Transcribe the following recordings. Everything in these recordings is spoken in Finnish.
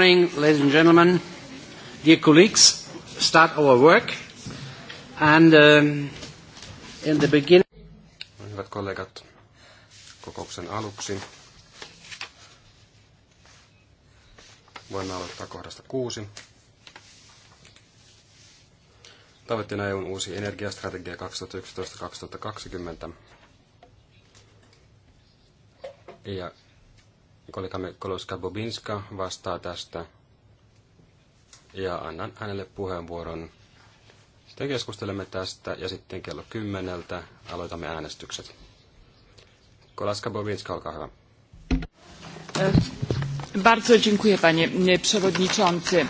morning, ladies and gentlemen, dear colleagues. Start our work. And um, in the beginning... Hyvät kollegat, kokouksen aluksi voimme aloittaa kohdasta kuusi. Tavoitteena EUn uusi energiastrategia 2011-2020. Ja kollegamme Koloska Bobinska vastaa tästä ja annan hänelle puheenvuoron. Sitten keskustelemme tästä ja sitten kello kymmeneltä aloitamme äänestykset. Kolaska Bobinska, olkaa hyvä. E, bardzo dziękuję panie e, przewodniczący.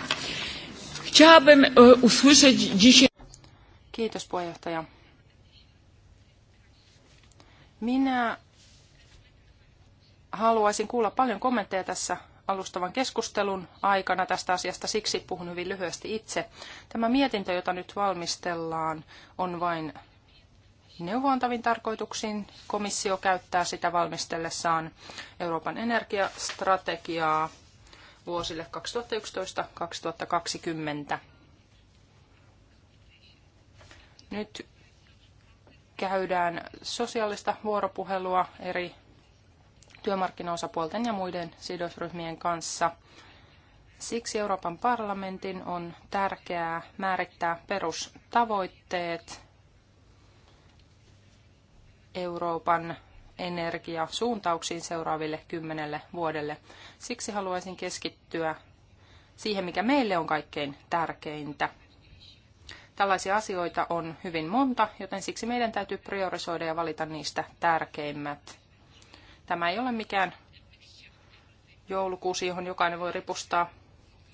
Chciałabym e, usłyszeć dzisiaj... Kiitos puheenjohtaja. Minä haluaisin kuulla paljon kommentteja tässä alustavan keskustelun aikana tästä asiasta, siksi puhun hyvin lyhyesti itse. Tämä mietintö, jota nyt valmistellaan, on vain neuvoantavin tarkoituksiin. Komissio käyttää sitä valmistellessaan Euroopan energiastrategiaa vuosille 2011-2020. Nyt käydään sosiaalista vuoropuhelua eri työmarkkinaosapuolten ja muiden sidosryhmien kanssa. Siksi Euroopan parlamentin on tärkeää määrittää perustavoitteet Euroopan energiasuuntauksiin seuraaville kymmenelle vuodelle. Siksi haluaisin keskittyä siihen, mikä meille on kaikkein tärkeintä. Tällaisia asioita on hyvin monta, joten siksi meidän täytyy priorisoida ja valita niistä tärkeimmät. Tämä ei ole mikään joulukuusi, johon jokainen voi ripustaa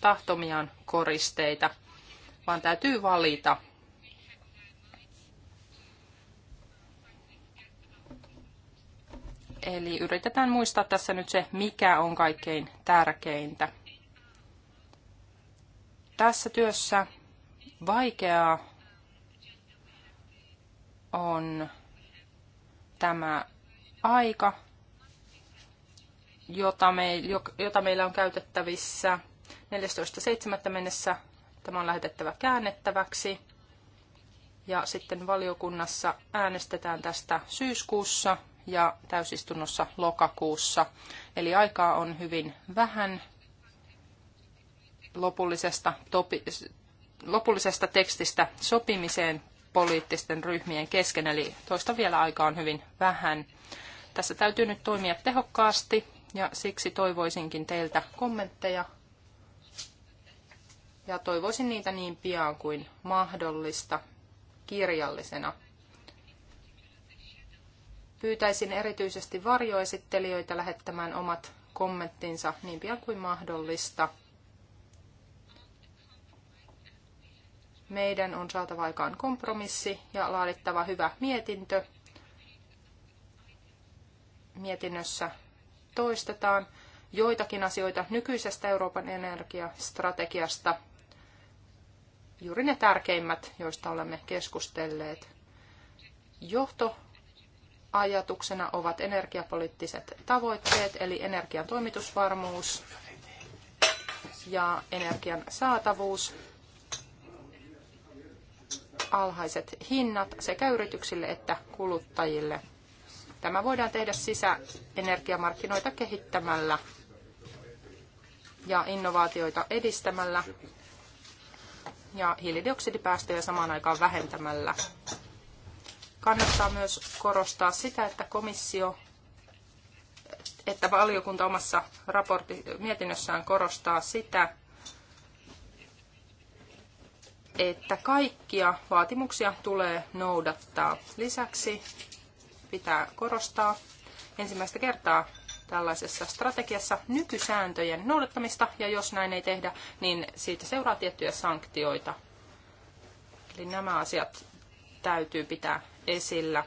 tahtomiaan koristeita, vaan täytyy valita. Eli yritetään muistaa tässä nyt se, mikä on kaikkein tärkeintä. Tässä työssä vaikeaa on tämä aika, jota, me, jota meillä on käytettävissä 14.7. mennessä. Tämä on lähetettävä käännettäväksi. Ja sitten valiokunnassa äänestetään tästä syyskuussa ja täysistunnossa lokakuussa. Eli aikaa on hyvin vähän lopullisesta, topi, lopullisesta tekstistä sopimiseen poliittisten ryhmien kesken, eli toista vielä aikaa on hyvin vähän. Tässä täytyy nyt toimia tehokkaasti ja siksi toivoisinkin teiltä kommentteja. Ja toivoisin niitä niin pian kuin mahdollista kirjallisena. Pyytäisin erityisesti varjoesittelijöitä lähettämään omat kommenttinsa niin pian kuin mahdollista. Meidän on saatava aikaan kompromissi ja laadittava hyvä mietintö. Mietinnössä toistetaan joitakin asioita nykyisestä Euroopan energiastrategiasta, juuri ne tärkeimmät, joista olemme keskustelleet. Johtoajatuksena ovat energiapoliittiset tavoitteet, eli energian toimitusvarmuus ja energian saatavuus, alhaiset hinnat sekä yrityksille että kuluttajille – Tämä voidaan tehdä sisäenergiamarkkinoita kehittämällä ja innovaatioita edistämällä ja hiilidioksidipäästöjä samaan aikaan vähentämällä. Kannattaa myös korostaa sitä, että komissio, että valiokunta omassa raportti, mietinnössään korostaa sitä, että kaikkia vaatimuksia tulee noudattaa. Lisäksi pitää korostaa ensimmäistä kertaa tällaisessa strategiassa nykysääntöjen noudattamista, ja jos näin ei tehdä, niin siitä seuraa tiettyjä sanktioita. Eli nämä asiat täytyy pitää esillä.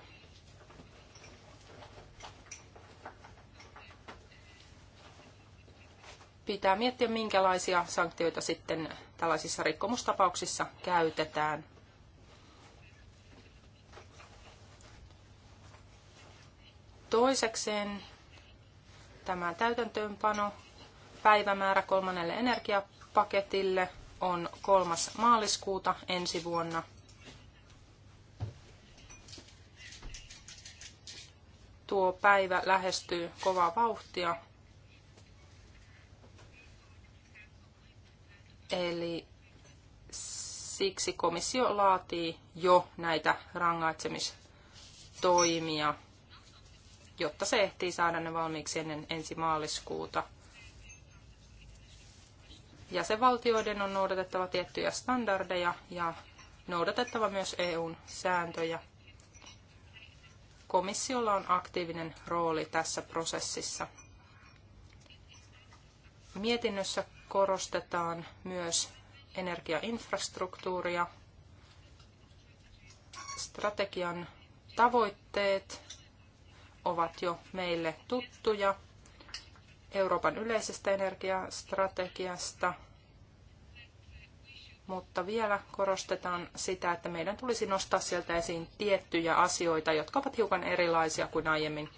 Pitää miettiä, minkälaisia sanktioita sitten tällaisissa rikkomustapauksissa käytetään. Toisekseen tämä täytäntöönpano päivämäärä kolmannelle energiapaketille on kolmas maaliskuuta ensi vuonna. Tuo päivä lähestyy kovaa vauhtia. Eli siksi komissio laatii jo näitä rangaitsemistoimia jotta se ehtii saada ne valmiiksi ennen ensi maaliskuuta. Jäsenvaltioiden on noudatettava tiettyjä standardeja ja noudatettava myös EUn sääntöjä. Komissiolla on aktiivinen rooli tässä prosessissa. Mietinnössä korostetaan myös energiainfrastruktuuria, strategian tavoitteet ovat jo meille tuttuja Euroopan yleisestä energiastrategiasta, mutta vielä korostetaan sitä, että meidän tulisi nostaa sieltä esiin tiettyjä asioita, jotka ovat hiukan erilaisia kuin aiemmin.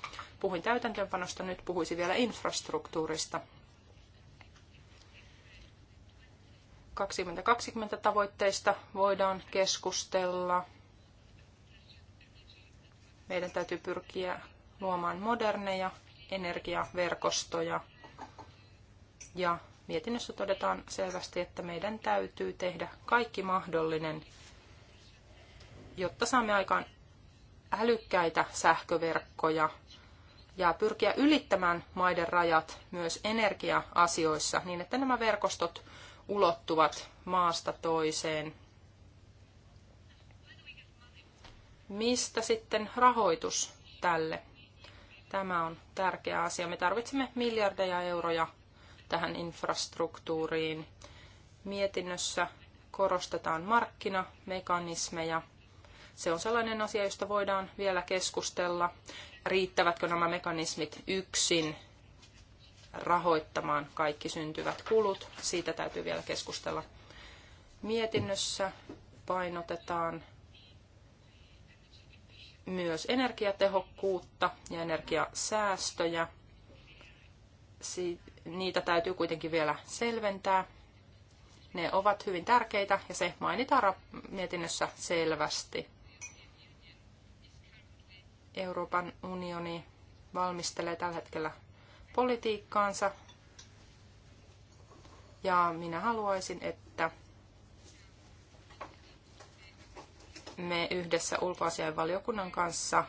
Puhuin täytäntöönpanosta, nyt puhuisin vielä infrastruktuurista. 2020 tavoitteista voidaan keskustella. Meidän täytyy pyrkiä luomaan moderneja energiaverkostoja. Ja mietinnössä todetaan selvästi, että meidän täytyy tehdä kaikki mahdollinen, jotta saamme aikaan älykkäitä sähköverkkoja ja pyrkiä ylittämään maiden rajat myös energia-asioissa niin, että nämä verkostot ulottuvat maasta toiseen. Mistä sitten rahoitus tälle Tämä on tärkeä asia. Me tarvitsemme miljardeja euroja tähän infrastruktuuriin. Mietinnössä korostetaan markkinamekanismeja. Se on sellainen asia, josta voidaan vielä keskustella. Riittävätkö nämä mekanismit yksin rahoittamaan kaikki syntyvät kulut? Siitä täytyy vielä keskustella. Mietinnössä painotetaan myös energiatehokkuutta ja energiasäästöjä. Niitä täytyy kuitenkin vielä selventää. Ne ovat hyvin tärkeitä ja se mainitaan mietinnössä selvästi. Euroopan unioni valmistelee tällä hetkellä politiikkaansa ja minä haluaisin, että me yhdessä ulkoasiainvaliokunnan kanssa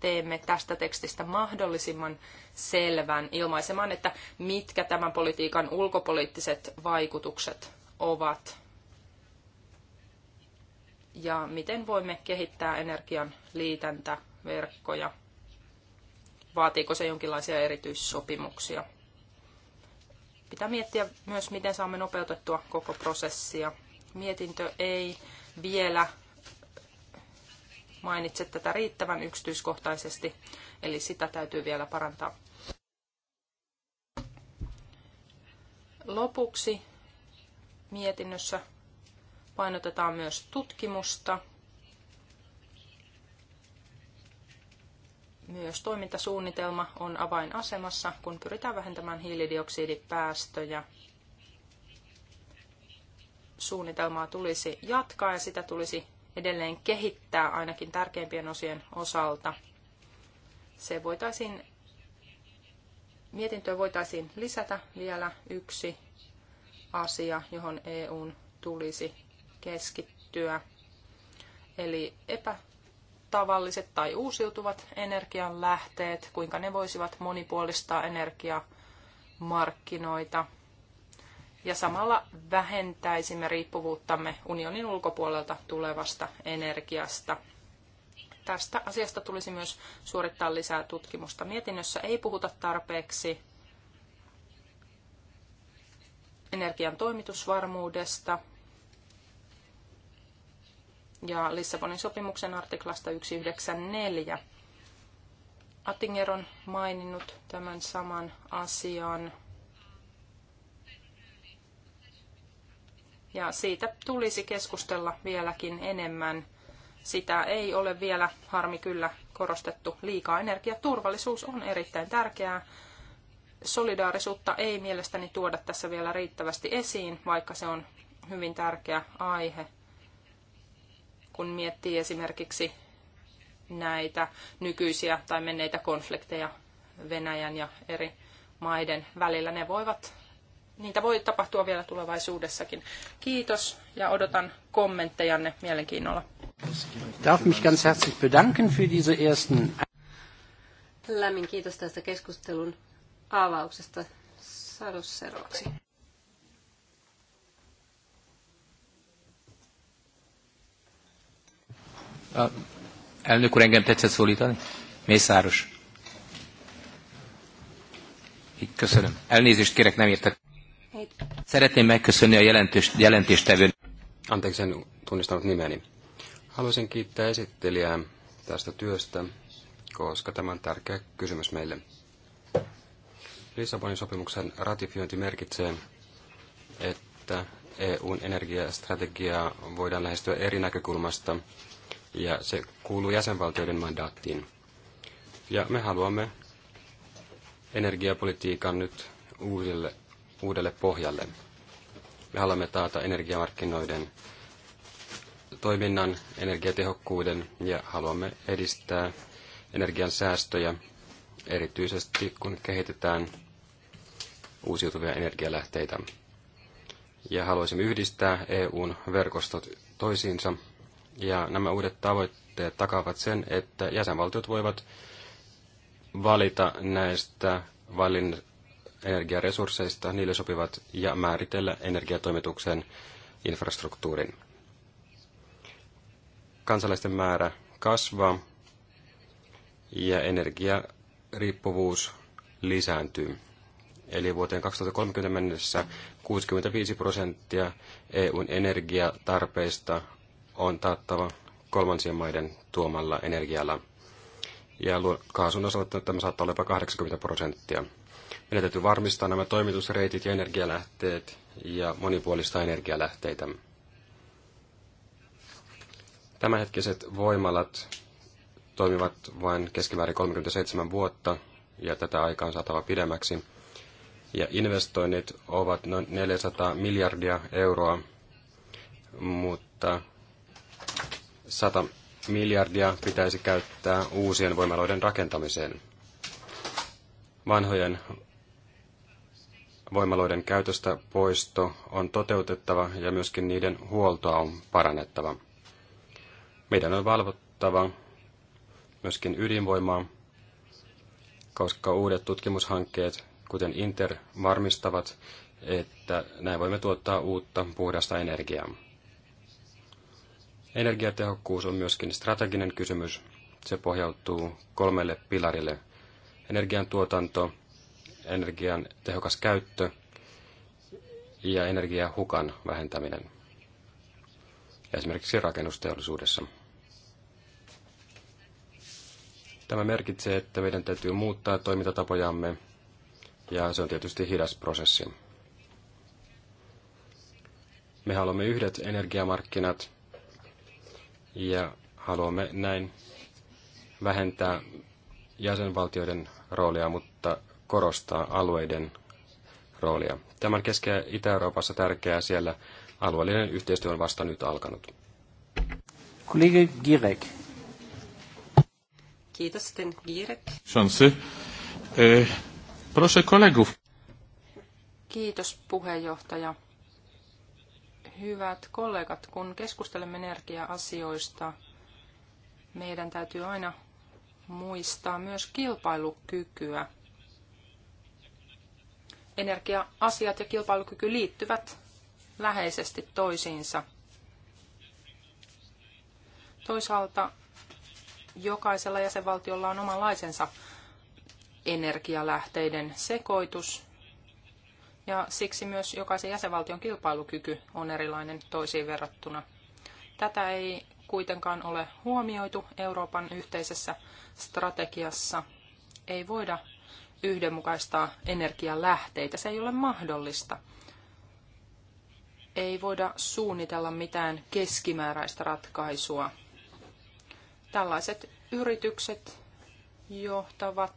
teemme tästä tekstistä mahdollisimman selvän ilmaisemaan, että mitkä tämän politiikan ulkopoliittiset vaikutukset ovat ja miten voimme kehittää energian liitäntäverkkoja. Vaatiiko se jonkinlaisia erityissopimuksia? Pitää miettiä myös, miten saamme nopeutettua koko prosessia. Mietintö ei vielä mainitse tätä riittävän yksityiskohtaisesti, eli sitä täytyy vielä parantaa. Lopuksi mietinnössä painotetaan myös tutkimusta, Myös toimintasuunnitelma on avainasemassa, kun pyritään vähentämään hiilidioksidipäästöjä suunnitelmaa tulisi jatkaa ja sitä tulisi edelleen kehittää ainakin tärkeimpien osien osalta. Se voitaisiin, mietintöä voitaisiin lisätä vielä yksi asia, johon EUn tulisi keskittyä. Eli epätavalliset tai uusiutuvat energianlähteet, kuinka ne voisivat monipuolistaa energiamarkkinoita – ja samalla vähentäisimme riippuvuuttamme unionin ulkopuolelta tulevasta energiasta. Tästä asiasta tulisi myös suorittaa lisää tutkimusta. Mietinnössä ei puhuta tarpeeksi energian toimitusvarmuudesta ja Lissabonin sopimuksen artiklasta 194. Attinger on maininnut tämän saman asian Ja siitä tulisi keskustella vieläkin enemmän. Sitä ei ole vielä, harmi kyllä, korostettu liikaa. Energiaturvallisuus on erittäin tärkeää. Solidaarisuutta ei mielestäni tuoda tässä vielä riittävästi esiin, vaikka se on hyvin tärkeä aihe. Kun miettii esimerkiksi näitä nykyisiä tai menneitä konflikteja Venäjän ja eri maiden välillä. Ne voivat niitä voi tapahtua vielä tulevaisuudessakin. Kiitos ja odotan kommenttejanne mielenkiinnolla. Darf mich ganz herzlich bedanken für diese ersten... Lämmin kiitos tästä keskustelun avauksesta. Sadu seuraavaksi. Elnök úr, engem tetszett szólítani? Mészáros. köszönöm. Elnézést kérek, nem értettem. Szeretném megköszönni a jelentős, jelentéstevőn. Anteeksi, en tunnistanut nimeni. Haluaisin kiittää esittelijää tästä työstä, koska tämä on tärkeä kysymys meille. Lissabonin sopimuksen ratifiointi merkitsee, että EUn energiastrategiaa voidaan lähestyä eri näkökulmasta, ja se kuuluu jäsenvaltioiden mandaattiin. Ja me haluamme energiapolitiikan nyt uusille uudelle pohjalle. Me haluamme taata energiamarkkinoiden toiminnan, energiatehokkuuden ja haluamme edistää energian säästöjä, erityisesti kun kehitetään uusiutuvia energialähteitä. Ja haluaisimme yhdistää EUn verkostot toisiinsa. Ja nämä uudet tavoitteet takaavat sen, että jäsenvaltiot voivat valita näistä valin, energiaresursseista niille sopivat ja määritellä energiatoimituksen infrastruktuurin. Kansalaisten määrä kasvaa ja energiariippuvuus lisääntyy. Eli vuoteen 2030 mennessä 65 prosenttia EUn energiatarpeista on taattava kolmansien maiden tuomalla energialla. Ja kaasun osalta tämä saattaa olla jopa 80 prosenttia. Meidän täytyy varmistaa nämä toimitusreitit ja energialähteet ja monipuolista energialähteitä. Tämänhetkiset voimalat toimivat vain keskimäärin 37 vuotta ja tätä aikaa on saatava pidemmäksi. Ja investoinnit ovat noin 400 miljardia euroa, mutta 100 miljardia pitäisi käyttää uusien voimaloiden rakentamiseen. Vanhojen voimaloiden käytöstä poisto on toteutettava ja myöskin niiden huoltoa on parannettava. Meidän on valvottava myöskin ydinvoimaa, koska uudet tutkimushankkeet, kuten Inter, varmistavat, että näin voimme tuottaa uutta puhdasta energiaa. Energiatehokkuus on myöskin strateginen kysymys. Se pohjautuu kolmelle pilarille. Energiantuotanto, energian tehokas käyttö ja energiahukan vähentäminen, esimerkiksi rakennusteollisuudessa. Tämä merkitsee, että meidän täytyy muuttaa toimintatapojamme, ja se on tietysti hidas prosessi. Me haluamme yhdet energiamarkkinat, ja haluamme näin vähentää jäsenvaltioiden roolia, mutta korostaa alueiden roolia. Tämän keski- ja Itä-Euroopassa tärkeää siellä alueellinen yhteistyö on vasta nyt alkanut. Kollega Girek. Kiitos sitten Girek. Chance. Eh, proszę kollegów. Kiitos puheenjohtaja. Hyvät kollegat, kun keskustelemme energia-asioista, meidän täytyy aina muistaa myös kilpailukykyä. Energia-asiat ja kilpailukyky liittyvät läheisesti toisiinsa. Toisaalta jokaisella jäsenvaltiolla on omanlaisensa energialähteiden sekoitus, ja siksi myös jokaisen jäsenvaltion kilpailukyky on erilainen toisiin verrattuna. Tätä ei kuitenkaan ole huomioitu Euroopan yhteisessä strategiassa. Ei voida yhdenmukaistaa energialähteitä. Se ei ole mahdollista. Ei voida suunnitella mitään keskimääräistä ratkaisua. Tällaiset yritykset johtavat,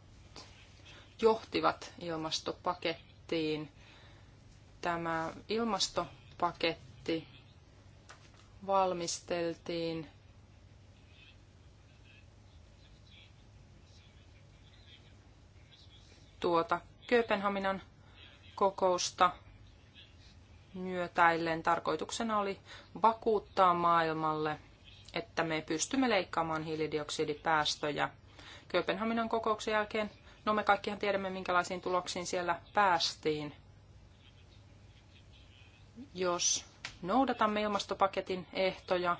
johtivat ilmastopakettiin. Tämä ilmastopaketti valmisteltiin tuota Kööpenhaminan kokousta myötäillen tarkoituksena oli vakuuttaa maailmalle, että me pystymme leikkaamaan hiilidioksidipäästöjä. Kööpenhaminan kokouksen jälkeen, no me kaikkihan tiedämme, minkälaisiin tuloksiin siellä päästiin. Jos noudatamme ilmastopaketin ehtoja,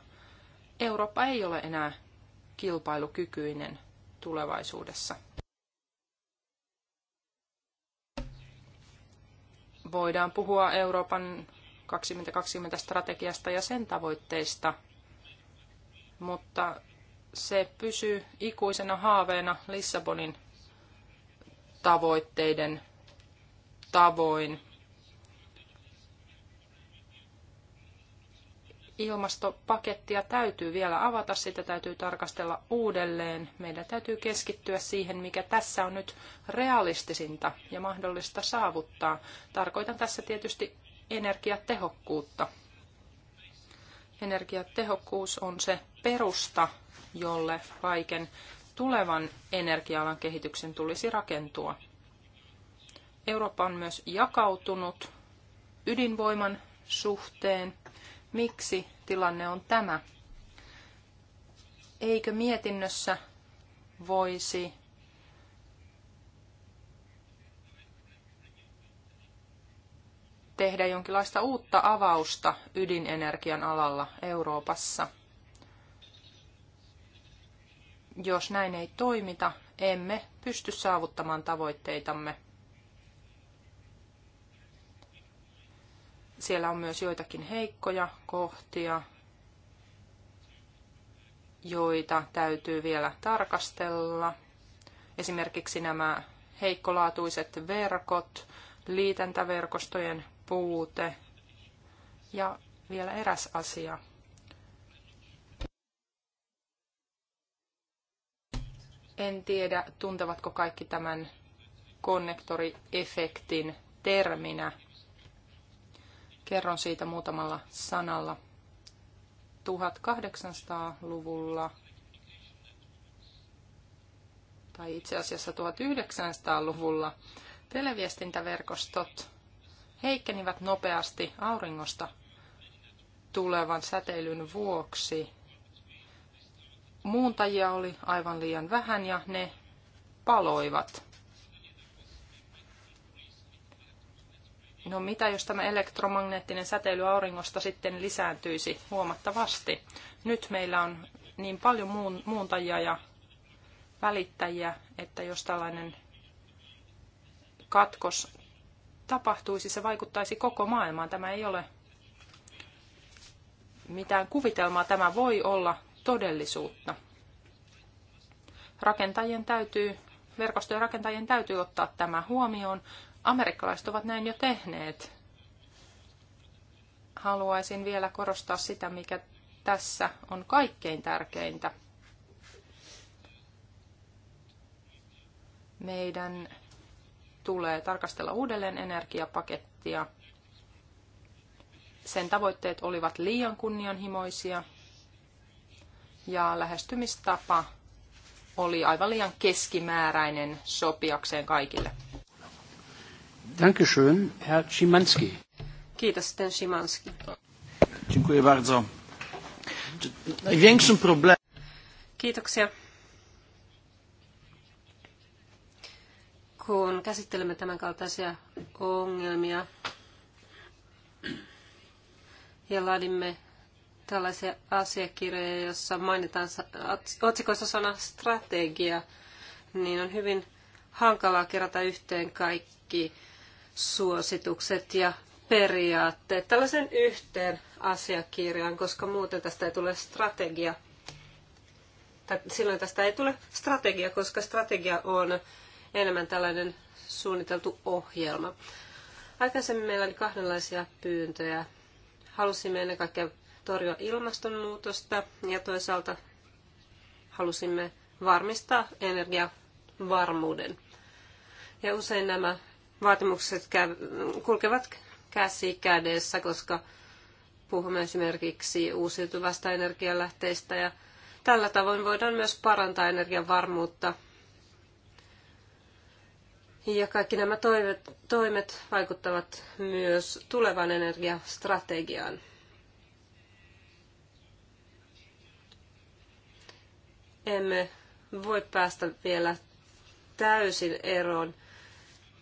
Eurooppa ei ole enää kilpailukykyinen tulevaisuudessa. voidaan puhua Euroopan 2020-strategiasta ja sen tavoitteista, mutta se pysyy ikuisena haaveena Lissabonin tavoitteiden tavoin. ilmastopakettia täytyy vielä avata, sitä täytyy tarkastella uudelleen. Meidän täytyy keskittyä siihen, mikä tässä on nyt realistisinta ja mahdollista saavuttaa. Tarkoitan tässä tietysti energiatehokkuutta. Energiatehokkuus on se perusta, jolle kaiken tulevan energialan kehityksen tulisi rakentua. Eurooppa on myös jakautunut ydinvoiman suhteen miksi tilanne on tämä. Eikö mietinnössä voisi tehdä jonkinlaista uutta avausta ydinenergian alalla Euroopassa. Jos näin ei toimita, emme pysty saavuttamaan tavoitteitamme. Siellä on myös joitakin heikkoja kohtia, joita täytyy vielä tarkastella. Esimerkiksi nämä heikkolaatuiset verkot, liitäntäverkostojen puute ja vielä eräs asia. En tiedä, tuntevatko kaikki tämän konnektoriefektin terminä, Kerron siitä muutamalla sanalla. 1800-luvulla tai itse asiassa 1900-luvulla televiestintäverkostot heikkenivät nopeasti auringosta tulevan säteilyn vuoksi. Muuntajia oli aivan liian vähän ja ne paloivat. No mitä jos tämä elektromagneettinen säteily auringosta sitten lisääntyisi huomattavasti? Nyt meillä on niin paljon muun, muuntajia ja välittäjiä, että jos tällainen katkos tapahtuisi, se vaikuttaisi koko maailmaan. Tämä ei ole mitään kuvitelmaa, tämä voi olla todellisuutta. Rakentajien täytyy, verkostojen rakentajien täytyy ottaa tämä huomioon, Amerikkalaiset ovat näin jo tehneet. Haluaisin vielä korostaa sitä, mikä tässä on kaikkein tärkeintä. Meidän tulee tarkastella uudelleen energiapakettia. Sen tavoitteet olivat liian kunnianhimoisia ja lähestymistapa oli aivan liian keskimääräinen sopiakseen kaikille. Dankeschön, Herr Szymanski. Kiitos, Sten Szymanski. Dziękuję bardzo. Największym problemem... Kiitoksia. Kun käsittelemme tämän ongelmia ja laadimme tällaisia asiakirjoja, jossa mainitaan otsikossa sana strategia, niin on hyvin hankalaa kerätä yhteen kaikki suositukset ja periaatteet tällaisen yhteen asiakirjaan, koska muuten tästä ei tule strategia. Tai silloin tästä ei tule strategia, koska strategia on enemmän tällainen suunniteltu ohjelma. Aikaisemmin meillä oli kahdenlaisia pyyntöjä. Halusimme ennen kaikkea torjua ilmastonmuutosta ja toisaalta halusimme varmistaa energiavarmuuden. Ja usein nämä vaatimukset kulkevat käsi kädessä, koska puhumme esimerkiksi uusiutuvasta energialähteistä ja tällä tavoin voidaan myös parantaa energian varmuutta. Ja kaikki nämä toimet, toimet vaikuttavat myös tulevan energiastrategiaan. Emme voi päästä vielä täysin eroon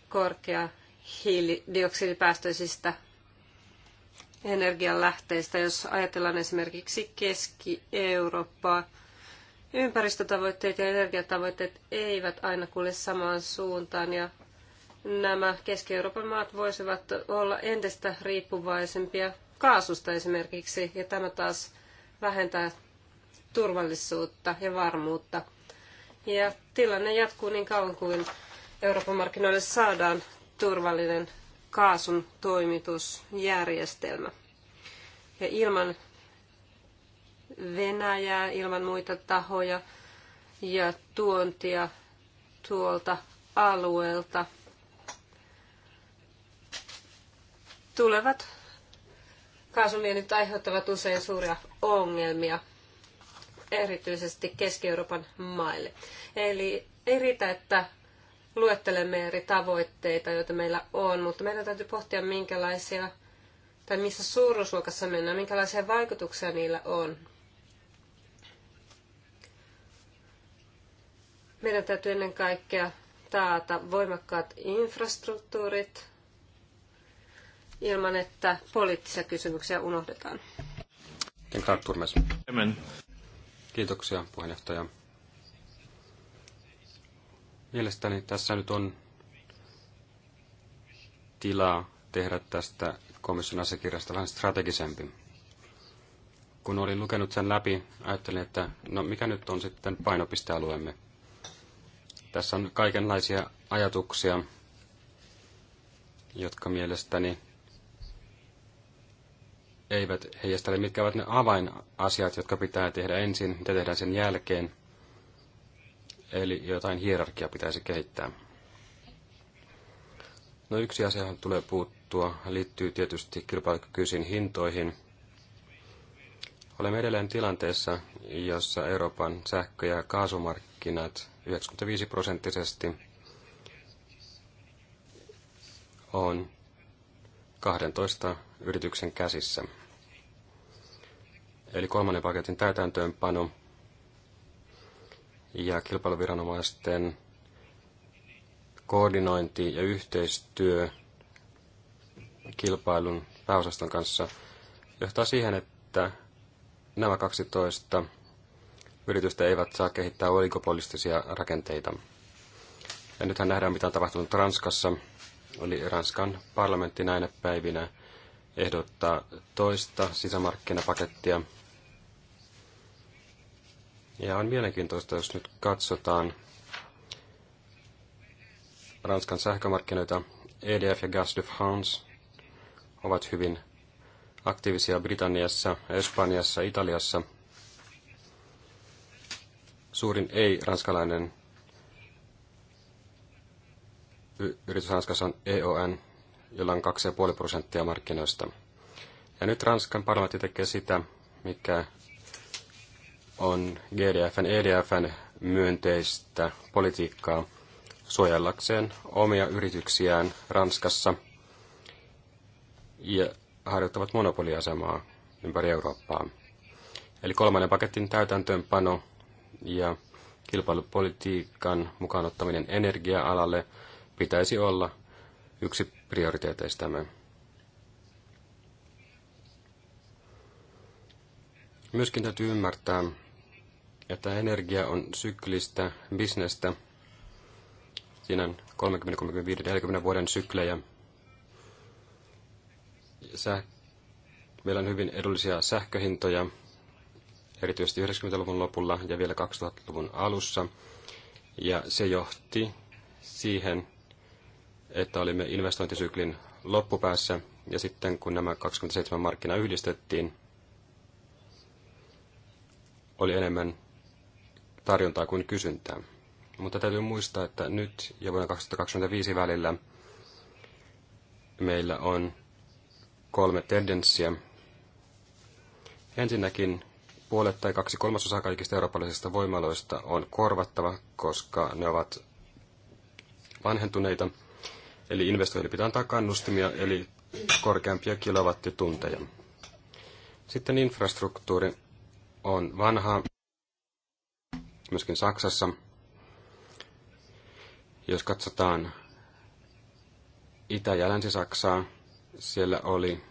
korkea hiilidioksidipäästöisistä energianlähteistä. Jos ajatellaan esimerkiksi Keski-Eurooppaa, ympäristötavoitteet ja energiatavoitteet eivät aina kulje samaan suuntaan ja nämä Keski-Euroopan maat voisivat olla entistä riippuvaisempia kaasusta esimerkiksi ja tämä taas vähentää turvallisuutta ja varmuutta. Ja tilanne jatkuu niin kauan kuin Euroopan markkinoille saadaan turvallinen kaasun toimitusjärjestelmä. Ja ilman Venäjää, ilman muita tahoja ja tuontia tuolta alueelta tulevat kaasuviennit aiheuttavat usein suuria ongelmia, erityisesti Keski-Euroopan maille. Eli ei riitä, että luettelemme eri tavoitteita, joita meillä on, mutta meidän täytyy pohtia, minkälaisia tai missä suuruusluokassa mennään, minkälaisia vaikutuksia niillä on. Meidän täytyy ennen kaikkea taata voimakkaat infrastruktuurit ilman, että poliittisia kysymyksiä unohdetaan. Kiitoksia puheenjohtaja. Mielestäni tässä nyt on tilaa tehdä tästä komission asiakirjasta vähän strategisempi. Kun olin lukenut sen läpi, ajattelin, että no mikä nyt on sitten painopistealueemme. Tässä on kaikenlaisia ajatuksia, jotka mielestäni eivät heijastele, mitkä ovat ne avainasiat, jotka pitää tehdä ensin, mitä tehdään sen jälkeen – Eli jotain hierarkiaa pitäisi kehittää. No yksi asia, tulee puuttua, liittyy tietysti kilpailukykyisiin hintoihin. Olemme edelleen tilanteessa, jossa Euroopan sähkö- ja kaasumarkkinat 95 prosenttisesti on 12 yrityksen käsissä. Eli kolmannen paketin täytäntöönpano ja kilpailuviranomaisten koordinointi ja yhteistyö kilpailun pääosaston kanssa johtaa siihen, että nämä 12 yritystä eivät saa kehittää oligopolistisia rakenteita. Ja nythän nähdään, mitä on tapahtunut Ranskassa. Oli Ranskan parlamentti näinä päivinä ehdottaa toista sisämarkkinapakettia, ja on mielenkiintoista, jos nyt katsotaan Ranskan sähkömarkkinoita. EDF ja Gas de France ovat hyvin aktiivisia Britanniassa, Espanjassa, Italiassa. Suurin ei-ranskalainen yritys Ranskassa on EON, jolla on 2,5 prosenttia markkinoista. Ja nyt Ranskan parlamentti tekee sitä, mikä on GDFn EDFn myönteistä politiikkaa suojellakseen omia yrityksiään Ranskassa ja harjoittavat monopoliasemaa ympäri Eurooppaa. Eli kolmannen paketin täytäntöönpano ja kilpailupolitiikan mukaan ottaminen energia-alalle pitäisi olla yksi prioriteeteistamme. Myöskin täytyy ymmärtää, että energia on syklistä bisnestä. Siinä on 30, 35, 40 vuoden syklejä. Säh- Meillä on hyvin edullisia sähköhintoja, erityisesti 90-luvun lopulla ja vielä 2000-luvun alussa. Ja se johti siihen, että olimme investointisyklin loppupäässä ja sitten kun nämä 27 markkina yhdistettiin, oli enemmän tarjontaa kuin kysyntää. Mutta täytyy muistaa, että nyt ja vuonna 2025 välillä meillä on kolme tendenssiä. Ensinnäkin puolet tai kaksi kolmasosaa kaikista eurooppalaisista voimaloista on korvattava, koska ne ovat vanhentuneita. Eli investoijille pitää antaa kannustimia, eli korkeampia kilowattitunteja. Sitten infrastruktuuri on vanha myöskin Saksassa. Jos katsotaan Itä- ja Länsi-Saksaa, siellä oli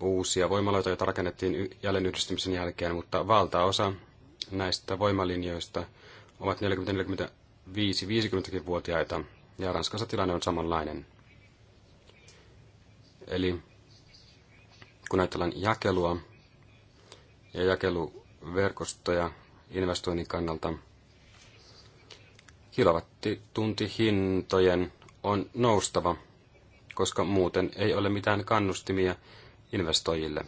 uusia voimaloita, joita rakennettiin jälleenyhdistymisen jälkeen, mutta valtaosa näistä voimalinjoista ovat 40-45-50-vuotiaita, ja Ranskassa tilanne on samanlainen. Eli kun ajatellaan jakelua ja jakeluverkostoja, investoinnin kannalta. Kilowattituntihintojen on noustava, koska muuten ei ole mitään kannustimia investoijille.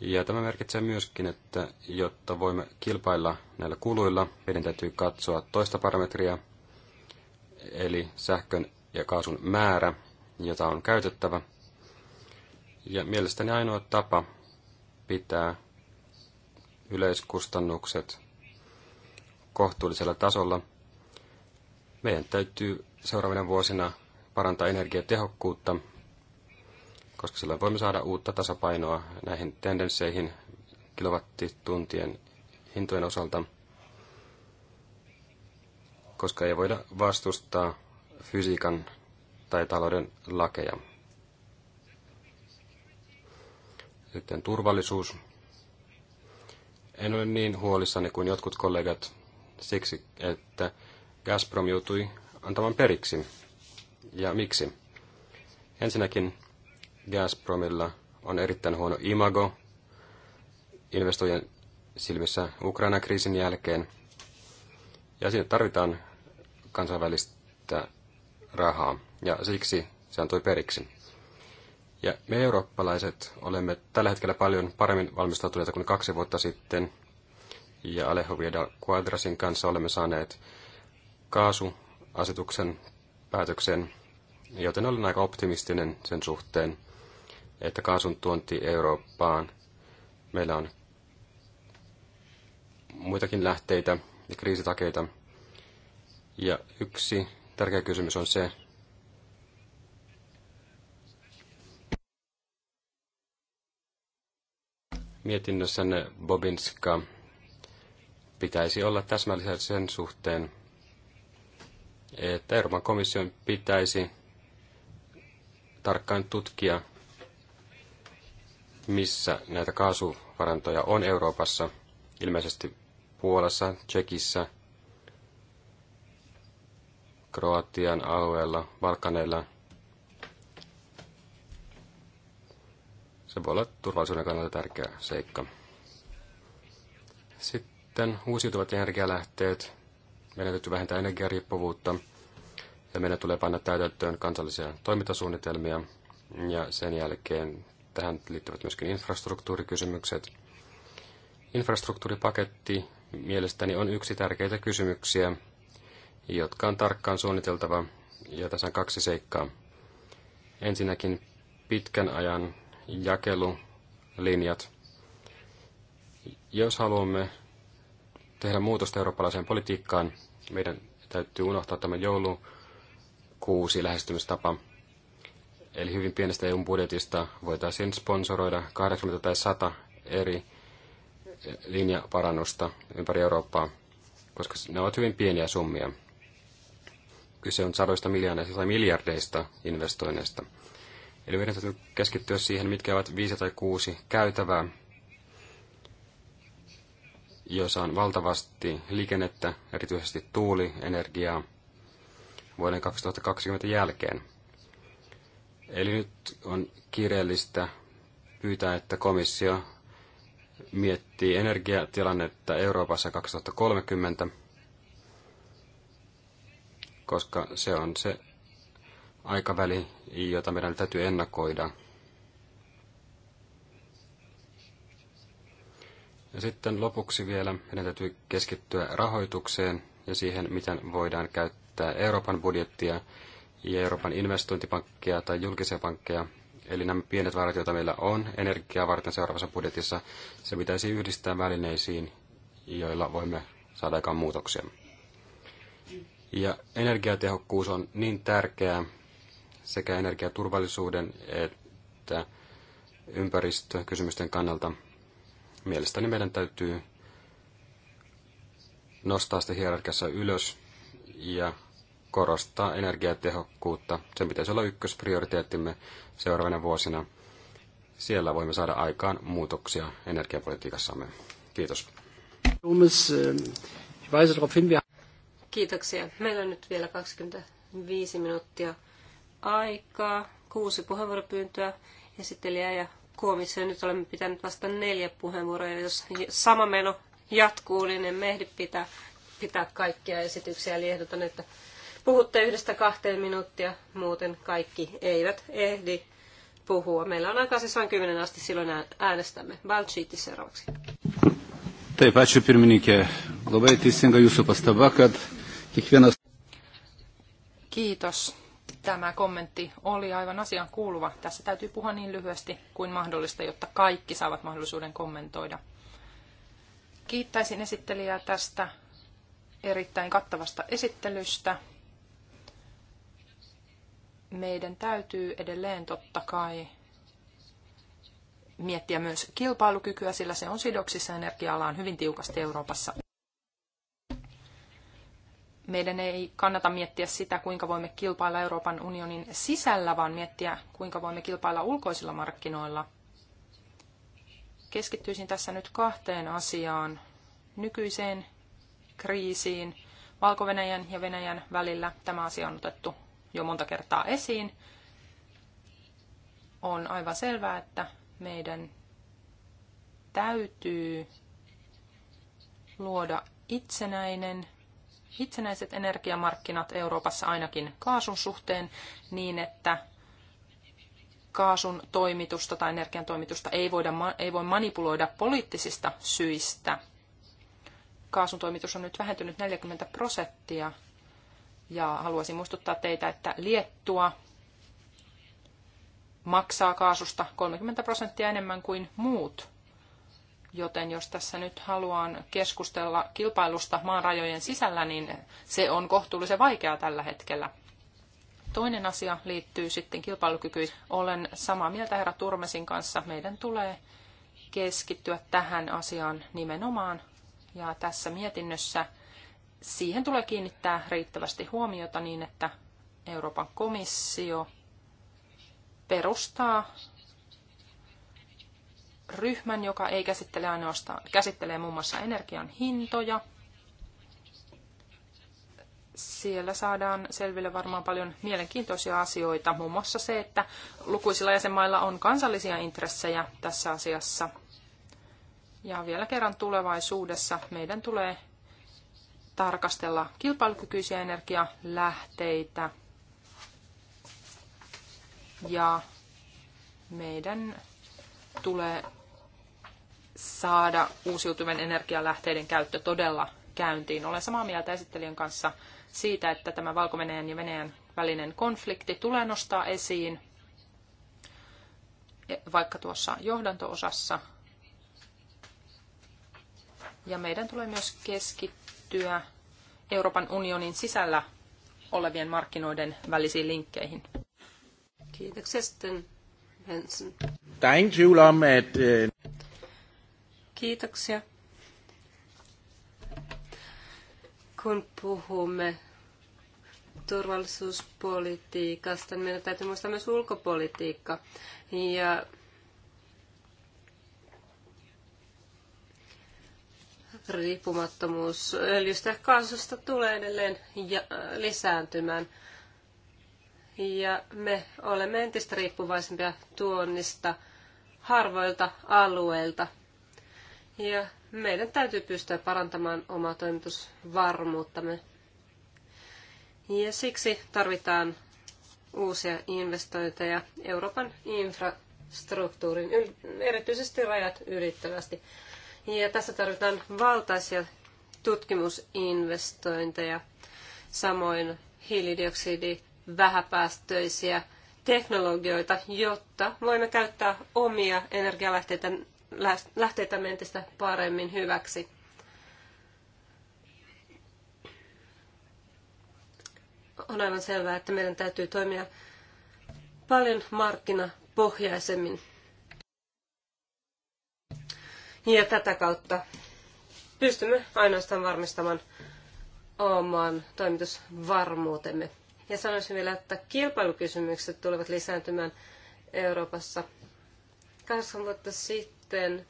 Ja tämä merkitsee myöskin, että jotta voimme kilpailla näillä kuluilla, meidän täytyy katsoa toista parametria, eli sähkön ja kaasun määrä, jota on käytettävä. Ja mielestäni ainoa tapa pitää yleiskustannukset kohtuullisella tasolla. Meidän täytyy seuraavina vuosina parantaa energiatehokkuutta, koska silloin voimme saada uutta tasapainoa näihin tendensseihin kilowattituntien hintojen osalta, koska ei voida vastustaa fysiikan tai talouden lakeja. Sitten turvallisuus. En ole niin huolissani kuin jotkut kollegat siksi, että Gazprom joutui antamaan periksi. Ja miksi? Ensinnäkin Gazpromilla on erittäin huono imago investoijien silmissä Ukraina-kriisin jälkeen. Ja siinä tarvitaan kansainvälistä rahaa, ja siksi se antoi periksi. Ja me eurooppalaiset olemme tällä hetkellä paljon paremmin valmistautuneita kuin kaksi vuotta sitten. Ja Alejo Vieda Quadrasin kanssa olemme saaneet kaasuasetuksen päätöksen, joten olen aika optimistinen sen suhteen, että kaasun tuonti Eurooppaan. Meillä on muitakin lähteitä ja kriisitakeita. Ja yksi tärkeä kysymys on se, mietinnössänne Bobinska pitäisi olla täsmällisen sen suhteen, että Euroopan komission pitäisi tarkkaan tutkia, missä näitä kaasuvarantoja on Euroopassa, ilmeisesti Puolassa, Tsekissä, Kroatian alueella, Balkaneilla – Se voi olla turvallisuuden kannalta tärkeä seikka. Sitten uusiutuvat energialähteet. Meidän täytyy vähentää energiariippuvuutta ja meidän tulee panna täytäntöön kansallisia toimintasuunnitelmia ja sen jälkeen tähän liittyvät myöskin infrastruktuurikysymykset. Infrastruktuuripaketti mielestäni on yksi tärkeitä kysymyksiä, jotka on tarkkaan suunniteltava, ja tässä on kaksi seikkaa. Ensinnäkin pitkän ajan jakelulinjat. Jos haluamme tehdä muutosta eurooppalaiseen politiikkaan, meidän täytyy unohtaa tämä joulukuusi lähestymistapa. Eli hyvin pienestä EU-budjetista voitaisiin sponsoroida 80 tai 100 eri linjaparannusta ympäri Eurooppaa, koska ne ovat hyvin pieniä summia. Kyse on sadoista miljoonista tai miljardeista investoinneista. Eli meidän täytyy keskittyä siihen, mitkä ovat viisi tai kuusi käytävää, joissa on valtavasti liikennettä, erityisesti tuulienergiaa, vuoden 2020 jälkeen. Eli nyt on kiireellistä pyytää, että komissio miettii energiatilannetta Euroopassa 2030, koska se on se aikaväli, jota meidän täytyy ennakoida. Ja sitten lopuksi vielä meidän täytyy keskittyä rahoitukseen ja siihen, miten voidaan käyttää Euroopan budjettia ja Euroopan investointipankkeja tai julkisia pankkeja. Eli nämä pienet varat, joita meillä on energiaa varten seuraavassa budjetissa, se pitäisi yhdistää välineisiin, joilla voimme saada aikaan muutoksia. Ja energiatehokkuus on niin tärkeää, sekä energiaturvallisuuden että ympäristökysymysten kannalta. Mielestäni meidän täytyy nostaa sitä hierarkiassa ylös ja korostaa energiatehokkuutta. Sen pitäisi olla ykkösprioriteettimme seuraavana vuosina. Siellä voimme saada aikaan muutoksia energiapolitiikassamme. Kiitos. Ähm, Kiitoksia. Meillä on nyt vielä 25 minuuttia aikaa, kuusi puheenvuoropyyntöä esittelijä ja komissio. Nyt olemme pitäneet vasta neljä puheenvuoroa. Jos sama meno jatkuu, niin en mehdi pitää, pitää kaikkia esityksiä. Eli ehdotan, että puhutte yhdestä kahteen minuuttia, muuten kaikki eivät ehdi puhua. Meillä on aikaa siis vain kymmenen asti, silloin äänestämme. Valtsiitti seuraavaksi. Taip, ačiū pirmininkė. Labai teisinga jūsų pastaba, kad kiekvienas... Kiitos Tämä kommentti oli aivan asian kuuluva. Tässä täytyy puhua niin lyhyesti kuin mahdollista, jotta kaikki saavat mahdollisuuden kommentoida. Kiittäisin esittelijää tästä erittäin kattavasta esittelystä. Meidän täytyy edelleen totta kai miettiä myös kilpailukykyä, sillä se on sidoksissa energia-alaan hyvin tiukasti Euroopassa meidän ei kannata miettiä sitä, kuinka voimme kilpailla Euroopan unionin sisällä, vaan miettiä, kuinka voimme kilpailla ulkoisilla markkinoilla. Keskittyisin tässä nyt kahteen asiaan. Nykyiseen kriisiin valko -Venäjän ja Venäjän välillä. Tämä asia on otettu jo monta kertaa esiin. On aivan selvää, että meidän täytyy luoda itsenäinen itsenäiset energiamarkkinat Euroopassa ainakin kaasun suhteen niin, että kaasun toimitusta tai energian toimitusta ei, voida, ei voi manipuloida poliittisista syistä. Kaasun toimitus on nyt vähentynyt 40 prosenttia ja haluaisin muistuttaa teitä, että Liettua maksaa kaasusta 30 prosenttia enemmän kuin muut Joten jos tässä nyt haluan keskustella kilpailusta maan rajojen sisällä, niin se on kohtuullisen vaikeaa tällä hetkellä. Toinen asia liittyy sitten kilpailukykyyn. Olen samaa mieltä herra Turmesin kanssa. Meidän tulee keskittyä tähän asiaan nimenomaan. Ja tässä mietinnössä siihen tulee kiinnittää riittävästi huomiota niin, että Euroopan komissio perustaa ryhmän, joka ei käsittele ainoastaan, käsittelee muun muassa energian hintoja. Siellä saadaan selville varmaan paljon mielenkiintoisia asioita, muun muassa se, että lukuisilla jäsenmailla on kansallisia intressejä tässä asiassa. Ja vielä kerran tulevaisuudessa meidän tulee tarkastella kilpailukykyisiä energialähteitä ja meidän tulee saada uusiutuvien energialähteiden käyttö todella käyntiin. Olen samaa mieltä esittelijän kanssa siitä, että tämä valko ja Venäjän välinen konflikti tulee nostaa esiin, e, vaikka tuossa johdantoosassa. Ja meidän tulee myös keskittyä Euroopan unionin sisällä olevien markkinoiden välisiin linkkeihin. Kiitoksia sitten, Benson. Thank you, Lamed. Kiitoksia. Kun puhumme turvallisuuspolitiikasta, niin meidän täytyy muistaa myös ulkopolitiikka. Ja riippumattomuus öljystä ja kaasusta tulee edelleen ja, äh, lisääntymään. Ja me olemme entistä riippuvaisempia tuonnista harvoilta alueilta. Ja meidän täytyy pystyä parantamaan omaa toimitusvarmuuttamme. Ja siksi tarvitaan uusia investointeja Euroopan infrastruktuurin, erityisesti rajat ylittävästi. Ja tässä tarvitaan valtaisia tutkimusinvestointeja, samoin hiilidioksidi, vähäpäästöisiä teknologioita, jotta voimme käyttää omia energialähteitä lähteitä entistä paremmin hyväksi. On aivan selvää, että meidän täytyy toimia paljon markkinapohjaisemmin. Ja tätä kautta pystymme ainoastaan varmistamaan oman toimitusvarmuutemme. Ja sanoisin vielä, että kilpailukysymykset tulevat lisääntymään Euroopassa. Kahdeksan vuotta sitten sitten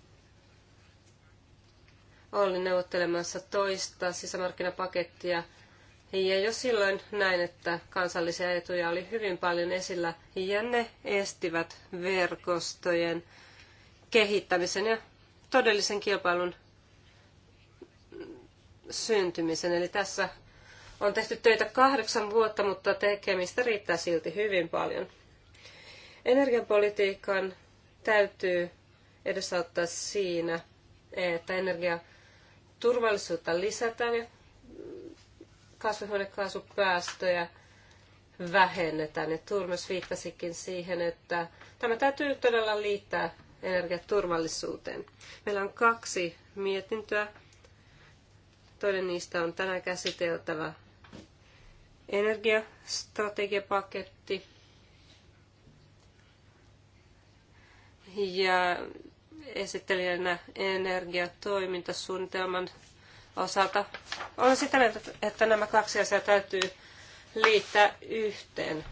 olin neuvottelemassa toista sisämarkkinapakettia. Ja jo silloin näin, että kansallisia etuja oli hyvin paljon esillä ja ne estivät verkostojen kehittämisen ja todellisen kilpailun syntymisen. Eli tässä on tehty töitä kahdeksan vuotta, mutta tekemistä riittää silti hyvin paljon. Energiapolitiikan täytyy edesauttaa siinä, että energiaturvallisuutta lisätään ja kasvihuonekaasupäästöjä vähennetään. Ja Turmes viittasikin siihen, että tämä täytyy todella liittää energiaturvallisuuteen. Meillä on kaksi mietintöä. Toinen niistä on tänään käsiteltävä energiastrategiapaketti ja esittelijänä energiatoimintasuunnitelman osalta. Olen sitä mieltä, että nämä kaksi asiaa täytyy liittää yhteen.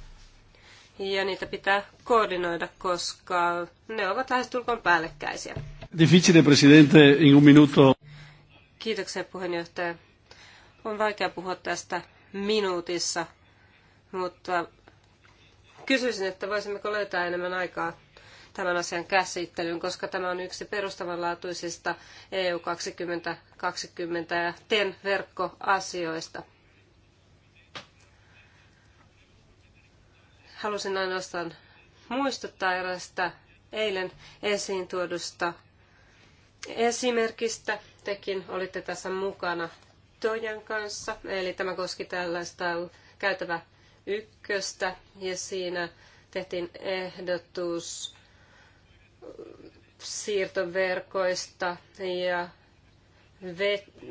Ja niitä pitää koordinoida, koska ne ovat lähestulkoon päällekkäisiä. Difficile, presidente, in un minuto. Kiitoksia, puheenjohtaja. On vaikea puhua tästä minuutissa, mutta kysyisin, että voisimmeko löytää enemmän aikaa tämän asian käsittelyyn, koska tämä on yksi perustavanlaatuisista EU 2020 ja TEN-verkkoasioista. Halusin ainoastaan muistuttaa erästä eilen esiin tuodusta esimerkistä. Tekin olitte tässä mukana Tojan kanssa, eli tämä koski tällaista käytävä ykköstä, ja siinä tehtiin ehdotus siirtoverkoista ja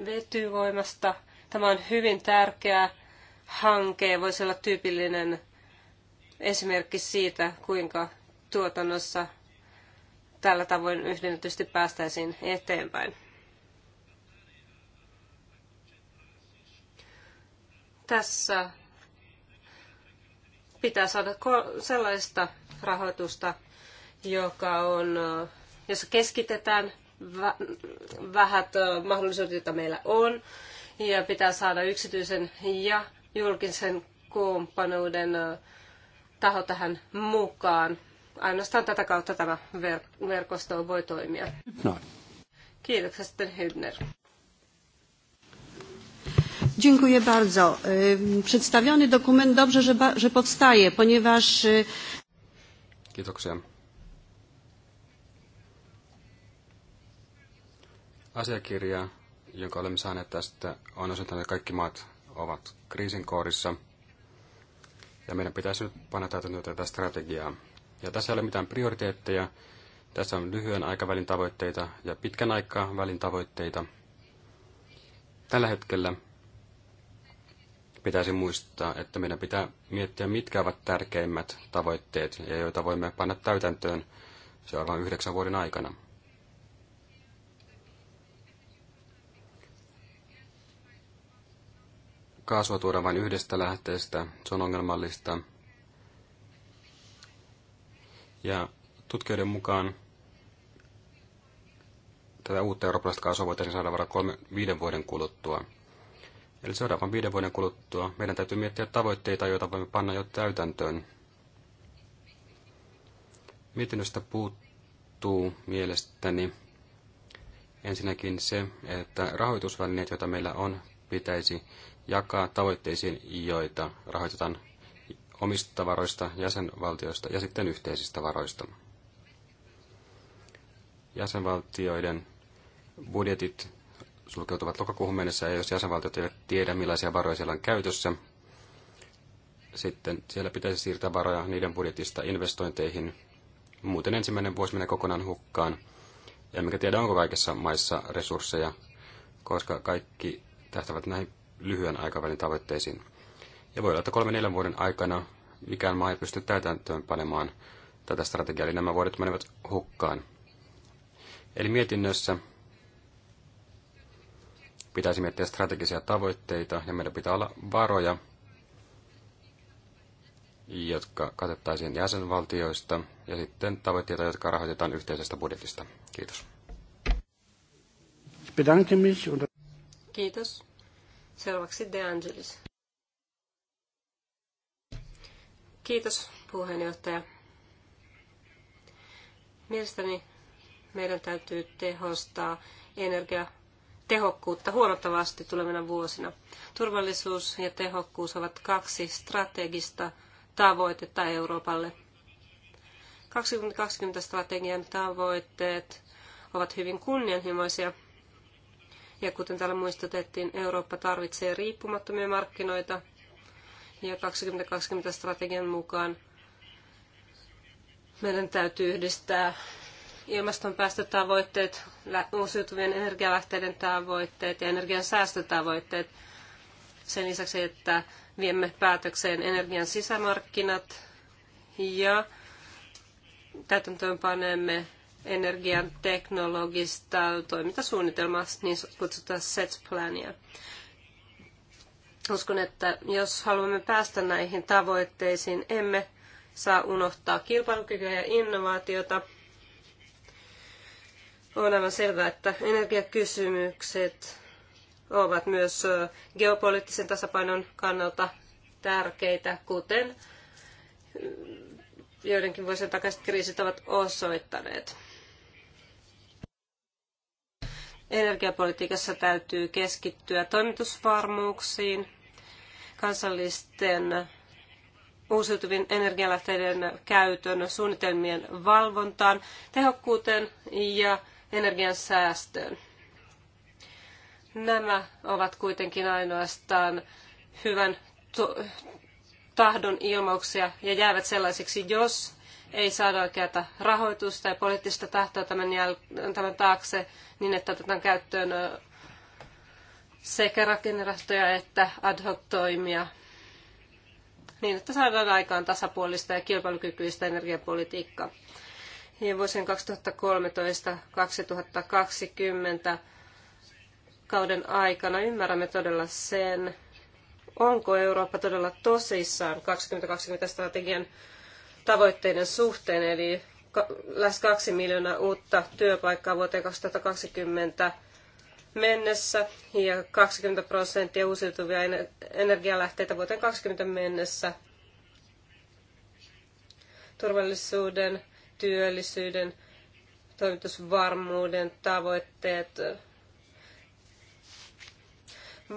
vetyvoimasta. Tämä on hyvin tärkeä hanke voisi olla tyypillinen esimerkki siitä, kuinka tuotannossa tällä tavoin yhdennetysti päästäisiin eteenpäin. Tässä pitää saada sellaista rahoitusta, joka on, jossa keskitetään vähät mahdollisuudet, joita meillä on, ja pitää saada yksityisen ja julkisen kumppanuuden taho tähän mukaan. Ainoastaan tätä kautta tämä verkosto voi toimia. No. Kiitoksia sitten Hübner. Dziękuję bardzo. Przedstawiony dokument dobrze, że, że powstaje, ponieważ... Kiitoksia. asiakirja, jonka olemme saaneet tästä, on osoittanut, että kaikki maat ovat kriisin koodissa. Ja meidän pitäisi nyt panna täytäntöön tätä strategiaa. Ja tässä ei ole mitään prioriteetteja. Tässä on lyhyen aikavälin tavoitteita ja pitkän aikavälin tavoitteita. Tällä hetkellä pitäisi muistaa, että meidän pitää miettiä, mitkä ovat tärkeimmät tavoitteet ja joita voimme panna täytäntöön seuraavan yhdeksän vuoden aikana. kaasua tuoda vain yhdestä lähteestä, se on ongelmallista. Ja tutkijoiden mukaan tätä uutta eurooppalaista kaasua voitaisiin saada vasta kolme, viiden vuoden kuluttua. Eli seuraavan viiden vuoden kuluttua meidän täytyy miettiä tavoitteita, joita voimme panna jo täytäntöön. Mietinnöstä puuttuu mielestäni ensinnäkin se, että rahoitusvälineet, joita meillä on, pitäisi jakaa tavoitteisiin, joita rahoitetaan omista varoista, jäsenvaltioista ja sitten yhteisistä varoista. Jäsenvaltioiden budjetit sulkeutuvat lokakuuhun mennessä, ja jos jäsenvaltiot eivät tiedä, millaisia varoja siellä on käytössä, sitten siellä pitäisi siirtää varoja niiden budjetista investointeihin. Muuten ensimmäinen vuosi menee kokonaan hukkaan. Emmekä tiedä, onko kaikissa maissa resursseja, koska kaikki tähtävät näihin lyhyen aikavälin tavoitteisiin. Ja voi olla, että kolmen neljän vuoden aikana mikään maa ei pysty täytäntöön panemaan tätä strategiaa, eli nämä vuodet menevät hukkaan. Eli mietinnössä pitäisi miettiä strategisia tavoitteita ja meidän pitää olla varoja, jotka katettaisiin jäsenvaltioista ja sitten tavoitteita, jotka rahoitetaan yhteisestä budjetista. Kiitos. Kiitos. Seuraavaksi De Angelis. Kiitos puheenjohtaja. Mielestäni meidän täytyy tehostaa energiatehokkuutta huomattavasti tulevina vuosina. Turvallisuus ja tehokkuus ovat kaksi strategista tavoitetta Euroopalle. 2020 strategian tavoitteet ovat hyvin kunnianhimoisia, ja kuten täällä muistutettiin, Eurooppa tarvitsee riippumattomia markkinoita. Ja 2020-strategian mukaan meidän täytyy yhdistää ilmaston päästötavoitteet, uusiutuvien energialähteiden tavoitteet ja energian säästötavoitteet. Sen lisäksi, että viemme päätökseen energian sisämarkkinat ja täytäntöönpanemme energian teknologista toimintasuunnitelmaa, niin kutsutaan set-plania. Uskon, että jos haluamme päästä näihin tavoitteisiin, emme saa unohtaa kilpailukykyä ja innovaatiota. On aivan selvää, että energiakysymykset ovat myös geopoliittisen tasapainon kannalta tärkeitä, kuten joidenkin vuosien takaiset kriisit ovat osoittaneet. Energiapolitiikassa täytyy keskittyä toimitusvarmuuksiin, kansallisten uusiutuvien energialähteiden käytön suunnitelmien valvontaan, tehokkuuteen ja energian säästöön. Nämä ovat kuitenkin ainoastaan hyvän tahdon ilmauksia ja jäävät sellaisiksi, jos ei saada oikeaa rahoitusta ja poliittista tahtoa tämän, jäl- tämän taakse niin, että otetaan käyttöön sekä rakennerahastoja että ad hoc toimia niin, että saadaan aikaan tasapuolista ja kilpailukykyistä energiapolitiikkaa. Ja vuosien 2013-2020 kauden aikana ymmärrämme todella sen, onko Eurooppa todella tosissaan 2020 strategian tavoitteiden suhteen, eli lähes kaksi miljoonaa uutta työpaikkaa vuoteen 2020 mennessä ja 20 prosenttia uusiutuvia energialähteitä vuoteen kaksikymmentä mennessä. Turvallisuuden, työllisyyden, toimitusvarmuuden tavoitteet eh,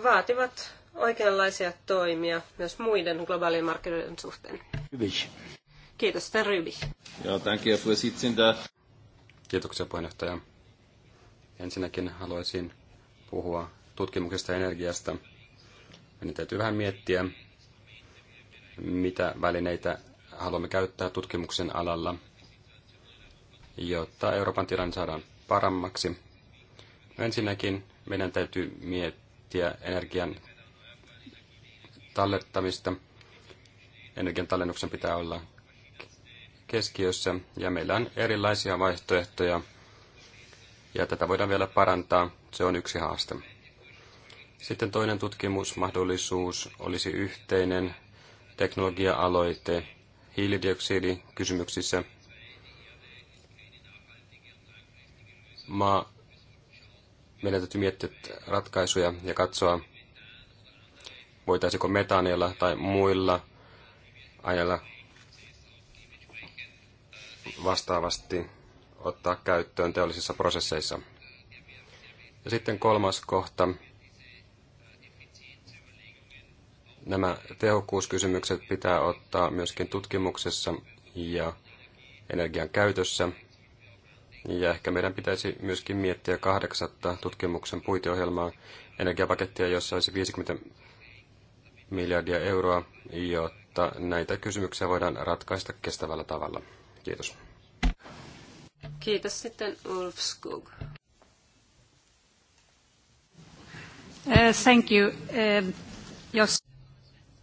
vaativat oikeanlaisia toimia myös muiden globaalien markkinoiden suhteen. Kiitos, Terrybi. Joo, danke, Herr Kiitoksia, puheenjohtaja. Ensinnäkin haluaisin puhua tutkimuksesta ja energiasta. Meidän täytyy vähän miettiä, mitä välineitä haluamme käyttää tutkimuksen alalla, jotta Euroopan tilanne saadaan paremmaksi. No ensinnäkin meidän täytyy miettiä energian tallettamista. Energian tallennuksen pitää olla keskiössä ja meillä on erilaisia vaihtoehtoja ja tätä voidaan vielä parantaa. Se on yksi haaste. Sitten toinen tutkimusmahdollisuus olisi yhteinen teknologia-aloite hiilidioksidikysymyksissä. Maa, meidän täytyy miettiä ratkaisuja ja katsoa, voitaisiko metaaneilla tai muilla aineilla vastaavasti ottaa käyttöön teollisissa prosesseissa. Ja sitten kolmas kohta. Nämä tehokkuuskysymykset pitää ottaa myöskin tutkimuksessa ja energian käytössä. Ja ehkä meidän pitäisi myöskin miettiä kahdeksatta tutkimuksen puiteohjelmaa energiapakettia, jossa olisi 50 miljardia euroa, jotta näitä kysymyksiä voidaan ratkaista kestävällä tavalla. Kiitos. Kiitos sitten Ulf Skog. Eh, thank you. Eh, jos...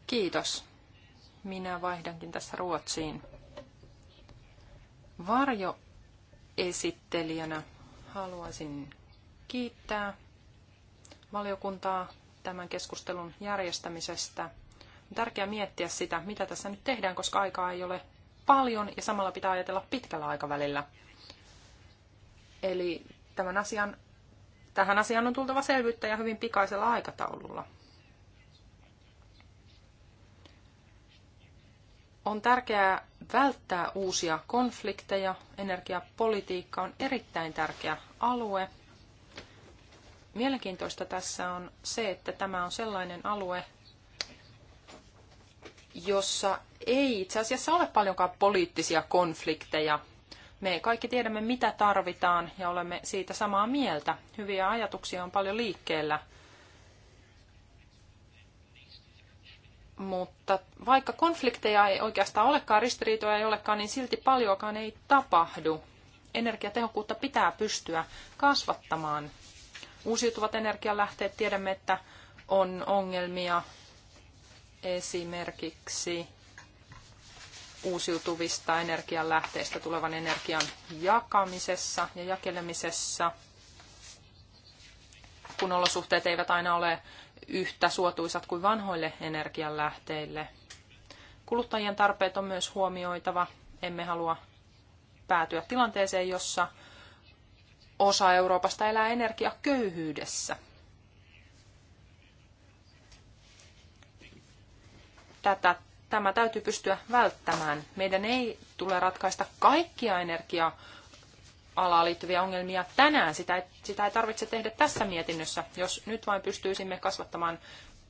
Kiitos. Minä vaihdankin tässä Ruotsiin. Varjo esittelijänä haluaisin kiittää valiokuntaa tämän keskustelun järjestämisestä. On tärkeää miettiä sitä, mitä tässä nyt tehdään, koska aikaa ei ole paljon ja samalla pitää ajatella pitkällä aikavälillä. Eli tämän asian, tähän asiaan on tultava selvyyttä ja hyvin pikaisella aikataululla. On tärkeää välttää uusia konflikteja. Energiapolitiikka on erittäin tärkeä alue. Mielenkiintoista tässä on se, että tämä on sellainen alue, jossa ei itse asiassa ole paljonkaan poliittisia konflikteja. Me kaikki tiedämme, mitä tarvitaan ja olemme siitä samaa mieltä. Hyviä ajatuksia on paljon liikkeellä. Mutta vaikka konflikteja ei oikeastaan olekaan, ristiriitoja ei olekaan, niin silti paljonkaan ei tapahdu. Energiatehokkuutta pitää pystyä kasvattamaan. Uusiutuvat energialähteet tiedämme, että on ongelmia esimerkiksi uusiutuvista energianlähteistä tulevan energian jakamisessa ja jakelemisessa, kun olosuhteet eivät aina ole yhtä suotuisat kuin vanhoille energianlähteille. Kuluttajien tarpeet on myös huomioitava. Emme halua päätyä tilanteeseen, jossa osa Euroopasta elää energiaköyhyydessä. tätä, tämä täytyy pystyä välttämään. Meidän ei tule ratkaista kaikkia energia alaan liittyviä ongelmia tänään. Sitä ei, sitä ei tarvitse tehdä tässä mietinnössä, jos nyt vain pystyisimme kasvattamaan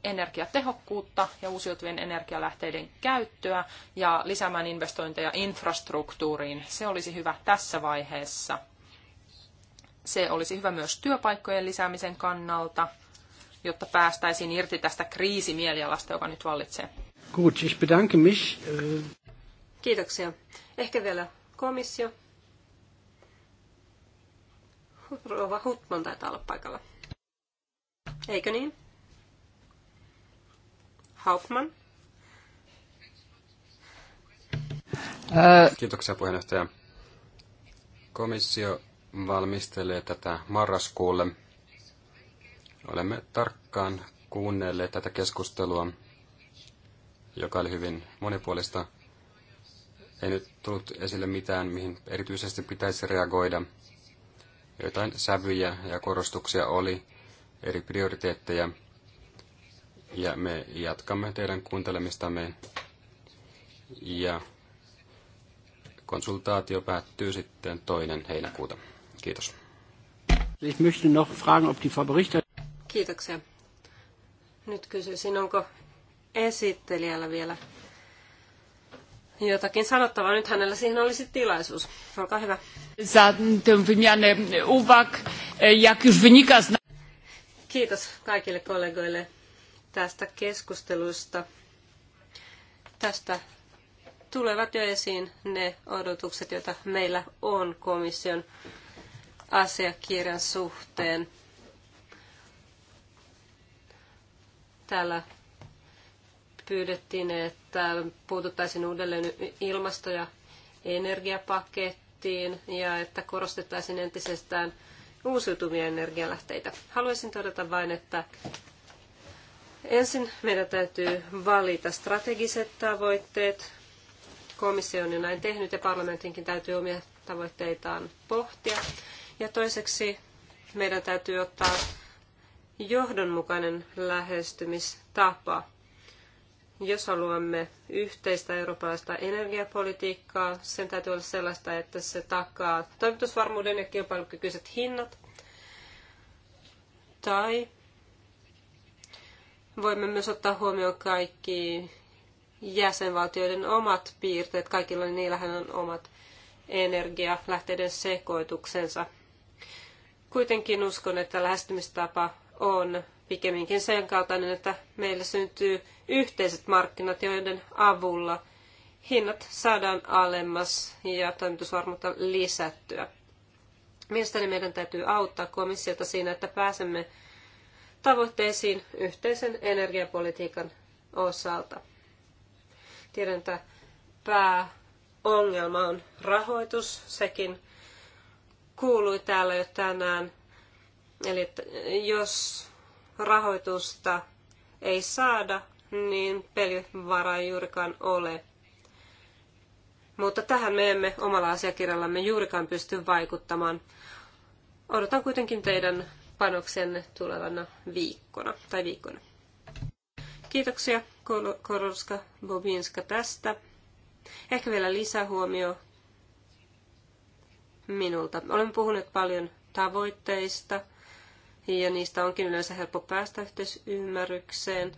energiatehokkuutta ja uusiutuvien energialähteiden käyttöä ja lisäämään investointeja infrastruktuuriin. Se olisi hyvä tässä vaiheessa. Se olisi hyvä myös työpaikkojen lisäämisen kannalta, jotta päästäisiin irti tästä kriisimielialasta, joka nyt vallitsee. Gut, ich bedanke mich. Äh, Kiitoksia. Ehkä vielä komissio. Rova Hutman taitaa olla paikalla. Eikö niin? Hauptman. Äh. Kiitoksia puheenjohtaja. Komissio valmistelee tätä marraskuulle. Olemme tarkkaan kuunnelleet tätä keskustelua joka oli hyvin monipuolista. Ei nyt tullut esille mitään, mihin erityisesti pitäisi reagoida. Joitain sävyjä ja korostuksia oli, eri prioriteetteja. Ja me jatkamme teidän kuuntelemistamme. Ja konsultaatio päättyy sitten toinen heinäkuuta. Kiitos. Ich möchte noch fragen, ob die Kiitoksia. Nyt kysyisin, onko esittelijällä vielä jotakin sanottavaa. Nyt hänellä siihen olisi tilaisuus. Olkaa hyvä. Za wymianę uwag, jak już wynika z... Kiitos kaikille kollegoille tästä keskustelusta. Tästä tulevat jo esiin ne odotukset, joita meillä on komission asiakirjan suhteen. Täällä pyydettiin, että puututtaisiin uudelleen ilmasto- ja energiapakettiin ja että korostettaisiin entisestään uusiutuvia energialähteitä. Haluaisin todeta vain, että ensin meidän täytyy valita strategiset tavoitteet. Komissio on jo näin tehnyt ja parlamentinkin täytyy omia tavoitteitaan pohtia. Ja toiseksi meidän täytyy ottaa johdonmukainen lähestymistapa. Jos haluamme yhteistä eurooppalaista energiapolitiikkaa, sen täytyy olla sellaista, että se takaa toimitusvarmuuden ja kilpailukykyiset hinnat. Tai voimme myös ottaa huomioon kaikki jäsenvaltioiden omat piirteet. Kaikilla niillähän on omat energialähteiden sekoituksensa. Kuitenkin uskon, että lähestymistapa on pikemminkin sen kaltainen, että meille syntyy yhteiset markkinat, joiden avulla hinnat saadaan alemmas ja toimitusvarmuutta lisättyä. Mielestäni meidän täytyy auttaa komissiota siinä, että pääsemme tavoitteisiin yhteisen energiapolitiikan osalta. Tiedän, että pääongelma on rahoitus. Sekin kuului täällä jo tänään. Eli jos rahoitusta ei saada, niin pelivaraa ei juurikaan ole. Mutta tähän me emme omalla asiakirjallamme juurikaan pysty vaikuttamaan. Odotan kuitenkin teidän panoksenne tulevana viikkona tai viikkona. Kiitoksia Koroska Bobinska tästä. Ehkä vielä lisähuomio minulta. Olemme puhuneet paljon tavoitteista – ja niistä onkin yleensä helppo päästä yhteisymmärrykseen.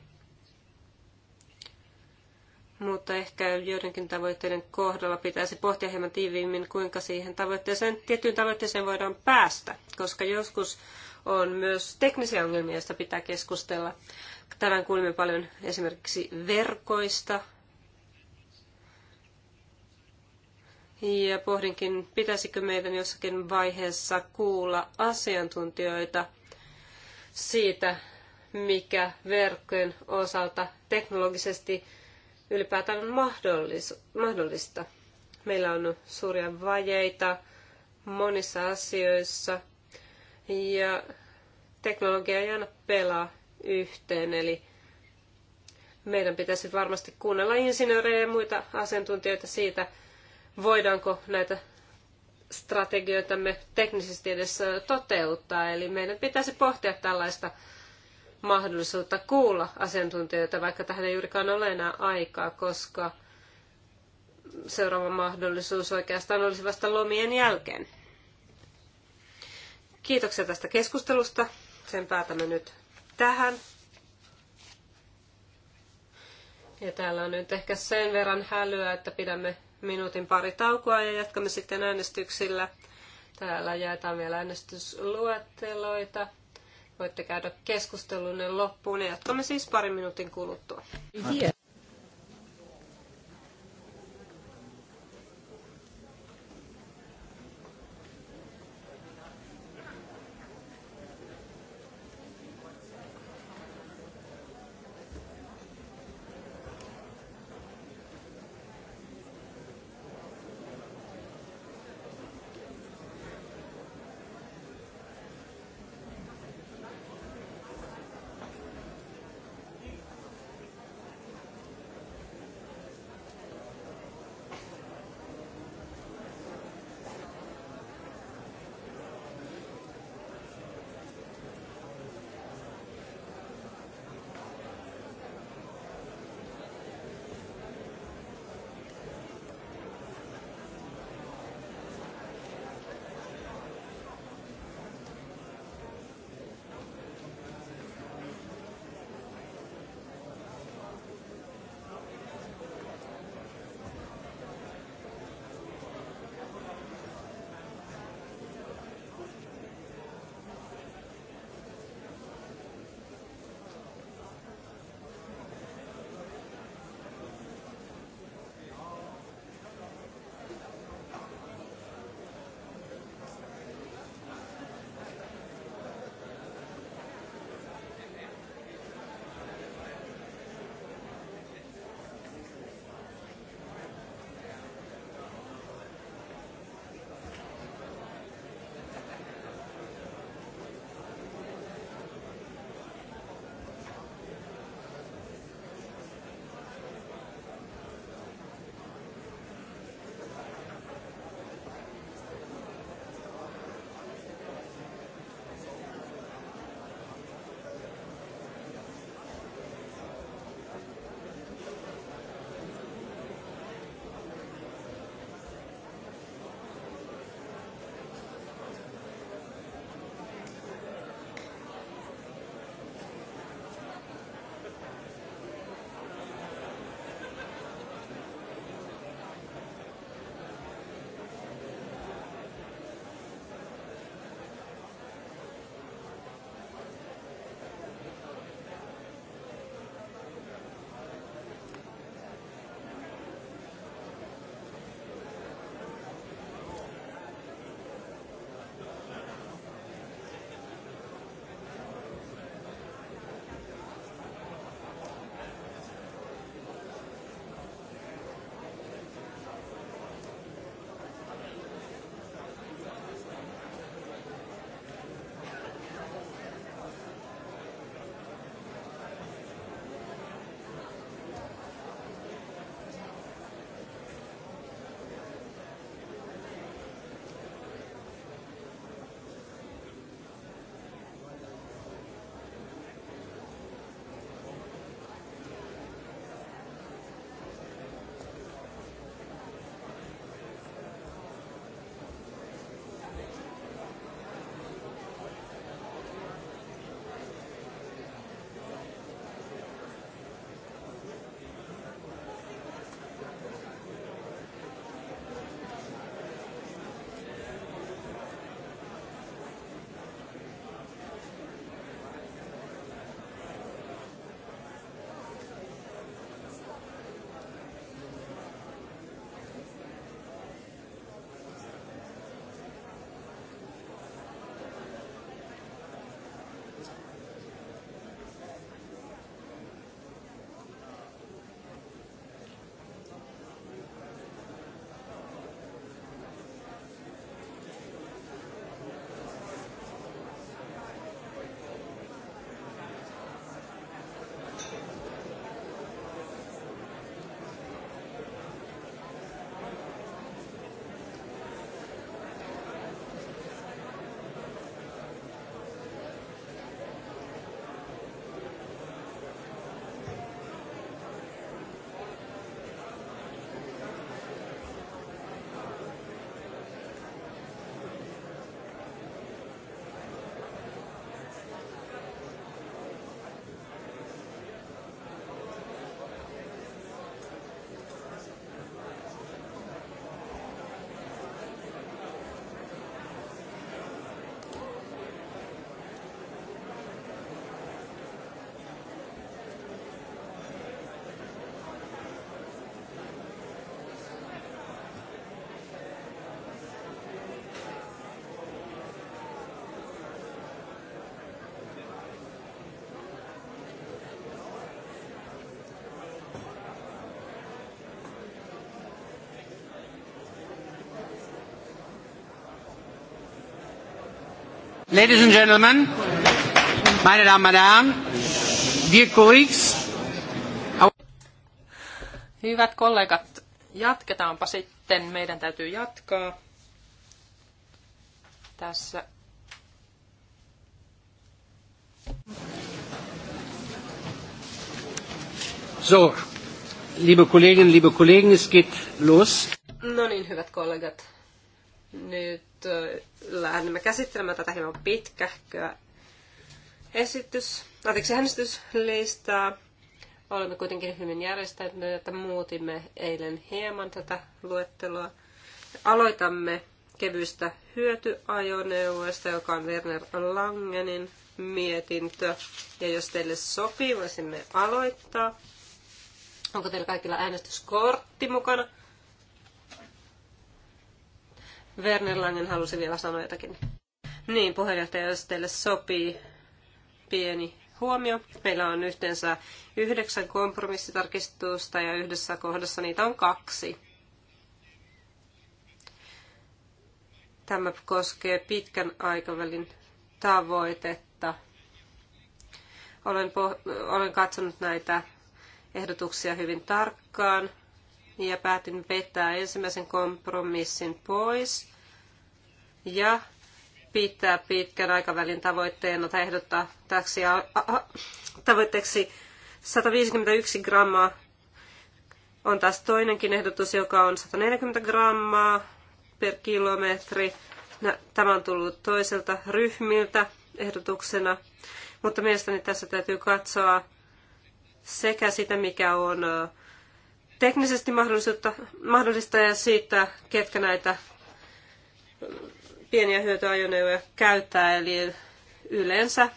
Mutta ehkä joidenkin tavoitteiden kohdalla pitäisi pohtia hieman tiiviimmin, kuinka siihen tavoitteeseen, tiettyyn tavoitteeseen voidaan päästä, koska joskus on myös teknisiä ongelmia, joista pitää keskustella. Tänään kuulimme paljon esimerkiksi verkoista. Ja pohdinkin, pitäisikö meidän jossakin vaiheessa kuulla asiantuntijoita – siitä, mikä verkkojen osalta teknologisesti ylipäätään on mahdollista. Meillä on suuria vajeita monissa asioissa ja teknologia ei aina pelaa yhteen, eli meidän pitäisi varmasti kuunnella insinöörejä ja muita asiantuntijoita siitä, voidaanko näitä strategioitamme teknisesti edes toteuttaa. Eli meidän pitäisi pohtia tällaista mahdollisuutta kuulla asiantuntijoita, vaikka tähän ei juurikaan ole enää aikaa, koska seuraava mahdollisuus oikeastaan olisi vasta lomien jälkeen. Kiitoksia tästä keskustelusta. Sen päätämme nyt tähän. Ja täällä on nyt ehkä sen verran hälyä, että pidämme minuutin pari taukoa ja jatkamme sitten äänestyksillä. Täällä jaetaan vielä äänestysluetteloita. Voitte käydä keskustelunne loppuun ja jatkamme siis parin minuutin kuluttua. Yeah. Ladies and gentlemen, meine Damen und Herren, dear colleagues. Hyvät kollegat, jatketaanpa sitten. Meidän täytyy jatkaa tässä. So, liebe Kolleginnen, liebe Kollegen, es geht los. No niin, hyvät kollegat. Nyt lähdemme käsittelemään tätä hieman pitkähköä esitys, anteeksi äänestyslistaa. Olemme kuitenkin hyvin että muutimme eilen hieman tätä luetteloa. Aloitamme kevyistä hyötyajoneuvoista, joka on Werner Langenin mietintö. Ja jos teille sopii, voisimme aloittaa. Onko teillä kaikilla äänestyskortti mukana? Werner Langen halusi vielä sanoa jotakin. Niin, puheenjohtaja, jos teille sopii pieni huomio. Meillä on yhteensä yhdeksän kompromissitarkistusta ja yhdessä kohdassa niitä on kaksi. Tämä koskee pitkän aikavälin tavoitetta. Olen, olen katsonut näitä ehdotuksia hyvin tarkkaan ja päätin vetää ensimmäisen kompromissin pois ja pitää pitkän aikavälin tavoitteena tai ehdottaa täksi tavoitteeksi 151 grammaa. On taas toinenkin ehdotus, joka on 140 grammaa per kilometri. No, tämä on tullut toiselta ryhmiltä ehdotuksena, mutta mielestäni tässä täytyy katsoa sekä sitä, mikä on teknisesti mahdollista ja siitä, ketkä näitä pieniä hyötyajoneuvoja käyttää. Eli yleensä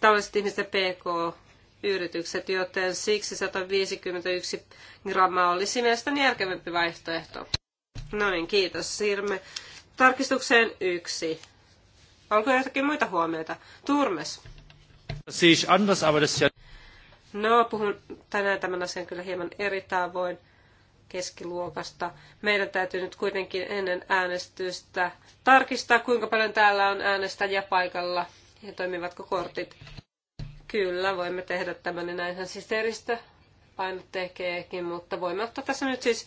tavalliset ihmiset PK-yritykset, joten siksi 151 grammaa olisi mielestäni järkevämpi vaihtoehto. No niin, kiitos. Siirrymme tarkistukseen yksi. Onko jotakin muita huomioita? Turmes. Sehe ich anders, aber das ist ja No, puhun tänään tämän asian kyllä hieman eri tavoin keskiluokasta. Meidän täytyy nyt kuitenkin ennen äänestystä tarkistaa, kuinka paljon täällä on äänestäjiä paikalla ja toimivatko kortit. Kyllä, voimme tehdä tämän ja niin näinhän siis eristä aina tekeekin, mutta voimme ottaa tässä nyt siis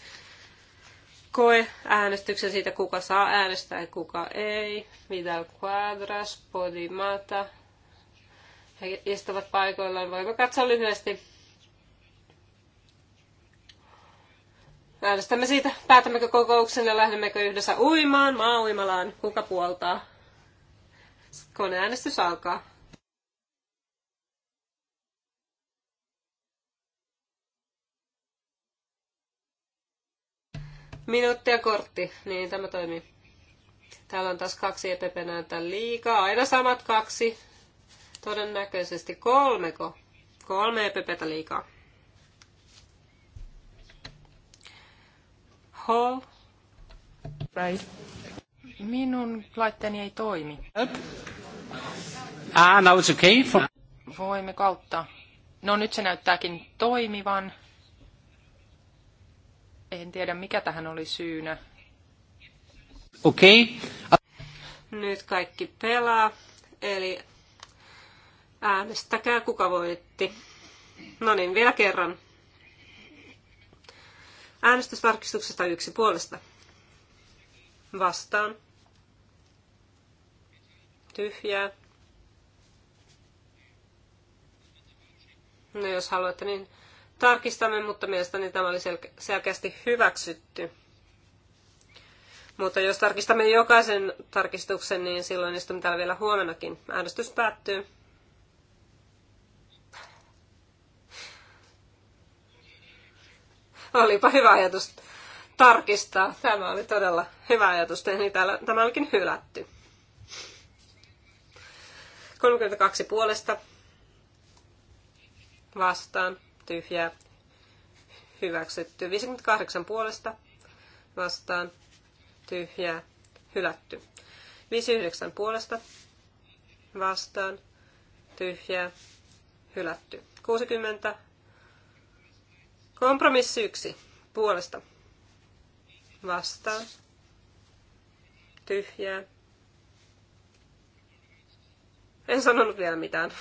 äänestyksen siitä, kuka saa äänestää ja kuka ei. Vidal Quadras, Podimata, he istuvat paikoillaan. Voimme katsoa lyhyesti. Äänestämme siitä, päätämmekö kokouksen ja lähdemmekö yhdessä uimaan, maa uimalaan, kuka puoltaa. Koneäänestys alkaa. Minuuttia kortti, niin tämä toimii. Täällä on taas kaksi EPP-näytä liikaa, aina samat kaksi. Todennäköisesti kolmeko? Kolme pepetä liikaa. Hall. Right. Minun laitteeni ei toimi. Ah, now it's okay. For... Voimme kautta. No nyt se näyttääkin toimivan. En tiedä mikä tähän oli syynä. Okei. Okay. Nyt kaikki pelaa. Eli Äänestäkää, kuka voitti. No niin, vielä kerran. Äänestystarkistuksesta yksi puolesta. Vastaan. Tyhjää. No jos haluatte, niin tarkistamme, mutta mielestäni tämä oli sel- selkeästi hyväksytty. Mutta jos tarkistamme jokaisen tarkistuksen, niin silloin istumme täällä vielä huomennakin. Äänestys päättyy. Olipa hyvä ajatus tarkistaa. Tämä oli todella hyvä ajatus, täällä, tämä olikin hylätty. 32 puolesta vastaan, tyhjää, hyväksytty. 58 puolesta vastaan, tyhjää, hylätty. 59 puolesta vastaan, tyhjää, hylätty. 60 Kompromissi yksi. Puolesta. Vastaan. Tyhjää. En sanonut vielä mitään.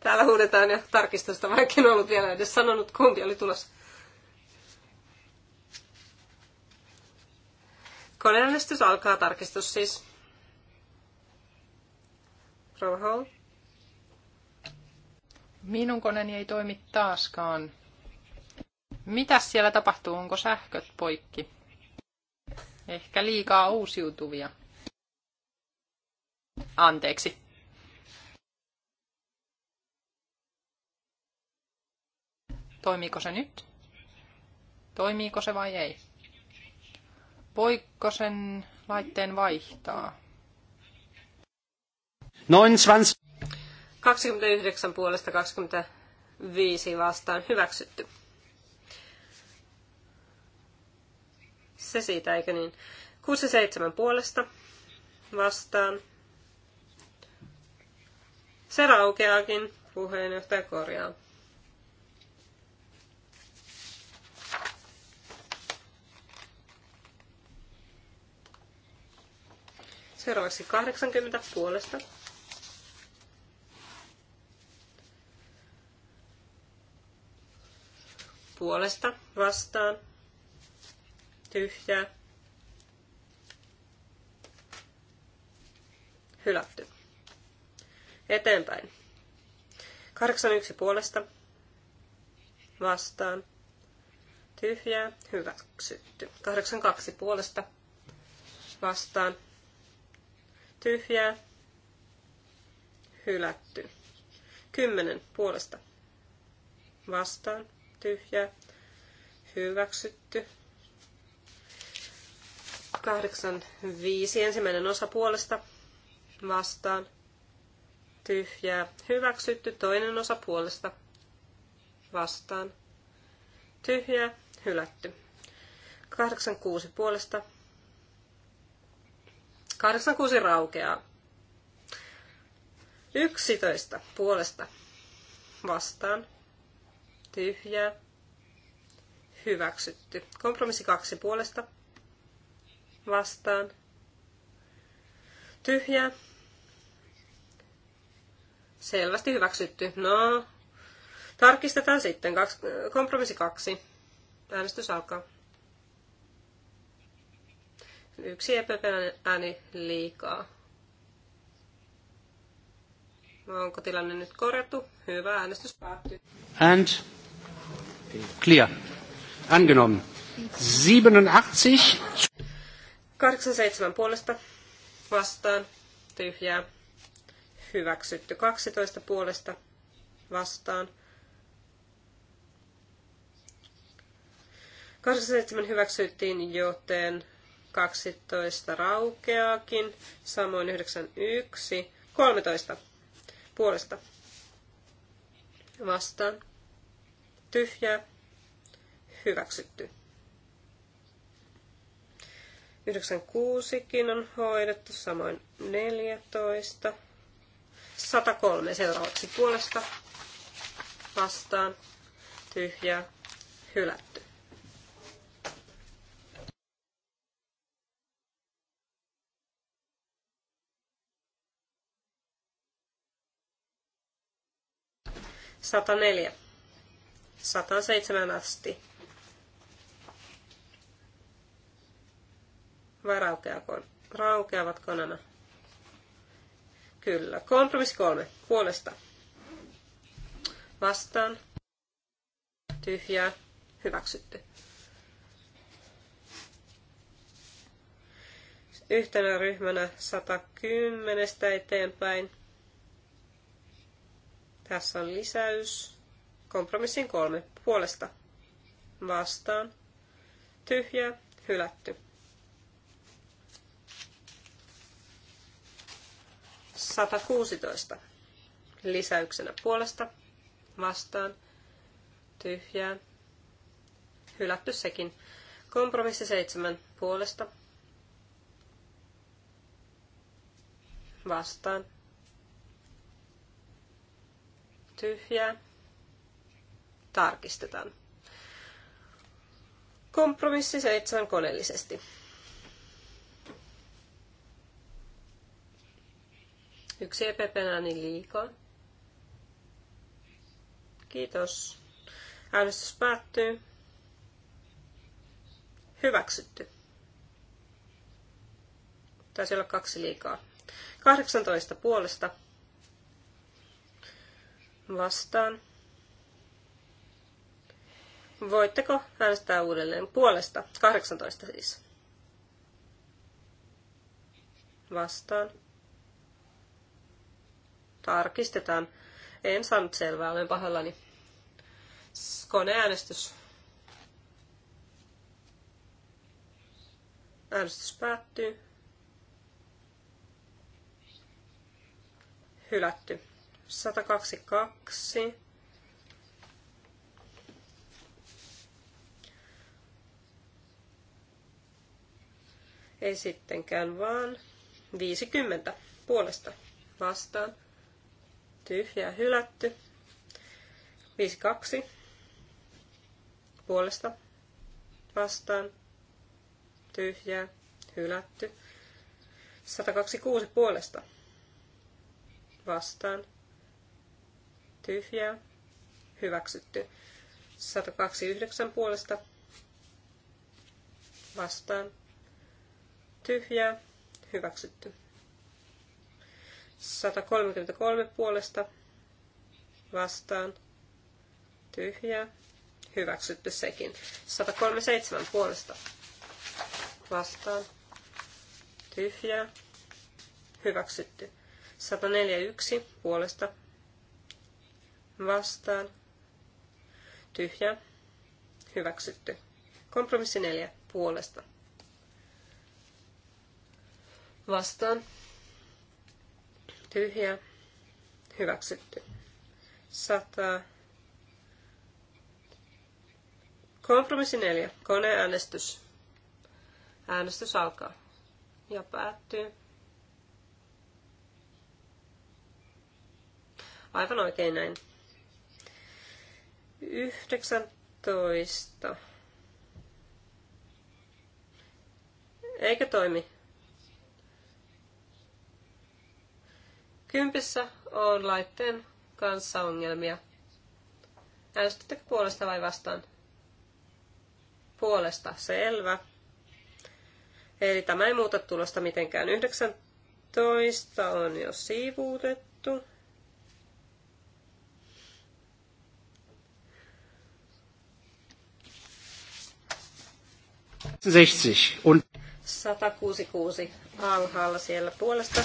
Täällä huudetaan ja tarkistusta, vaikka en ollut vielä edes sanonut, kumpi oli tulossa. Koneäänestys alkaa tarkistus siis. Rauha Minun koneeni ei toimi taaskaan. Mitäs siellä tapahtuu? Onko sähköt poikki? Ehkä liikaa uusiutuvia. Anteeksi. Toimiiko se nyt? Toimiiko se vai ei? Voiko sen laitteen vaihtaa? 29. 29 puolesta 25 vastaan hyväksytty. Se siitä, eikö niin? 67 puolesta vastaan. Se raukeakin, puheenjohtaja korjaa. Seuraavaksi 80 puolesta puolesta vastaan tyhjää hylätty. Eteenpäin. 81 puolesta vastaan tyhjää hyväksytty. 82 puolesta vastaan tyhjää hylätty. 10 puolesta vastaan tyhjää, hyväksytty. 85 ensimmäinen osa puolesta vastaan, tyhjää, hyväksytty. Toinen osa puolesta vastaan, tyhjää, hylätty. 86 puolesta. 86 raukeaa. 11 puolesta vastaan tyhjää, hyväksytty. Kompromissi kaksi puolesta, vastaan, tyhjää, selvästi hyväksytty. No, tarkistetaan sitten. Kompromissi kaksi. Äänestys alkaa. Yksi e ääni liikaa. Onko tilanne nyt korjattu? Hyvä, äänestys päättyy. And Clear. Angenommen. 87. 87 puolesta vastaan. Tyhjää. Hyväksytty. 12 puolesta vastaan. 87 hyväksyttiin, joten 12 raukeakin, samoin 91, 13 puolesta vastaan tyhjää, hyväksytty. 96kin on hoidettu, samoin 14. 103 seuraavaksi puolesta vastaan, tyhjää, hylätty. Sata neljä. 107 asti. Vai raukeako, raukeavatko nämä? Kyllä. Kompromissi kolme. Puolesta. Vastaan. Tyhjää. Hyväksytty. Yhtenä ryhmänä 110 eteenpäin. Tässä on lisäys. Kompromissin kolme. Puolesta. Vastaan. Tyhjää. Hylätty. Sata kuusitoista. Lisäyksenä puolesta. Vastaan. Tyhjää. Hylätty sekin. Kompromissi seitsemän Puolesta. Vastaan. Tyhjää tarkistetaan. Kompromissi seitsemän koneellisesti. Yksi EPP-ääni liikaa. Kiitos. Äänestys päättyy. Hyväksytty. Taisi olla kaksi liikaa. 18 puolesta vastaan. Voitteko äänestää uudelleen puolesta? 18 siis. Vastaan. Tarkistetaan. En saanut selvää, olen pahallani. Koneäänestys. Äänestys päättyy. Hylätty. 122 Ei sittenkään, vaan 50 puolesta vastaan. Tyhjää hylätty. 52 puolesta vastaan. Tyhjää hylätty. 126 puolesta vastaan. Tyhjää hyväksytty. 129 puolesta vastaan tyhjää, hyväksytty. 133 puolesta vastaan, tyhjää, hyväksytty sekin. 137 puolesta vastaan, tyhjää, hyväksytty. 141 puolesta vastaan, tyhjää, hyväksytty. Kompromissi 4 puolesta vastaan tyhjä hyväksytty. Sata. Kompromissi neljä. Koneäänestys. Äänestys alkaa ja päättyy. Aivan oikein näin. 19. eikä toimi? Kympissä on laitteen kanssa ongelmia. Äänestättekö puolesta vai vastaan? Puolesta, selvä. Eli tämä ei muuta tulosta mitenkään. 19 on jo siivuutettu. und 166 alhaalla siellä puolesta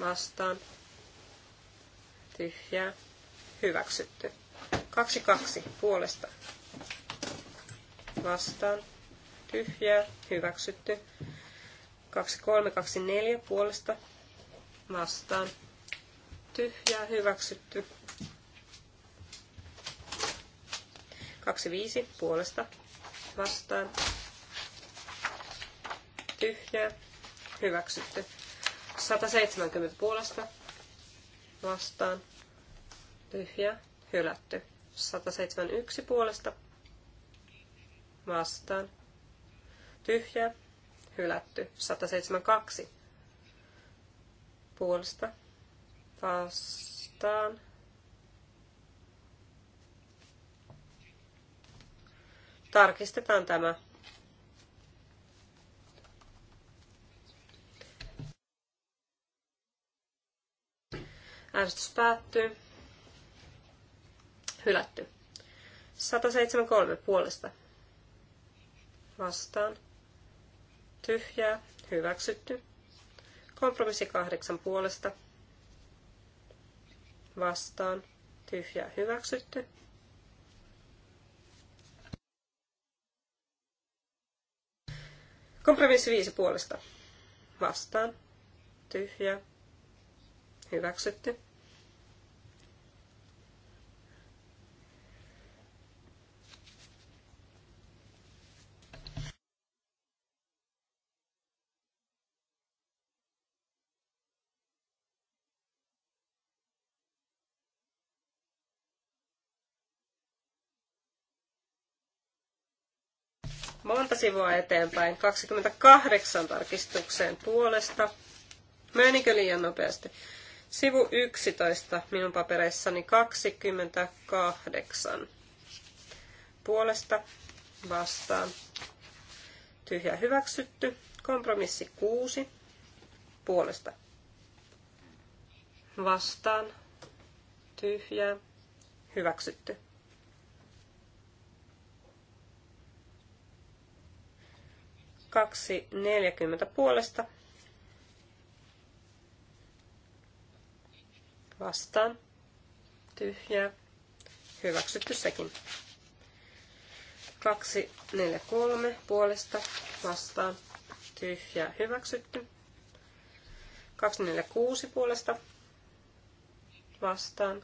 vastaan tyhjää hyväksytty. 22 puolesta vastaan tyhjää hyväksytty. kaksi neljä puolesta vastaan tyhjää hyväksytty. 25 puolesta vastaan tyhjää hyväksytty. 170 puolesta vastaan. Tyhjä, hylätty. 171 puolesta vastaan. Tyhjä, hylätty. 172 puolesta vastaan. Tarkistetaan tämä. Äänestys päättyy. Hylätty. 173 puolesta. Vastaan. Tyhjää. Hyväksytty. Kompromissi kahdeksan puolesta. Vastaan. Tyhjää. Hyväksytty. Kompromissi viisi puolesta. Vastaan. Tyhjää. Hyväksytty. monta sivua eteenpäin 28 tarkistukseen puolesta. Menikö liian nopeasti? Sivu 11 minun papereissani 28. Puolesta vastaan. Tyhjä hyväksytty. Kompromissi 6. Puolesta. Vastaan. tyhjä Hyväksytty. 2.40 puolesta vastaan. Tyhjää. Hyväksytty sekin. 2.43 puolesta vastaan. Tyhjää. Hyväksytty. 246 puolesta vastaan.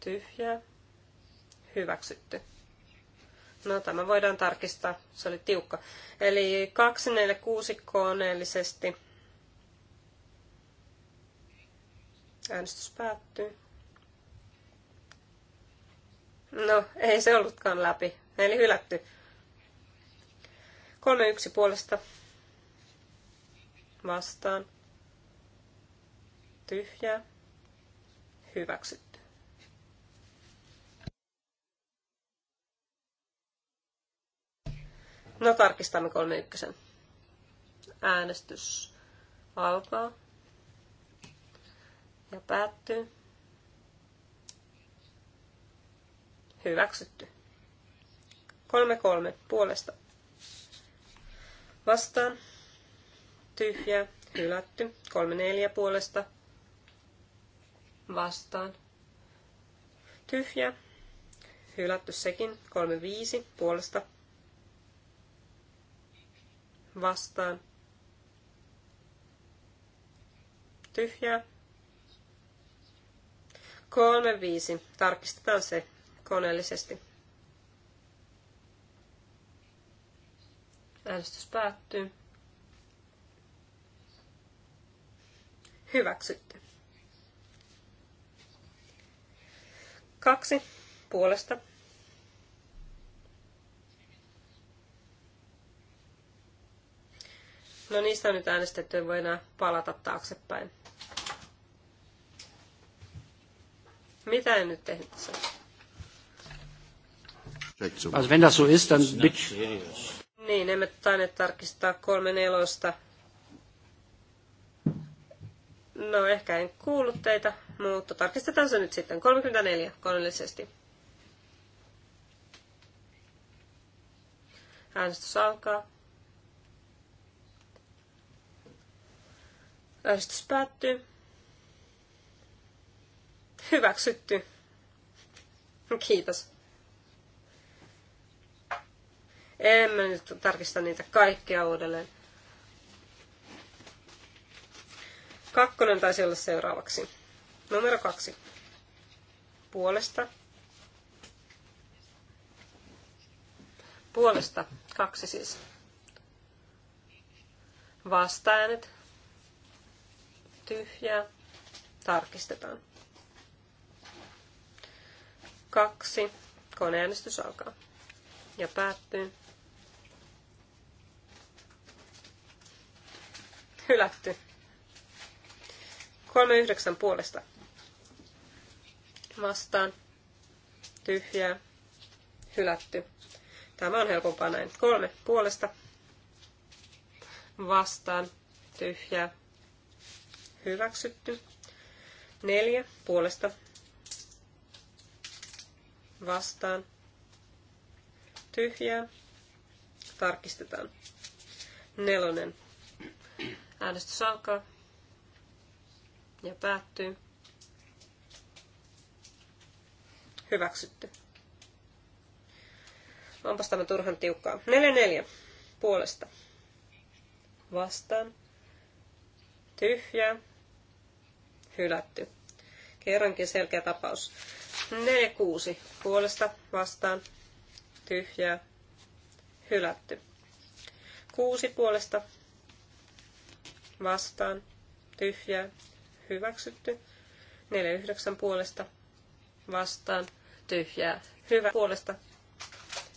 Tyhjää. Hyväksytty. No tämä voidaan tarkistaa, se oli tiukka. Eli 246 koneellisesti. Äänestys päättyy. No, ei se ollutkaan läpi. Eli hylätty. 3-1 puolesta. Vastaan. Tyhjää. Hyväksytty. No tarkistamme 31. Äänestys alkaa ja päättyy. Hyväksytty. kolme puolesta. Vastaan. Tyhjä. Hylätty. neljä puolesta. Vastaan. Tyhjä. Hylätty sekin. viisi puolesta vastaan. Tyhjää. Kolme viisi. Tarkistetaan se koneellisesti. Äänestys päättyy. Hyväksytty. Kaksi puolesta No niistä on nyt äänestetty, en voi enää palata taaksepäin. Mitä en nyt tehnyt tässä? Also wenn das so ist, dann bitte... Niin, emme tainneet tarkistaa kolme nelosta. No ehkä en kuullut teitä, mutta tarkistetaan se nyt sitten. 34 koneellisesti. Äänestys alkaa. Äänestys päättyy. Hyväksytty. Kiitos. En mä nyt tarkista niitä kaikkia uudelleen. Kakkonen taisi olla seuraavaksi. Numero kaksi. Puolesta. Puolesta. Kaksi siis. Vastaäänet tyhjää. Tarkistetaan. Kaksi. Koneäänestys alkaa ja päättyy. Hylätty. 39 puolesta. Vastaan. Tyhjää. Hylätty. Tämä on helpompaa näin. Kolme puolesta. Vastaan. Tyhjää hyväksytty. Neljä puolesta vastaan tyhjää. Tarkistetaan. Nelonen. Äänestys alkaa ja päättyy. Hyväksytty. Onpas tämä turhan tiukkaa. 4 neljä. puolesta. Vastaan. Tyhjää hylätty. Kerrankin selkeä tapaus. 4-6 puolesta vastaan tyhjää hylätty. 6 puolesta vastaan tyhjää hyväksytty. 4-9 puolesta vastaan tyhjää hyvä puolesta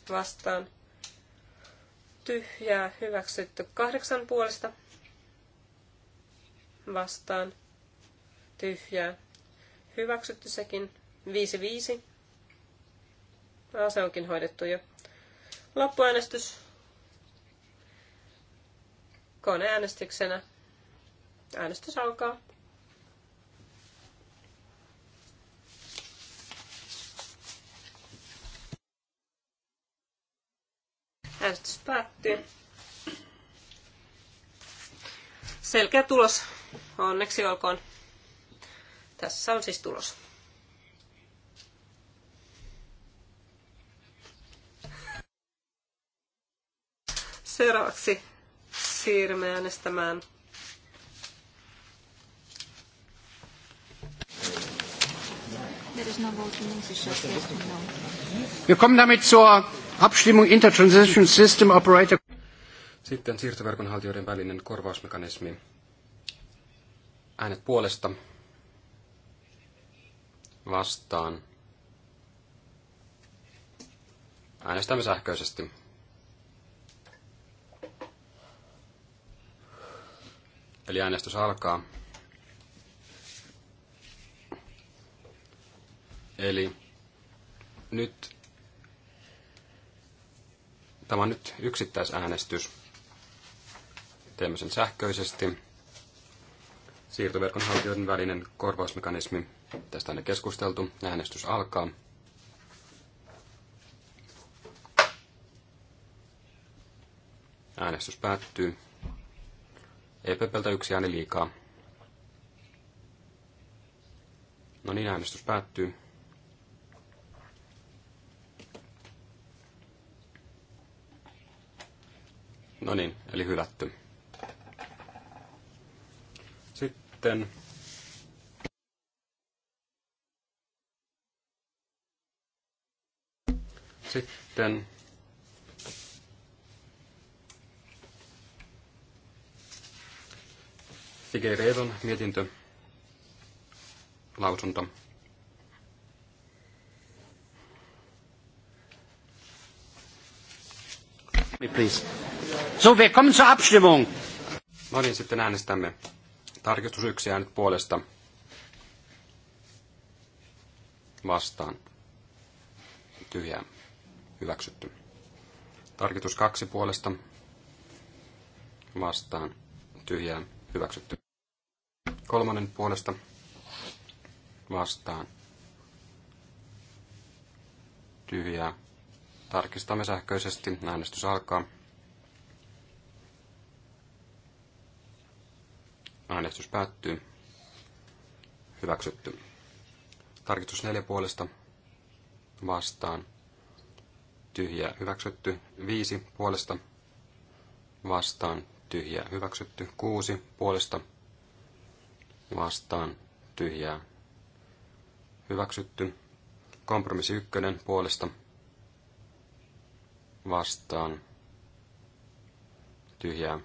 vastaan tyhjää hyväksytty. 8 puolesta vastaan tyhjää. Hyväksytty sekin. 5-5. Ah, se onkin hoidettu jo. Loppuäänestys koneäänestyksenä. Äänestys alkaa. Äänestys päättyy. Selkeä tulos. Onneksi olkoon. Tässä on siis tulos. Seuraavaksi siirrymme äänestämään no no? Wir kommen damit zur Abstimmung Intertransition System Operator. Sitten siirtoverkonhaltijoiden välinen korvausmekanismi. Äänet puolesta vastaan. Äänestämme sähköisesti. Eli äänestys alkaa. Eli nyt tämä on nyt yksittäisäänestys. Teemme sen sähköisesti. Siirtoverkon haltijoiden välinen korvausmekanismi Tästä on keskusteltu. Äänestys alkaa. Äänestys päättyy. EPPltä yksi ääni liikaa. No niin, äänestys päättyy. No niin, eli hylätty. Sitten Sitten Figueiredon mietintö, lausunto. Please. So, wir kommen zur Abstimmung. No niin, sitten äänestämme. Tarkistus yksi äänet puolesta. Vastaan. Tyhjää hyväksytty. Tarkitus kaksi puolesta vastaan tyhjää hyväksytty. Kolmannen puolesta vastaan tyhjää. Tarkistamme sähköisesti. Äänestys alkaa. Äänestys päättyy. Hyväksytty. Tarkistus neljä puolesta vastaan tyhjää hyväksytty, viisi puolesta vastaan tyhjää hyväksytty, kuusi puolesta vastaan tyhjää hyväksytty, kompromissi ykkönen puolesta vastaan tyhjää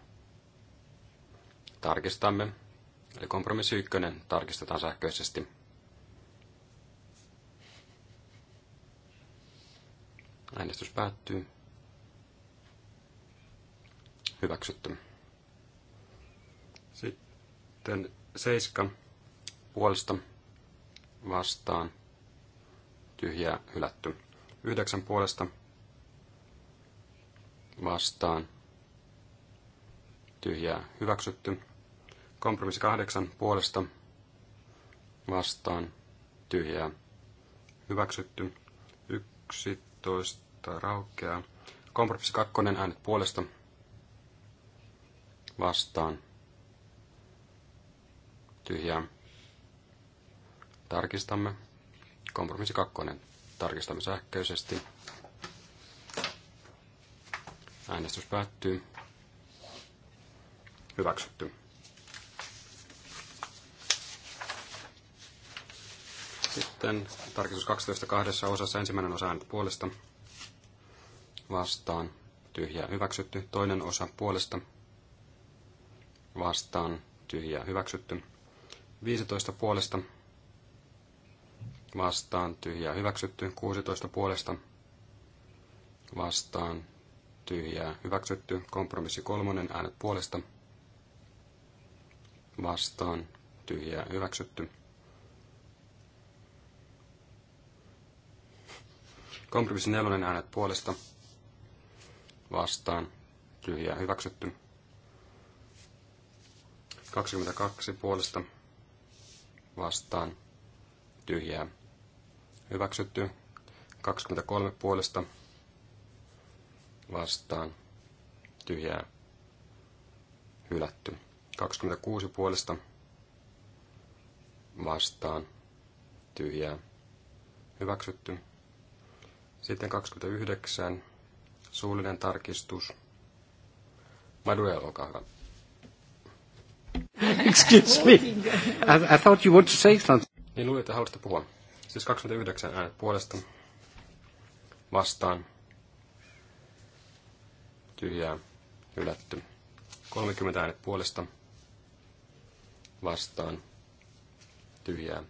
tarkistamme. Eli kompromissi ykkönen tarkistetaan sähköisesti. Äänestys päättyy. Hyväksytty. Sitten seiska puolesta vastaan. Tyhjää hylätty. Yhdeksän puolesta vastaan. Tyhjää hyväksytty. Kompromissi kahdeksan puolesta vastaan. Tyhjää hyväksytty. 11 kohtaa raukeaa. Kompromissi kakkonen äänet puolesta vastaan. Tyhjää. Tarkistamme. Kompromissi kakkonen. Tarkistamme sähköisesti. Äänestys päättyy. Hyväksytty. Sitten tarkistus 12.2. kahdessa osassa ensimmäinen osa äänet puolesta vastaan, tyhjää hyväksytty. Toinen osa puolesta vastaan, tyhjää hyväksytty. 15 puolesta vastaan, tyhjää hyväksytty. 16 puolesta vastaan, tyhjää hyväksytty. Kompromissi kolmonen äänet puolesta vastaan, tyhjää hyväksytty. Kompromissi nelonen äänet puolesta vastaan tyhjää hyväksytty. 22 puolesta vastaan tyhjää hyväksytty. 23 puolesta vastaan tyhjää hylätty. 26 puolesta vastaan tyhjää hyväksytty. Sitten 29 suullinen tarkistus. Manuel, olkaa hyvä. Excuse me. I, I thought you wanted to say something. Niin luulin, että haluaisitte puhua. Siis 29 äänet puolesta vastaan. Tyhjää hylätty. 30 äänet puolesta vastaan. Tyhjää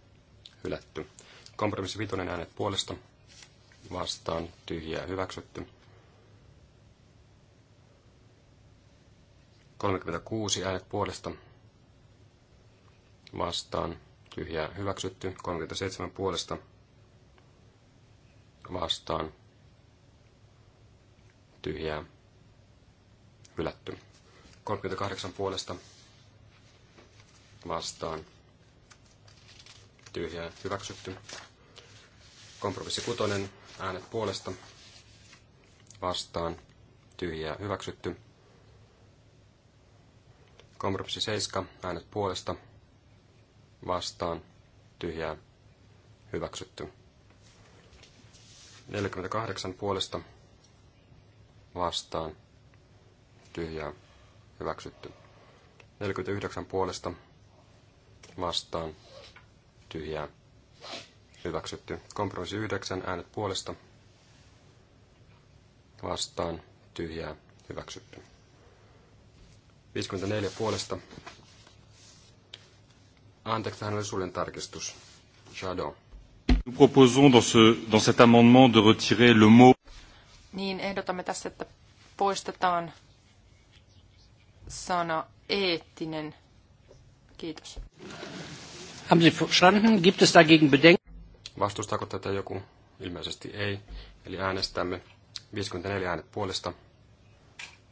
hylätty. Kompromissi vitonen äänet puolesta vastaan. Tyhjää hyväksytty. 36 äänet puolesta vastaan, tyhjää hyväksytty, 37 puolesta vastaan, tyhjää hylätty, 38 puolesta vastaan, tyhjää hyväksytty, kompromissi kutonen, äänet puolesta vastaan, tyhjää hyväksytty, Kompromissi 7, äänet puolesta, vastaan, tyhjää, hyväksytty. 48 puolesta, vastaan, tyhjää, hyväksytty. 49 puolesta, vastaan, tyhjää, hyväksytty. Kompromissi 9, äänet puolesta, vastaan, tyhjää, hyväksytty. 54 puolesta. Anteeksi, tähän oli suljen tarkistus. Shadow. Nous proposons dans, ce, dans cet amendement de retirer le mot. Niin ehdotamme tässä, että poistetaan sana eettinen. Kiitos. Haben Sie verstanden? Gibt es dagegen Bedenken? Vastustaako tätä joku? Ilmeisesti ei. Eli äänestämme 54 äänet puolesta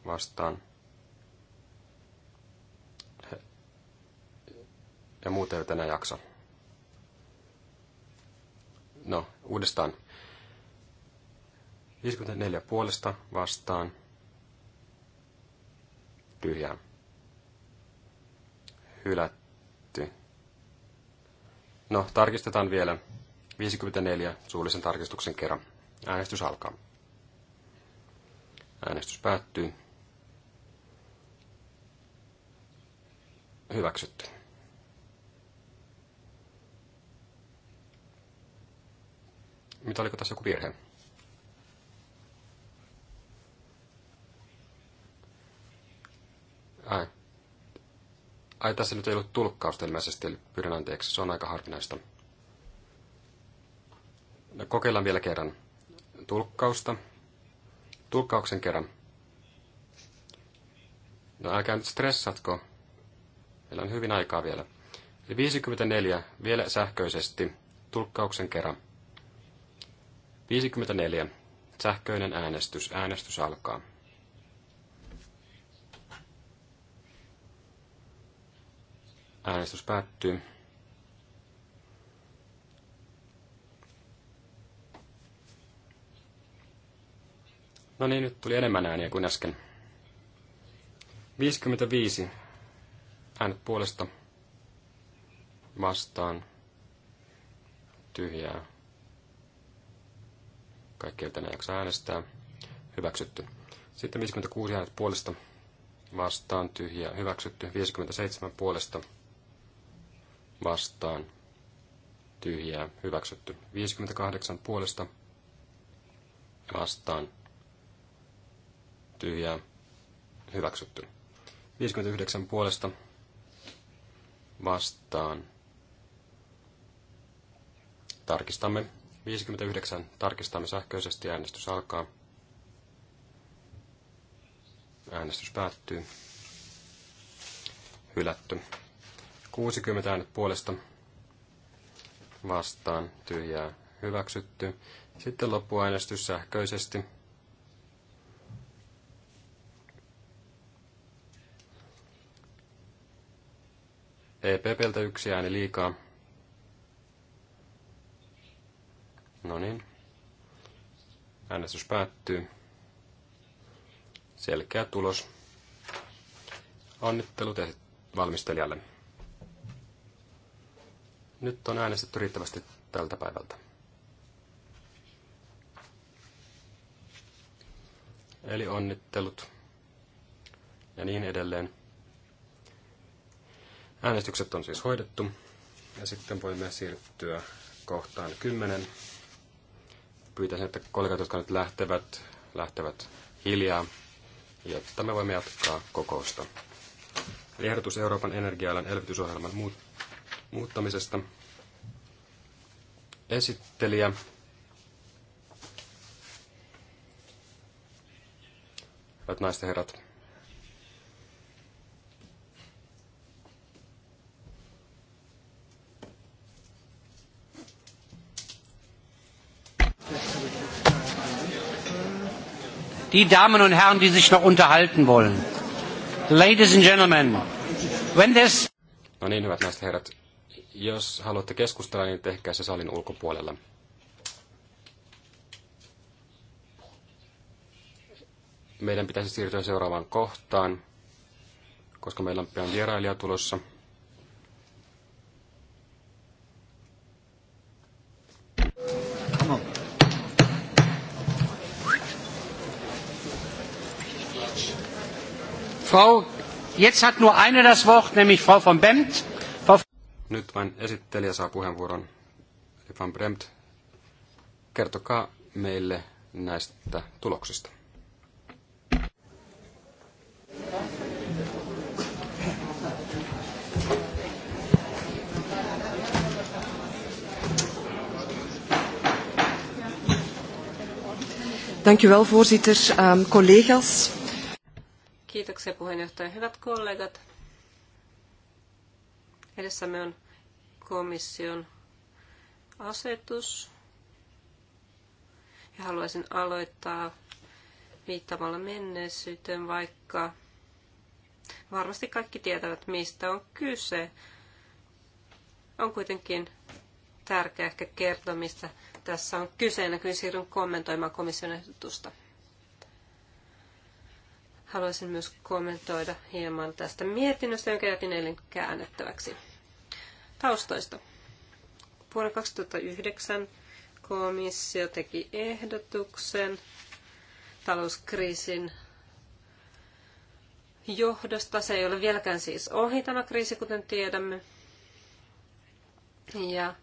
vastaan ja muuta jo tänä jakso. No, uudestaan. 54 puolesta vastaan. Tyhjää. Hylätty. No, tarkistetaan vielä. 54 suullisen tarkistuksen kerran. Äänestys alkaa. Äänestys päättyy. Hyväksytty. Mitä oliko tässä joku virhe? Ai. Ai, tässä nyt ei ollut tulkkausta ilmeisesti, eli pyydän anteeksi. Se on aika harvinaista. No, kokeillaan vielä kerran. Tulkkausta. Tulkkauksen kerran. No älkää nyt stressatko. Meillä on hyvin aikaa vielä. Eli 54 vielä sähköisesti. Tulkkauksen kerran. 54. Sähköinen äänestys. Äänestys alkaa. Äänestys päättyy. No niin, nyt tuli enemmän ääniä kuin äsken. 55 äänet puolesta vastaan tyhjää kaikki eivät enää jaksa äänestää. Hyväksytty. Sitten 56 äänet puolesta vastaan tyhjää. Hyväksytty. 57 puolesta vastaan tyhjää. Hyväksytty. 58 puolesta vastaan tyhjää. Hyväksytty. 59 puolesta vastaan. Tarkistamme 59 tarkistamme sähköisesti. Äänestys alkaa. Äänestys päättyy. Hylätty. 60 äänet puolesta vastaan tyhjää hyväksytty. Sitten loppuäänestys sähköisesti. EPPltä yksi ääni liikaa. No niin. Äänestys päättyy. Selkeä tulos. Onnittelut valmistelijalle. Nyt on äänestetty riittävästi tältä päivältä. Eli onnittelut ja niin edelleen. Äänestykset on siis hoidettu ja sitten voimme siirtyä kohtaan 10. Pyytäisin, että kollegat, jotka nyt lähtevät, lähtevät hiljaa, jotta me voimme jatkaa kokousta. Eli ehdotus Euroopan energia-alan elvytysohjelman muuttamisesta. Esittelijä hyvät naiset ja herrat, die Damen und Herren, die sich noch unterhalten wollen. Ladies and gentlemen, when this... No niin, hyvät naiset herrat. Jos haluatte keskustella, niin tehkää se salin ulkopuolella. Meidän pitäisi siirtyä seuraavaan kohtaan, koska meillä on pian vierailija tulossa. Frau, jetzt hat nur eine das Wort, nämlich Frau von Bemt. Frau... Nyt vain esittelijä saa puheenvuoron. Eli van Bremt, kertokaa meille näistä tuloksista. Dank u wel, voorzitter. Um, collega's. Kiitoksia puheenjohtaja. Hyvät kollegat, edessämme on komission asetus. Ja haluaisin aloittaa viittamalla menneisyyteen, vaikka varmasti kaikki tietävät, mistä on kyse. On kuitenkin tärkeää ehkä kertoa, mistä tässä on kyse, ennen kuin siirryn kommentoimaan komission ehdotusta. Haluaisin myös kommentoida hieman tästä mietinnöstä, jonka jätin eilen käännettäväksi. Taustoista. Vuonna 2009 komissio teki ehdotuksen talouskriisin johdosta. Se ei ole vieläkään siis ohi tämä kriisi, kuten tiedämme. Ja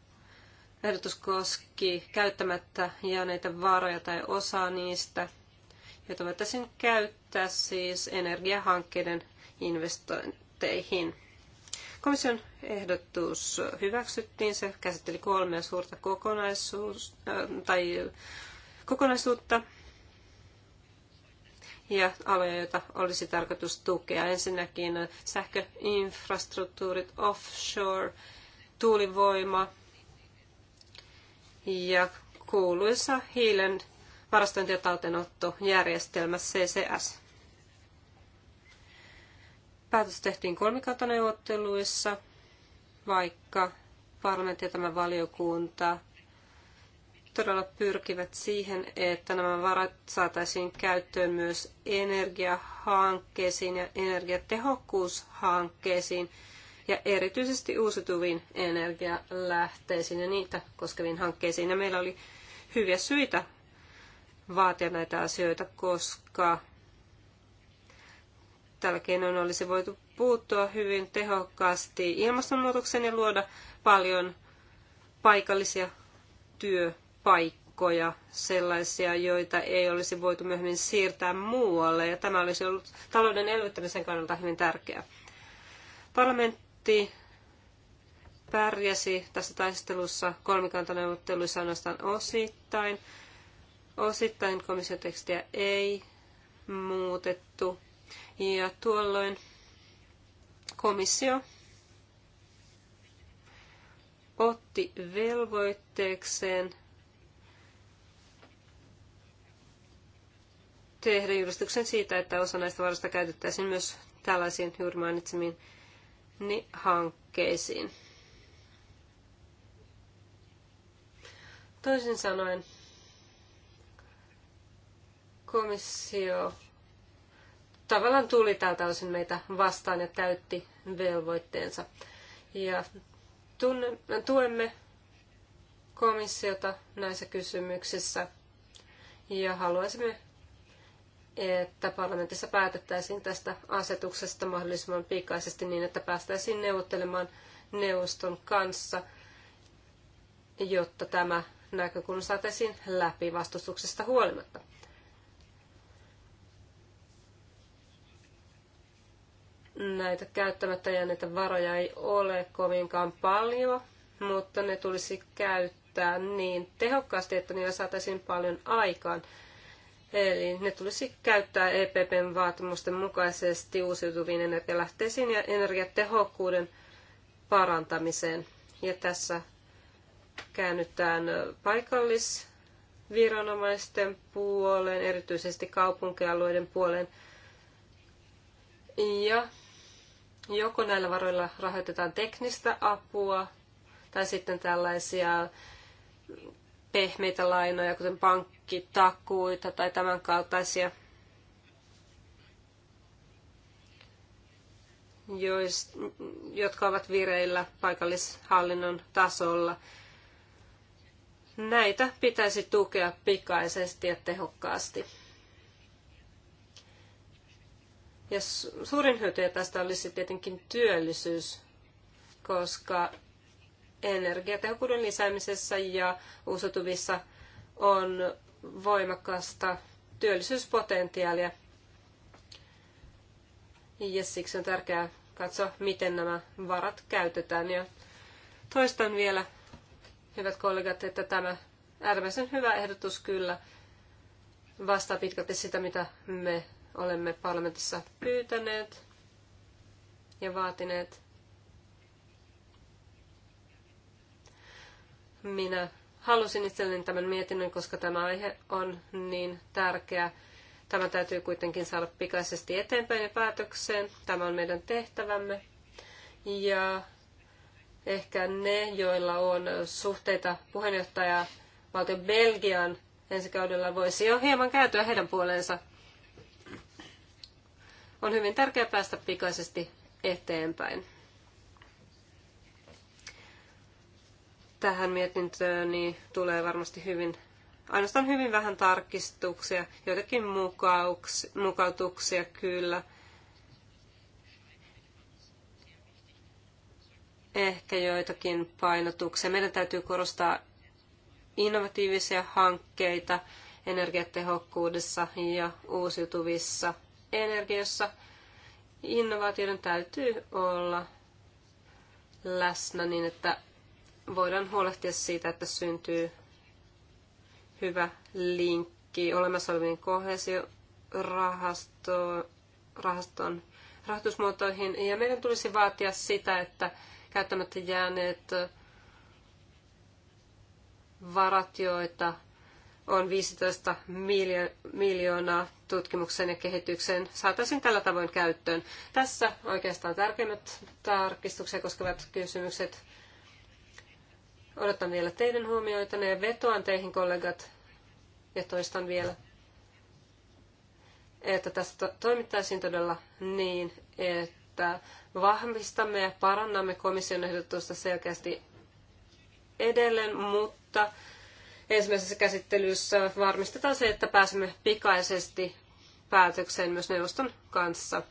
ehdotus koski käyttämättä jääneitä varoja tai osaa niistä – jota voitaisiin käyttää siis energiahankkeiden investointeihin. Komission ehdotus hyväksyttiin, se käsitteli kolmea suurta kokonaisuus, äh, tai kokonaisuutta ja aloja, joita olisi tarkoitus tukea. Ensinnäkin sähköinfrastruktuurit, offshore, tuulivoima ja kuuluisa hiilen varastointi- ja talteenottojärjestelmä CCS. Päätös tehtiin kolmikantaneuvotteluissa, vaikka parlamentti ja tämä valiokunta todella pyrkivät siihen, että nämä varat saataisiin käyttöön myös energiahankkeisiin ja energiatehokkuushankkeisiin ja erityisesti uusiutuviin energialähteisiin ja niitä koskeviin hankkeisiin. Ja meillä oli hyviä syitä vaatia näitä asioita, koska tällä keinoin olisi voitu puuttua hyvin tehokkaasti ilmastonmuutokseen ja luoda paljon paikallisia työpaikkoja, sellaisia, joita ei olisi voitu myöhemmin siirtää muualle. Ja tämä olisi ollut talouden elvyttämisen kannalta hyvin tärkeää. Parlamentti pärjäsi tässä taistelussa kolmikantaneuvotteluissa ainoastaan osittain – Osittain komission tekstiä ei muutettu ja tuolloin komissio otti velvoitteekseen tehdä julistuksen siitä, että osa näistä varoista käytettäisiin myös tällaisiin juuri mainitsemiin hankkeisiin. Toisin sanoen, komissio tavallaan tuli tältä osin meitä vastaan ja täytti velvoitteensa. Ja tunne, tuemme komissiota näissä kysymyksissä ja haluaisimme, että parlamentissa päätettäisiin tästä asetuksesta mahdollisimman pikaisesti niin, että päästäisiin neuvottelemaan neuvoston kanssa, jotta tämä näkökulma saataisiin läpi vastustuksesta huolimatta. näitä käyttämättä jääneitä varoja ei ole kovinkaan paljon, mutta ne tulisi käyttää niin tehokkaasti, että niillä saataisiin paljon aikaan. Eli ne tulisi käyttää EPPn vaatimusten mukaisesti uusiutuviin energialähteisiin ja energiatehokkuuden parantamiseen. Ja tässä käännytään paikallisviranomaisten puoleen, erityisesti kaupunkialueiden puoleen. Ja Joko näillä varoilla rahoitetaan teknistä apua tai sitten tällaisia pehmeitä lainoja, kuten pankkitakuita tai tämän kaltaisia, jotka ovat vireillä paikallishallinnon tasolla. Näitä pitäisi tukea pikaisesti ja tehokkaasti. Ja suurin hyötyjä tästä olisi tietenkin työllisyys, koska energiatehokkuuden lisäämisessä ja uusiutuvissa on voimakasta työllisyyspotentiaalia. Ja siksi on tärkeää katsoa, miten nämä varat käytetään. Ja toistan vielä, hyvät kollegat, että tämä äärimmäisen hyvä ehdotus kyllä vastaa pitkälti sitä, mitä me olemme parlamentissa pyytäneet ja vaatineet. Minä halusin itselleni tämän mietinnön, koska tämä aihe on niin tärkeä. Tämä täytyy kuitenkin saada pikaisesti eteenpäin ja päätökseen. Tämä on meidän tehtävämme. Ja ehkä ne, joilla on suhteita puheenjohtaja valtio Belgian ensi kaudella, voisi jo hieman kääntyä heidän puoleensa on hyvin tärkeää päästä pikaisesti eteenpäin. Tähän mietintöön tulee varmasti hyvin, ainoastaan hyvin vähän tarkistuksia, joitakin mukauks, mukautuksia kyllä. Ehkä joitakin painotuksia. Meidän täytyy korostaa innovatiivisia hankkeita energiatehokkuudessa ja uusiutuvissa energiassa innovaatioiden täytyy olla läsnä niin, että voidaan huolehtia siitä, että syntyy hyvä linkki olemassa olevien rahaston rahoitusmuotoihin. Ja meidän tulisi vaatia sitä, että käyttämättä jääneet varat, joita on 15 miljoonaa tutkimukseen ja kehitykseen saataisiin tällä tavoin käyttöön. Tässä oikeastaan tärkeimmät tarkistuksia koskevat kysymykset. Odotan vielä teidän huomioitanne ja vetoan teihin kollegat ja toistan vielä, että tästä toimittaisiin todella niin, että vahvistamme ja parannamme komission ehdotusta selkeästi edelleen, mutta ensimmäisessä käsittelyssä varmistetaan se, että pääsemme pikaisesti päätökseen myös neuvoston kanssa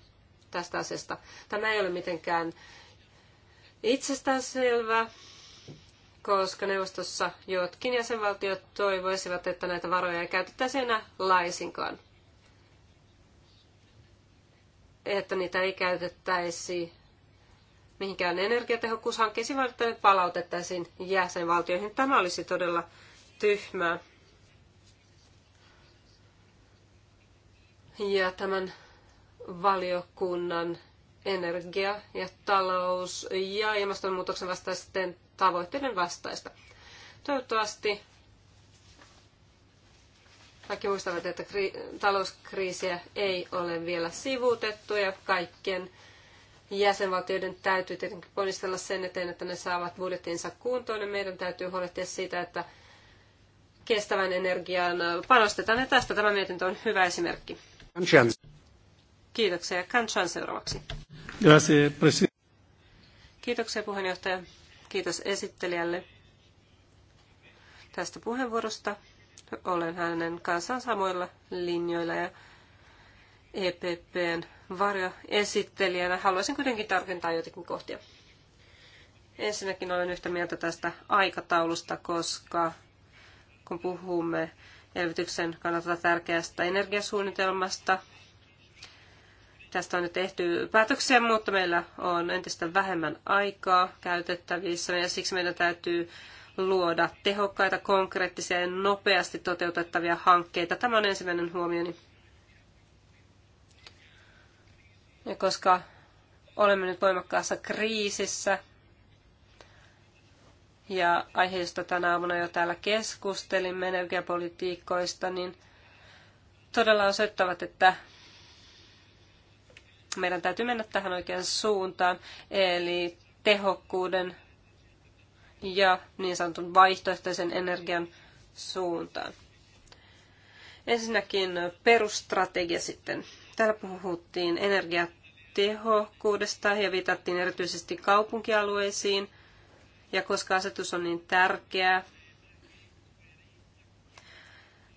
tästä asiasta. Tämä ei ole mitenkään itsestäänselvää, koska neuvostossa jotkin jäsenvaltiot toivoisivat, että näitä varoja ei käytettäisi enää laisinkaan. Että niitä ei käytettäisi mihinkään energiatehokkuushankkeisiin, vaan että ne palautettaisiin jäsenvaltioihin. Tämä olisi todella tyhmää. ja tämän valiokunnan energia- ja talous- ja ilmastonmuutoksen vastaisten tavoitteiden vastaista. Toivottavasti kaikki muistavat, että kri- talouskriisiä ei ole vielä sivuutettu ja kaikkien jäsenvaltioiden täytyy tietenkin ponnistella sen eteen, että ne saavat budjettinsa kuntoon ja meidän täytyy huolehtia siitä, että kestävän energian panostetaan ja tästä tämä mietintö on hyvä esimerkki. Kiitoksia. Kanchan seuraavaksi. Kiitoksia puheenjohtaja. Kiitos esittelijälle tästä puheenvuorosta. Olen hänen kanssaan samoilla linjoilla ja EPPn varjoesittelijänä. Haluaisin kuitenkin tarkentaa jotakin kohtia. Ensinnäkin olen yhtä mieltä tästä aikataulusta, koska kun puhumme elvytyksen kannalta tärkeästä energiasuunnitelmasta. Tästä on nyt tehty päätöksiä, mutta meillä on entistä vähemmän aikaa käytettävissä ja siksi meidän täytyy luoda tehokkaita, konkreettisia ja nopeasti toteutettavia hankkeita. Tämä on ensimmäinen huomioni. Ja koska olemme nyt voimakkaassa kriisissä, ja aiheesta tänä aamuna jo täällä keskustelimme energiapolitiikkoista, niin todella osoittavat, että meidän täytyy mennä tähän oikeaan suuntaan, eli tehokkuuden ja niin sanotun vaihtoehtoisen energian suuntaan. Ensinnäkin perustrategia sitten. Täällä puhuttiin energiatehokkuudesta ja viitattiin erityisesti kaupunkialueisiin – ja koska asetus on niin tärkeä,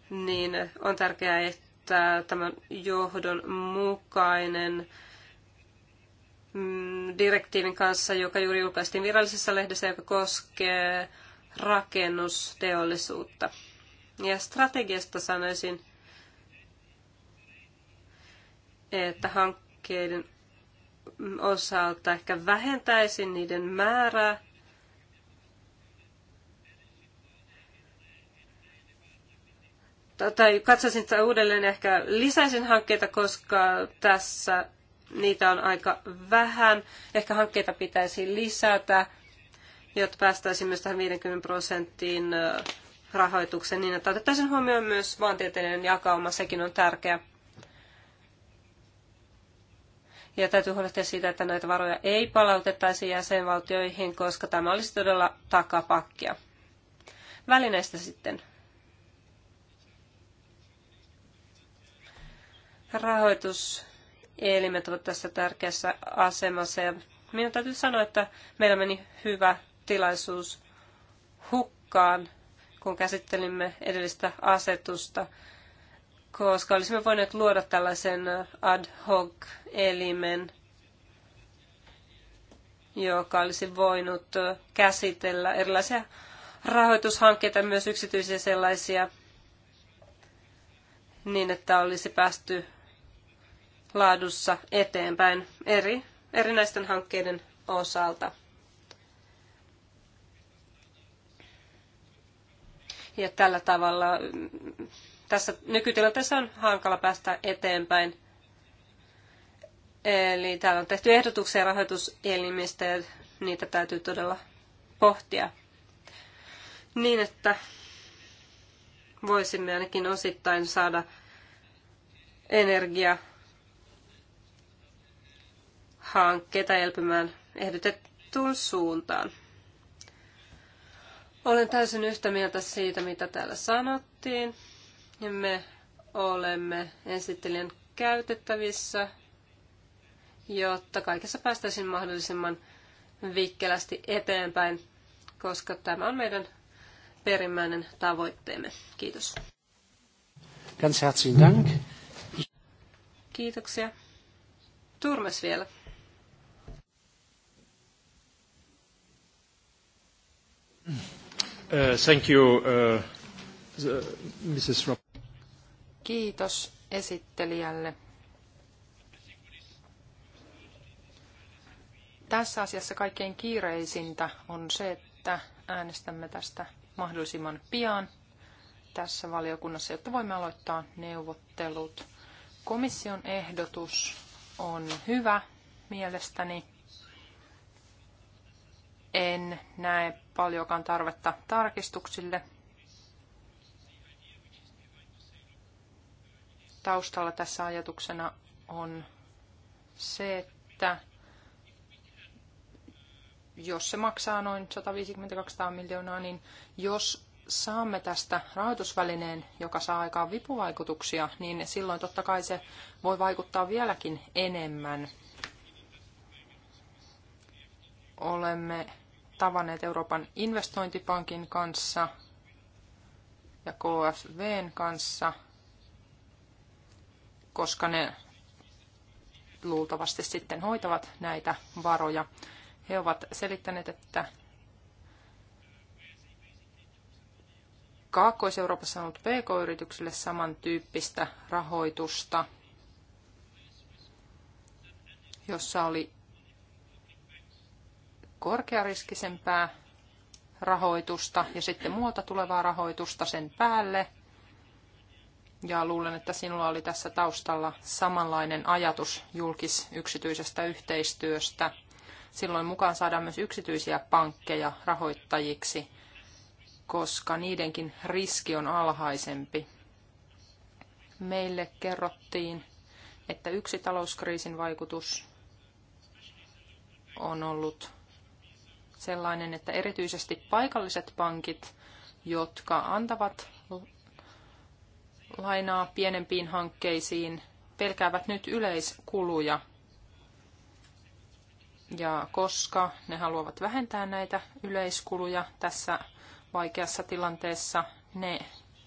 niin on tärkeää, että tämän johdon mukainen mm, direktiivin kanssa, joka juuri julkaistiin virallisessa lehdessä, joka koskee rakennusteollisuutta. Ja strategiasta sanoisin, että hankkeiden osalta ehkä vähentäisin niiden määrää tai katsoisin tätä uudelleen ehkä lisäisin hankkeita, koska tässä niitä on aika vähän. Ehkä hankkeita pitäisi lisätä, jotta päästäisiin myös tähän 50 prosenttiin rahoituksen niin, että otettaisiin huomioon myös maantieteellinen jakauma, sekin on tärkeä. Ja täytyy huolehtia siitä, että näitä varoja ei palautettaisi jäsenvaltioihin, koska tämä olisi todella takapakkia. Välineistä sitten. rahoituselimet ovat tässä tärkeässä asemassa. Ja minun täytyy sanoa, että meillä meni hyvä tilaisuus hukkaan, kun käsittelimme edellistä asetusta, koska olisimme voineet luoda tällaisen ad hoc elimen, joka olisi voinut käsitellä erilaisia rahoitushankkeita, myös yksityisiä sellaisia, niin että olisi päästy laadussa eteenpäin eri, erinäisten hankkeiden osalta. Ja tällä tavalla mm, tässä nykytilanteessa on hankala päästä eteenpäin. Eli täällä on tehty ehdotuksia rahoituselimistä ja niitä täytyy todella pohtia niin, että voisimme ainakin osittain saada energia hankkeita elpymään ehdotettuun suuntaan. Olen täysin yhtä mieltä siitä, mitä täällä sanottiin. Me olemme esittelijän käytettävissä, jotta kaikessa päästäisiin mahdollisimman vikkelästi eteenpäin, koska tämä on meidän perimmäinen tavoitteemme. Kiitos. Ganz herzlichen Dank. Kiitoksia. Turmes vielä. Uh, thank you, uh, Mrs. Rob. Kiitos esittelijälle. Tässä asiassa kaikkein kiireisintä on se, että äänestämme tästä mahdollisimman pian tässä valiokunnassa, jotta voimme aloittaa neuvottelut. Komission ehdotus on hyvä mielestäni. En näe paljonkaan tarvetta tarkistuksille. Taustalla tässä ajatuksena on se, että jos se maksaa noin 150-200 miljoonaa, niin jos saamme tästä rahoitusvälineen, joka saa aikaan vipuvaikutuksia, niin silloin totta kai se voi vaikuttaa vieläkin enemmän. Olemme tavanneet Euroopan investointipankin kanssa ja KFVn kanssa, koska ne luultavasti sitten hoitavat näitä varoja. He ovat selittäneet, että Kaakkois-Euroopassa on ollut PK-yrityksille samantyyppistä rahoitusta, jossa oli korkeariskisempää rahoitusta ja sitten muuta tulevaa rahoitusta sen päälle. Ja luulen, että sinulla oli tässä taustalla samanlainen ajatus julkis-yksityisestä yhteistyöstä. Silloin mukaan saadaan myös yksityisiä pankkeja rahoittajiksi, koska niidenkin riski on alhaisempi. Meille kerrottiin, että yksi talouskriisin vaikutus on ollut sellainen, että erityisesti paikalliset pankit, jotka antavat lainaa pienempiin hankkeisiin, pelkäävät nyt yleiskuluja. Ja koska ne haluavat vähentää näitä yleiskuluja tässä vaikeassa tilanteessa, ne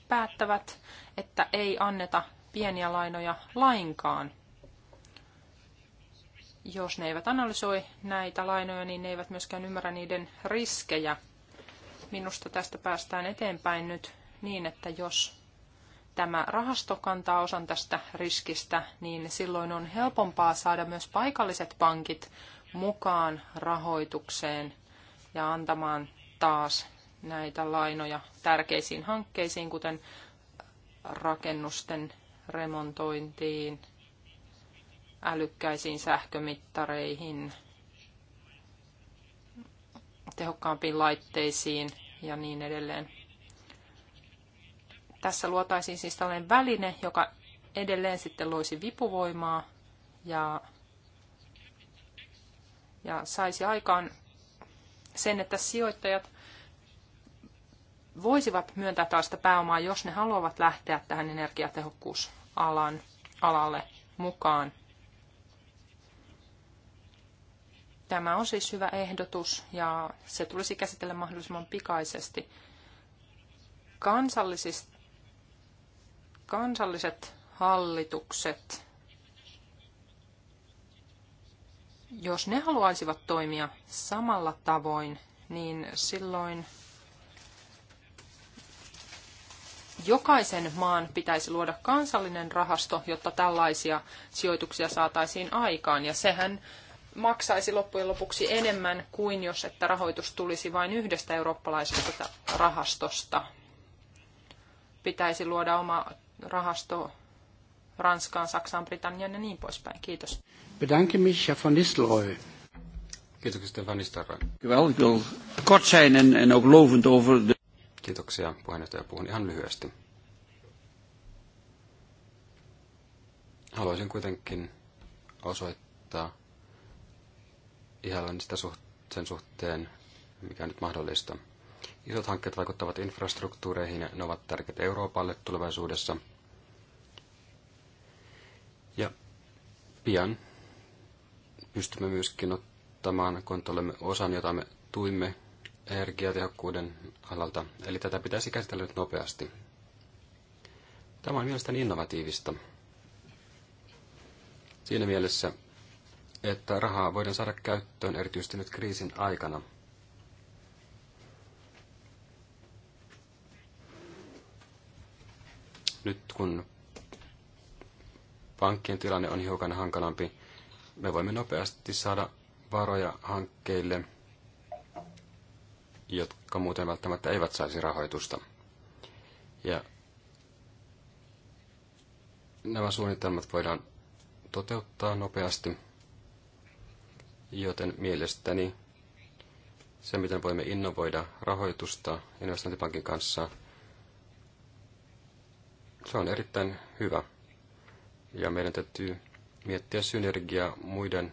päättävät, että ei anneta pieniä lainoja lainkaan jos ne eivät analysoi näitä lainoja, niin ne eivät myöskään ymmärrä niiden riskejä. Minusta tästä päästään eteenpäin nyt niin, että jos tämä rahasto kantaa osan tästä riskistä, niin silloin on helpompaa saada myös paikalliset pankit mukaan rahoitukseen ja antamaan taas näitä lainoja tärkeisiin hankkeisiin, kuten rakennusten remontointiin, älykkäisiin sähkömittareihin, tehokkaampiin laitteisiin ja niin edelleen. Tässä luotaisiin siis tällainen väline, joka edelleen sitten loisi vipuvoimaa ja, ja saisi aikaan sen, että sijoittajat voisivat myöntää tällaista pääomaa, jos ne haluavat lähteä tähän energiatehokkuusalan alalle mukaan. Tämä on siis hyvä ehdotus ja se tulisi käsitellä mahdollisimman pikaisesti. kansallisist kansalliset hallitukset, jos ne haluaisivat toimia samalla tavoin, niin silloin jokaisen maan pitäisi luoda kansallinen rahasto, jotta tällaisia sijoituksia saataisiin aikaan. Ja sehän maksaisi loppujen lopuksi enemmän kuin jos, että rahoitus tulisi vain yhdestä eurooppalaisesta rahastosta. Pitäisi luoda oma rahasto Ranskaan, Saksaan, Britanniaan ja niin poispäin. Kiitos. Bedanke mich, Herr von Nistelrooy. Kiitoksia, von Nistelrooy. Wel, olen wil kort zijn en, en ook over de... Kiitoksia, puheenjohtaja. Puhun ihan lyhyesti. Haluaisin kuitenkin osoittaa suht, sen suhteen, mikä on nyt mahdollista. Isot hankkeet vaikuttavat infrastruktuureihin ja ne ovat tärkeitä Euroopalle tulevaisuudessa. Ja pian pystymme myöskin ottamaan kontollemme osan, jota me tuimme energiatehokkuuden alalta. Eli tätä pitäisi käsitellä nyt nopeasti. Tämä on mielestäni innovatiivista. Siinä mielessä, että rahaa voidaan saada käyttöön erityisesti nyt kriisin aikana. Nyt kun pankkien tilanne on hiukan hankalampi, me voimme nopeasti saada varoja hankkeille, jotka muuten välttämättä eivät saisi rahoitusta. Ja nämä suunnitelmat voidaan toteuttaa nopeasti joten mielestäni se, miten voimme innovoida rahoitusta investointipankin kanssa, se on erittäin hyvä. Ja meidän täytyy miettiä synergiaa muiden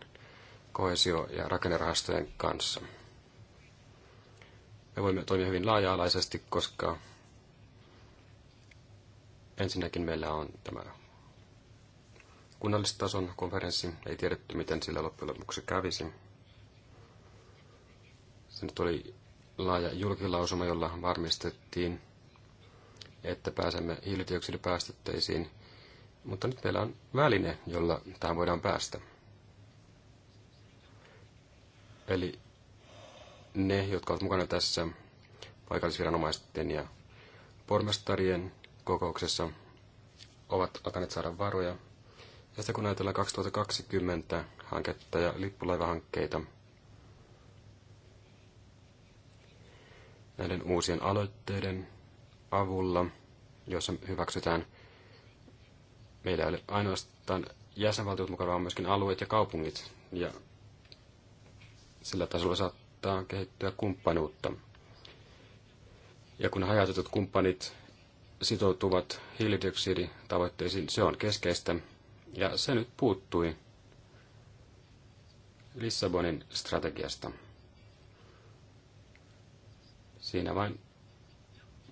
kohesio- ja rakennerahastojen kanssa. Me voimme toimia hyvin laaja-alaisesti, koska ensinnäkin meillä on tämä kunnallistason konferenssi. Ei tiedetty, miten sillä loppujen lopuksi kävisi. Se nyt oli laaja julkilausuma, jolla varmistettiin, että pääsemme hiilidioksidipäästötteisiin. Mutta nyt meillä on väline, jolla tähän voidaan päästä. Eli ne, jotka ovat mukana tässä paikallisviranomaisten ja pormestarien kokouksessa, ovat alkaneet saada varoja ja sitten kun ajatellaan 2020 hanketta ja lippulaivahankkeita, näiden uusien aloitteiden avulla, joissa hyväksytään meillä ei ainoastaan jäsenvaltiot mukana, vaan myöskin alueet ja kaupungit. Ja sillä tasolla saattaa kehittyä kumppanuutta. Ja kun hajautetut kumppanit sitoutuvat hiilidioksiditavoitteisiin, se on keskeistä. Ja se nyt puuttui Lissabonin strategiasta. Siinä vain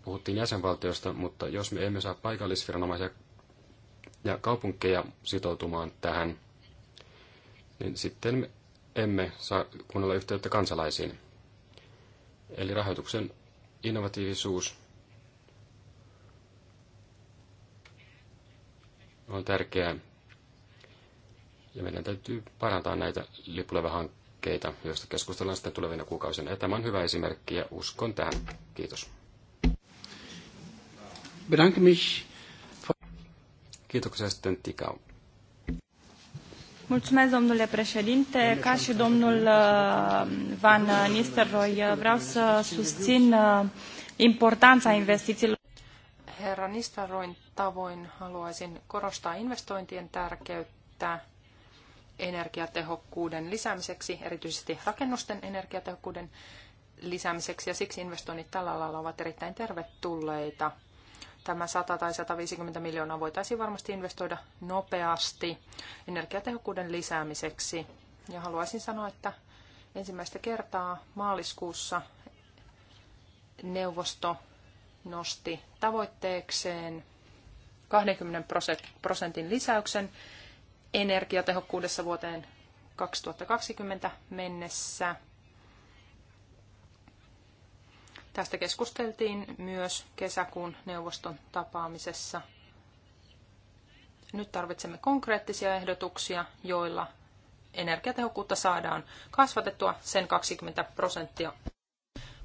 puhuttiin jäsenvaltiosta, mutta jos me emme saa paikallisviranomaisia ja kaupunkeja sitoutumaan tähän, niin sitten me emme saa kunnolla yhteyttä kansalaisiin. Eli rahoituksen innovatiivisuus on tärkeää ja meidän täytyy parantaa näitä lippulevähankkeita, joista keskustellaan sitten tulevina kuukausina. Ja tämä on hyvä esimerkki ja uskon tähän. Kiitos. Kiitoksia sitten Tikau. Mulțumesc, domnule președinte. Ca și domnul uh, Van Nistelrooy, uh, vreau să susțin uh, importanța investițiilor. Herra Nistelrooyn tavoin haluaisin korostaa investointien tärkeyttä energiatehokkuuden lisäämiseksi, erityisesti rakennusten energiatehokkuuden lisäämiseksi, ja siksi investoinnit tällä alalla ovat erittäin tervetulleita. Tämä 100 tai 150 miljoonaa voitaisiin varmasti investoida nopeasti energiatehokkuuden lisäämiseksi. Ja haluaisin sanoa, että ensimmäistä kertaa maaliskuussa neuvosto nosti tavoitteekseen 20 prosentin lisäyksen energiatehokkuudessa vuoteen 2020 mennessä. Tästä keskusteltiin myös kesäkuun neuvoston tapaamisessa. Nyt tarvitsemme konkreettisia ehdotuksia, joilla energiatehokkuutta saadaan kasvatettua sen 20 prosenttia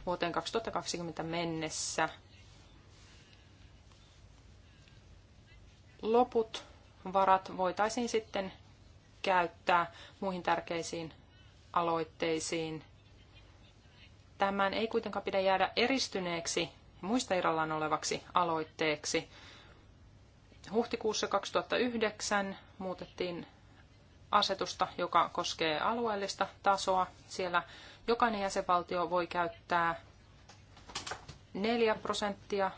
vuoteen 2020 mennessä. Loput varat voitaisiin sitten käyttää muihin tärkeisiin aloitteisiin. Tämän ei kuitenkaan pidä jäädä eristyneeksi muista irallaan olevaksi aloitteeksi. Huhtikuussa 2009 muutettiin asetusta, joka koskee alueellista tasoa. Siellä jokainen jäsenvaltio voi käyttää 4 prosenttia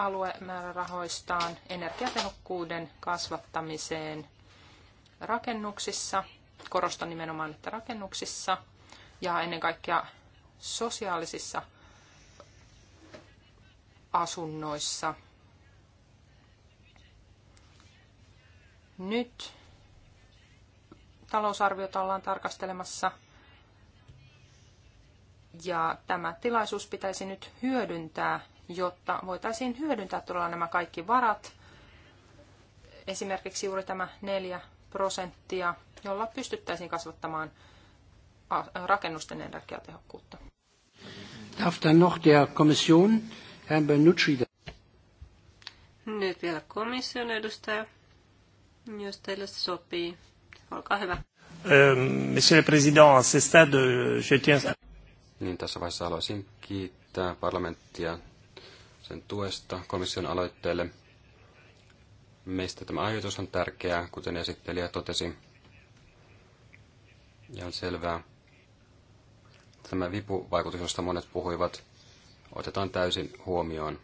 aluemäärärahoistaan energiatehokkuuden kasvattamiseen rakennuksissa, korostan nimenomaan, että rakennuksissa ja ennen kaikkea sosiaalisissa asunnoissa. Nyt talousarviota ollaan tarkastelemassa ja tämä tilaisuus pitäisi nyt hyödyntää jotta voitaisiin hyödyntää todella nämä kaikki varat. Esimerkiksi juuri tämä 4 prosenttia, jolla pystyttäisiin kasvattamaan rakennusten energiatehokkuutta. Nyt vielä komission edustaja, jos teille se sopii. Olkaa hyvä. Euh, Monsieur le Président, à je tiens... Niin tässä vaiheessa haluaisin kiittää parlamenttia sen tuesta komission aloitteelle. Meistä tämä ajatus on tärkeää, kuten esittelijä totesi. Ja on selvää. Tämä vipuvaikutus, josta monet puhuivat, otetaan täysin huomioon.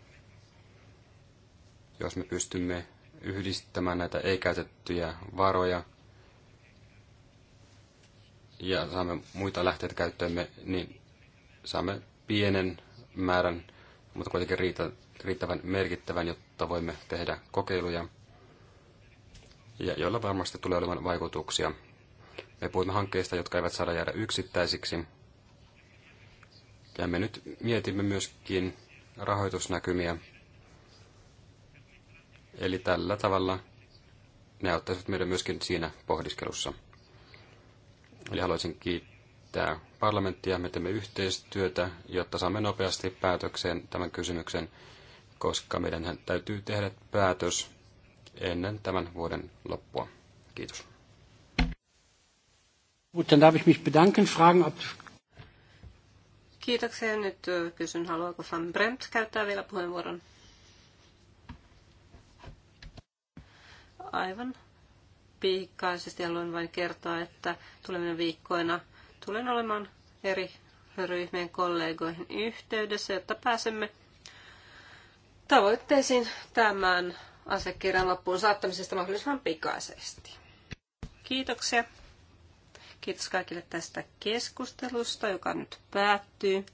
Jos me pystymme yhdistämään näitä ei-käytettyjä varoja ja saamme muita lähteitä käyttöömme, niin saamme pienen määrän mutta kuitenkin riittävän merkittävän, jotta voimme tehdä kokeiluja, ja joilla varmasti tulee olemaan vaikutuksia. Me puhumme hankkeista, jotka eivät saada jäädä yksittäisiksi. Ja me nyt mietimme myöskin rahoitusnäkymiä. Eli tällä tavalla ne auttaisivat meidän myöskin siinä pohdiskelussa. Eli haluaisin kiittää kiittää parlamenttia. Me teemme yhteistyötä, jotta saamme nopeasti päätökseen tämän kysymyksen, koska meidän täytyy tehdä päätös ennen tämän vuoden loppua. Kiitos. Kiitoksia. Nyt kysyn, haluaako Van Bremt käyttää vielä puheenvuoron? Aivan pikaisesti haluan vain kertoa, että tulevina viikkoina – Tulen olemaan eri ryhmien kollegoihin yhteydessä, jotta pääsemme tavoitteisiin tämän asekirjan loppuun saattamisesta mahdollisimman pikaisesti. Kiitoksia. Kiitos kaikille tästä keskustelusta, joka nyt päättyy.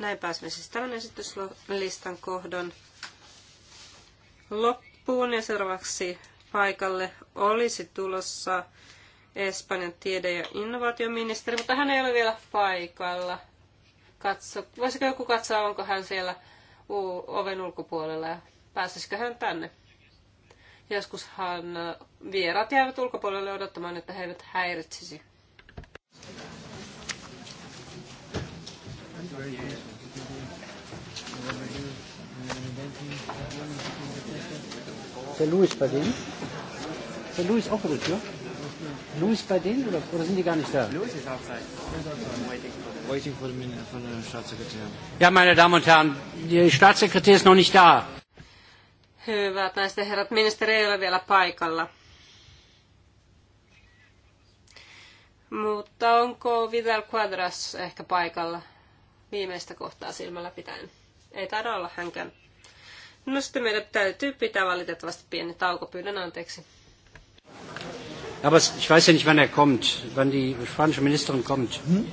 Näin pääsemme siis tämän esityslistan kohdan loppuun ja seuraavaksi paikalle olisi tulossa Espanjan tiede- ja innovaatioministeri, mutta hän ei ole vielä paikalla. Katso, voisiko joku katsoa, onko hän siellä oven ulkopuolella ja pääsisikö hän tänne? Joskushan vieraat jäävät ulkopuolelle odottamaan, että he eivät häiritsisi. Thank you. Ist der Louis bei denen? Ist der Louis auch vor der Tür? Louis bei denen oder, oder sind die gar nicht da? Louis ist outside. Waiting for the, for the Staatssekretär. Ja, meine Damen und Herren, der Staatssekretär ist noch nicht da. Hyvät naiset ja herrat, ministeri ei ole vielä paikalla. Mutta onko Vidal Quadras ehkä paikalla viimeistä kohtaa silmällä pitäen? Ei taida olla hänkään. No sitten meidän täytyy pitää valitettavasti pieni tauko, pyydän anteeksi. Aber ich weiß ja nicht, wann er kommt, wann die spanische Ministerin kommt. Hm?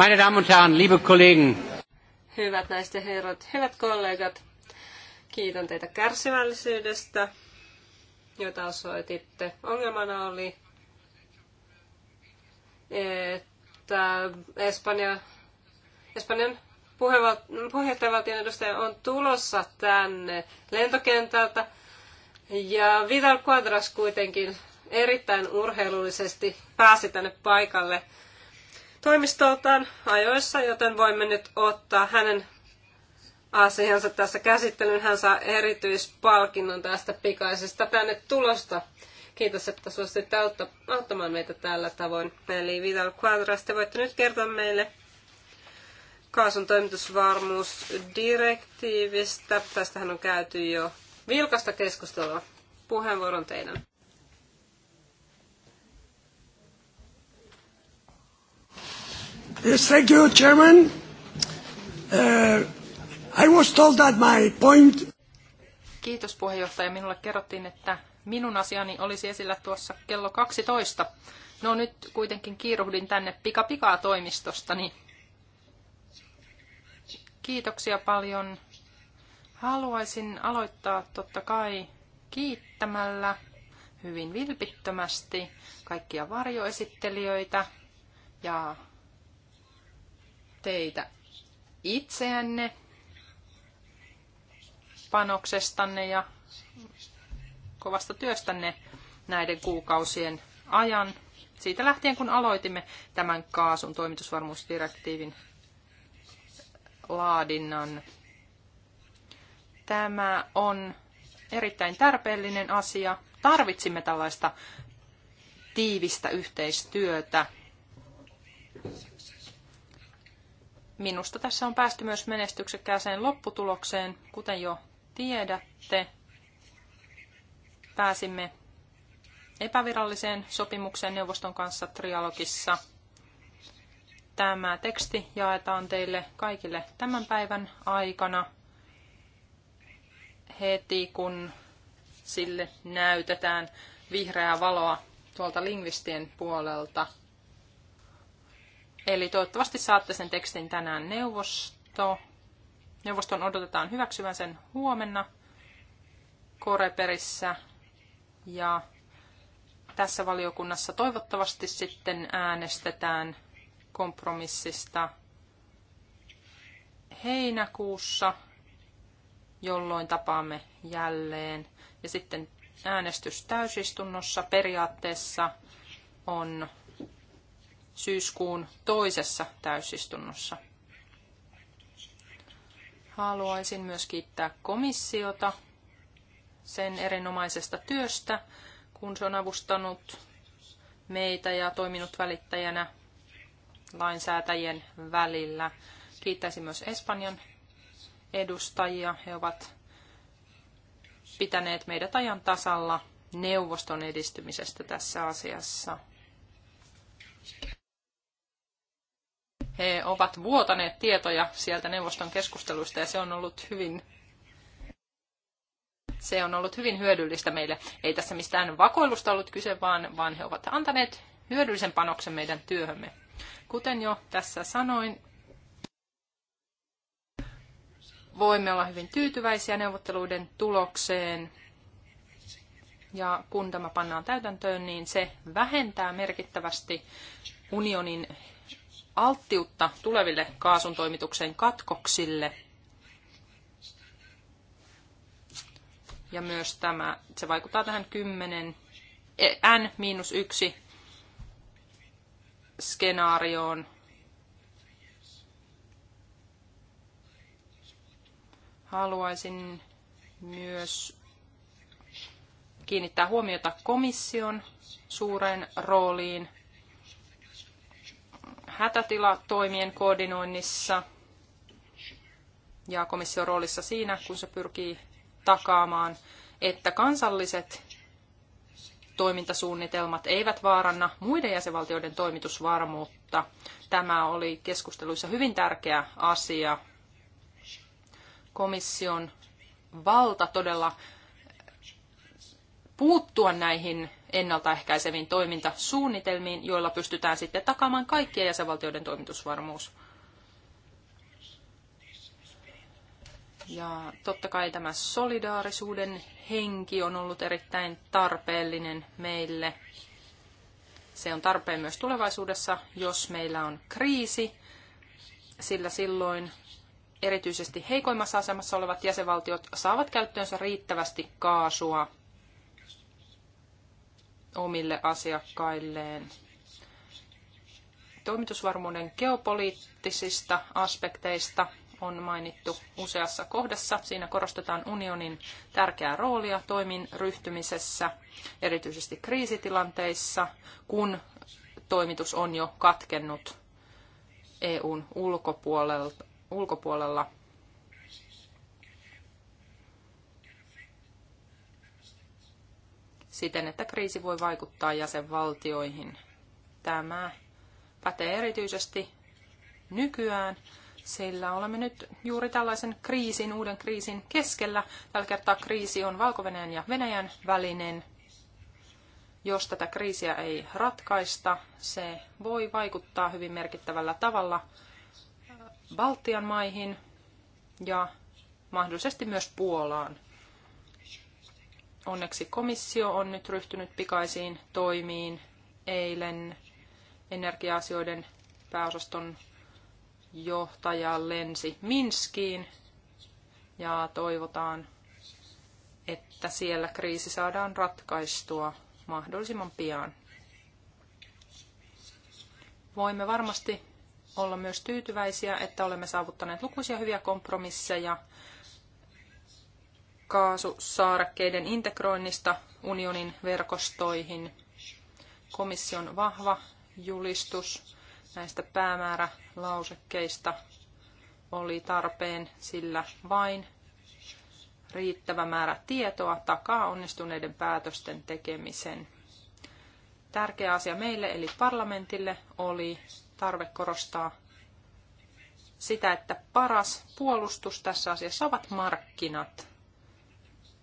Meine Damen und Herren, liebe Kollegen. Hyvät naiset ja herrat, hyvät kollegat, kiitän teitä kärsivällisyydestä, jota osoititte. Ongelmana oli, että Espanja, Espanjan puheenjohtajavaltion edustaja on tulossa tänne lentokentältä. Ja Vidal Quadras kuitenkin erittäin urheilullisesti pääsi tänne paikalle – toimistoltaan ajoissa, joten voimme nyt ottaa hänen asiansa tässä käsittelyyn. Hän saa erityispalkinnon tästä pikaisesta tänne tulosta. Kiitos, että suostuitte auttamaan meitä tällä tavoin. Eli Vital Quadras, te voitte nyt kertoa meille kaasun toimitusvarmuusdirektiivistä. Tästähän on käyty jo vilkasta keskustelua. Puheenvuoron teidän. Yes, thank you, Chairman. Uh, I was told that my point... Kiitos puheenjohtaja. Minulle kerrottiin, että minun asiani olisi esillä tuossa kello 12. No nyt kuitenkin kiiruhdin tänne pikapikaa toimistostani. Kiitoksia paljon. Haluaisin aloittaa totta kai kiittämällä hyvin vilpittömästi kaikkia varjoesittelijöitä ja teitä itseänne panoksestanne ja kovasta työstänne näiden kuukausien ajan. Siitä lähtien, kun aloitimme tämän kaasun toimitusvarmuusdirektiivin laadinnan. Tämä on erittäin tarpeellinen asia. Tarvitsimme tällaista tiivistä yhteistyötä Minusta tässä on päästy myös menestyksekkääseen lopputulokseen, kuten jo tiedätte. Pääsimme epäviralliseen sopimukseen neuvoston kanssa trialogissa. Tämä teksti jaetaan teille kaikille tämän päivän aikana heti, kun sille näytetään vihreää valoa tuolta lingvistien puolelta – Eli toivottavasti saatte sen tekstin tänään neuvosto. Neuvoston odotetaan hyväksyvän sen huomenna Koreperissä. Ja tässä valiokunnassa toivottavasti sitten äänestetään kompromissista heinäkuussa, jolloin tapaamme jälleen. Ja sitten äänestys täysistunnossa periaatteessa on syyskuun toisessa täysistunnossa. Haluaisin myös kiittää komissiota sen erinomaisesta työstä, kun se on avustanut meitä ja toiminut välittäjänä lainsäätäjien välillä. Kiittäisin myös Espanjan edustajia. He ovat pitäneet meidät ajan tasalla neuvoston edistymisestä tässä asiassa. He ovat vuotaneet tietoja sieltä neuvoston keskusteluista ja se on ollut hyvin se on ollut hyvin hyödyllistä meille. Ei tässä mistään vakoilusta ollut kyse, vaan, vaan he ovat antaneet hyödyllisen panoksen meidän työhömme. Kuten jo tässä sanoin, voimme olla hyvin tyytyväisiä neuvotteluiden tulokseen. Ja kun tämä pannaan täytäntöön, niin se vähentää merkittävästi unionin alttiutta tuleville kaasuntoimituksen katkoksille. Ja myös tämä, se vaikuttaa tähän 10, e, N-1 skenaarioon. Haluaisin myös kiinnittää huomiota komission suureen rooliin hätätilatoimien koordinoinnissa ja komission roolissa siinä, kun se pyrkii takaamaan, että kansalliset toimintasuunnitelmat eivät vaaranna muiden jäsenvaltioiden toimitusvarmuutta. Tämä oli keskusteluissa hyvin tärkeä asia. Komission valta todella puuttua näihin ennaltaehkäiseviin toimintasuunnitelmiin, joilla pystytään sitten takaamaan kaikkien jäsenvaltioiden toimitusvarmuus. Ja totta kai tämä solidaarisuuden henki on ollut erittäin tarpeellinen meille. Se on tarpeen myös tulevaisuudessa, jos meillä on kriisi, sillä silloin erityisesti heikoimmassa asemassa olevat jäsenvaltiot saavat käyttöönsä riittävästi kaasua omille asiakkailleen. Toimitusvarmuuden geopoliittisista aspekteista on mainittu useassa kohdassa. Siinä korostetaan unionin tärkeää roolia toimin ryhtymisessä, erityisesti kriisitilanteissa, kun toimitus on jo katkennut EUn ulkopuolella. ulkopuolella. siten, että kriisi voi vaikuttaa jäsenvaltioihin. Tämä pätee erityisesti nykyään, sillä olemme nyt juuri tällaisen kriisin, uuden kriisin keskellä. Tällä kertaa kriisi on valko ja Venäjän välinen. Jos tätä kriisiä ei ratkaista, se voi vaikuttaa hyvin merkittävällä tavalla Baltian maihin ja mahdollisesti myös Puolaan. Onneksi komissio on nyt ryhtynyt pikaisiin toimiin. Eilen energiaasioiden pääosaston johtaja lensi Minskiin ja toivotaan, että siellä kriisi saadaan ratkaistua mahdollisimman pian. Voimme varmasti olla myös tyytyväisiä, että olemme saavuttaneet lukuisia hyviä kompromisseja kaasusaarakkeiden integroinnista unionin verkostoihin. Komission vahva julistus näistä päämäärälausekkeista oli tarpeen, sillä vain riittävä määrä tietoa takaa onnistuneiden päätösten tekemisen. Tärkeä asia meille eli parlamentille oli tarve korostaa sitä, että paras puolustus tässä asiassa ovat markkinat.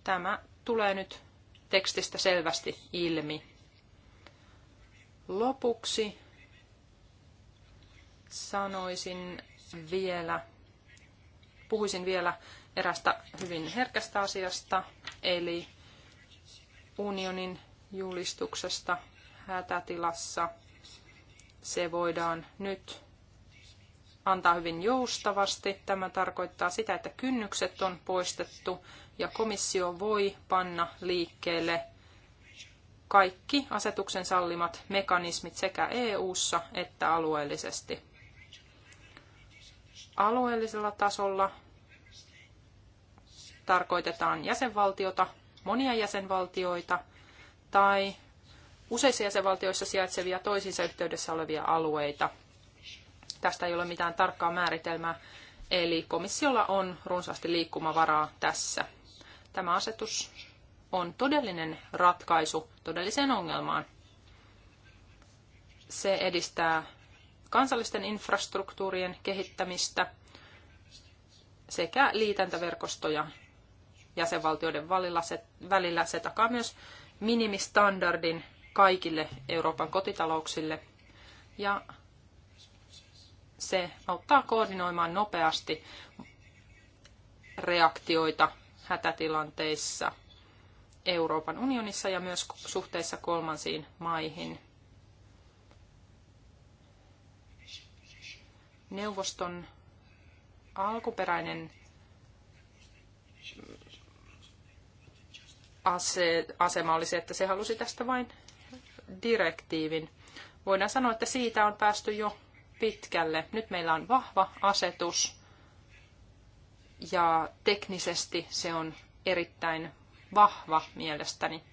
Tämä tulee nyt tekstistä selvästi ilmi. Lopuksi sanoisin vielä, puhuisin vielä erästä hyvin herkästä asiasta, eli unionin julistuksesta hätätilassa. Se voidaan nyt antaa hyvin joustavasti. Tämä tarkoittaa sitä, että kynnykset on poistettu ja komissio voi panna liikkeelle kaikki asetuksen sallimat mekanismit sekä EU:ssa että alueellisesti. Alueellisella tasolla tarkoitetaan jäsenvaltiota, monia jäsenvaltioita tai useissa jäsenvaltioissa sijaitsevia toisiinsa yhteydessä olevia alueita. Tästä ei ole mitään tarkkaa määritelmää, eli komissiolla on runsaasti liikkumavaraa tässä. Tämä asetus on todellinen ratkaisu todelliseen ongelmaan. Se edistää kansallisten infrastruktuurien kehittämistä sekä liitäntäverkostoja jäsenvaltioiden välillä. Se takaa myös minimistandardin kaikille Euroopan kotitalouksille ja se auttaa koordinoimaan nopeasti reaktioita hätätilanteissa Euroopan unionissa ja myös suhteessa kolmansiin maihin. Neuvoston alkuperäinen ase, asema oli se, että se halusi tästä vain direktiivin. Voidaan sanoa, että siitä on päästy jo pitkälle. Nyt meillä on vahva asetus, ja teknisesti se on erittäin vahva mielestäni.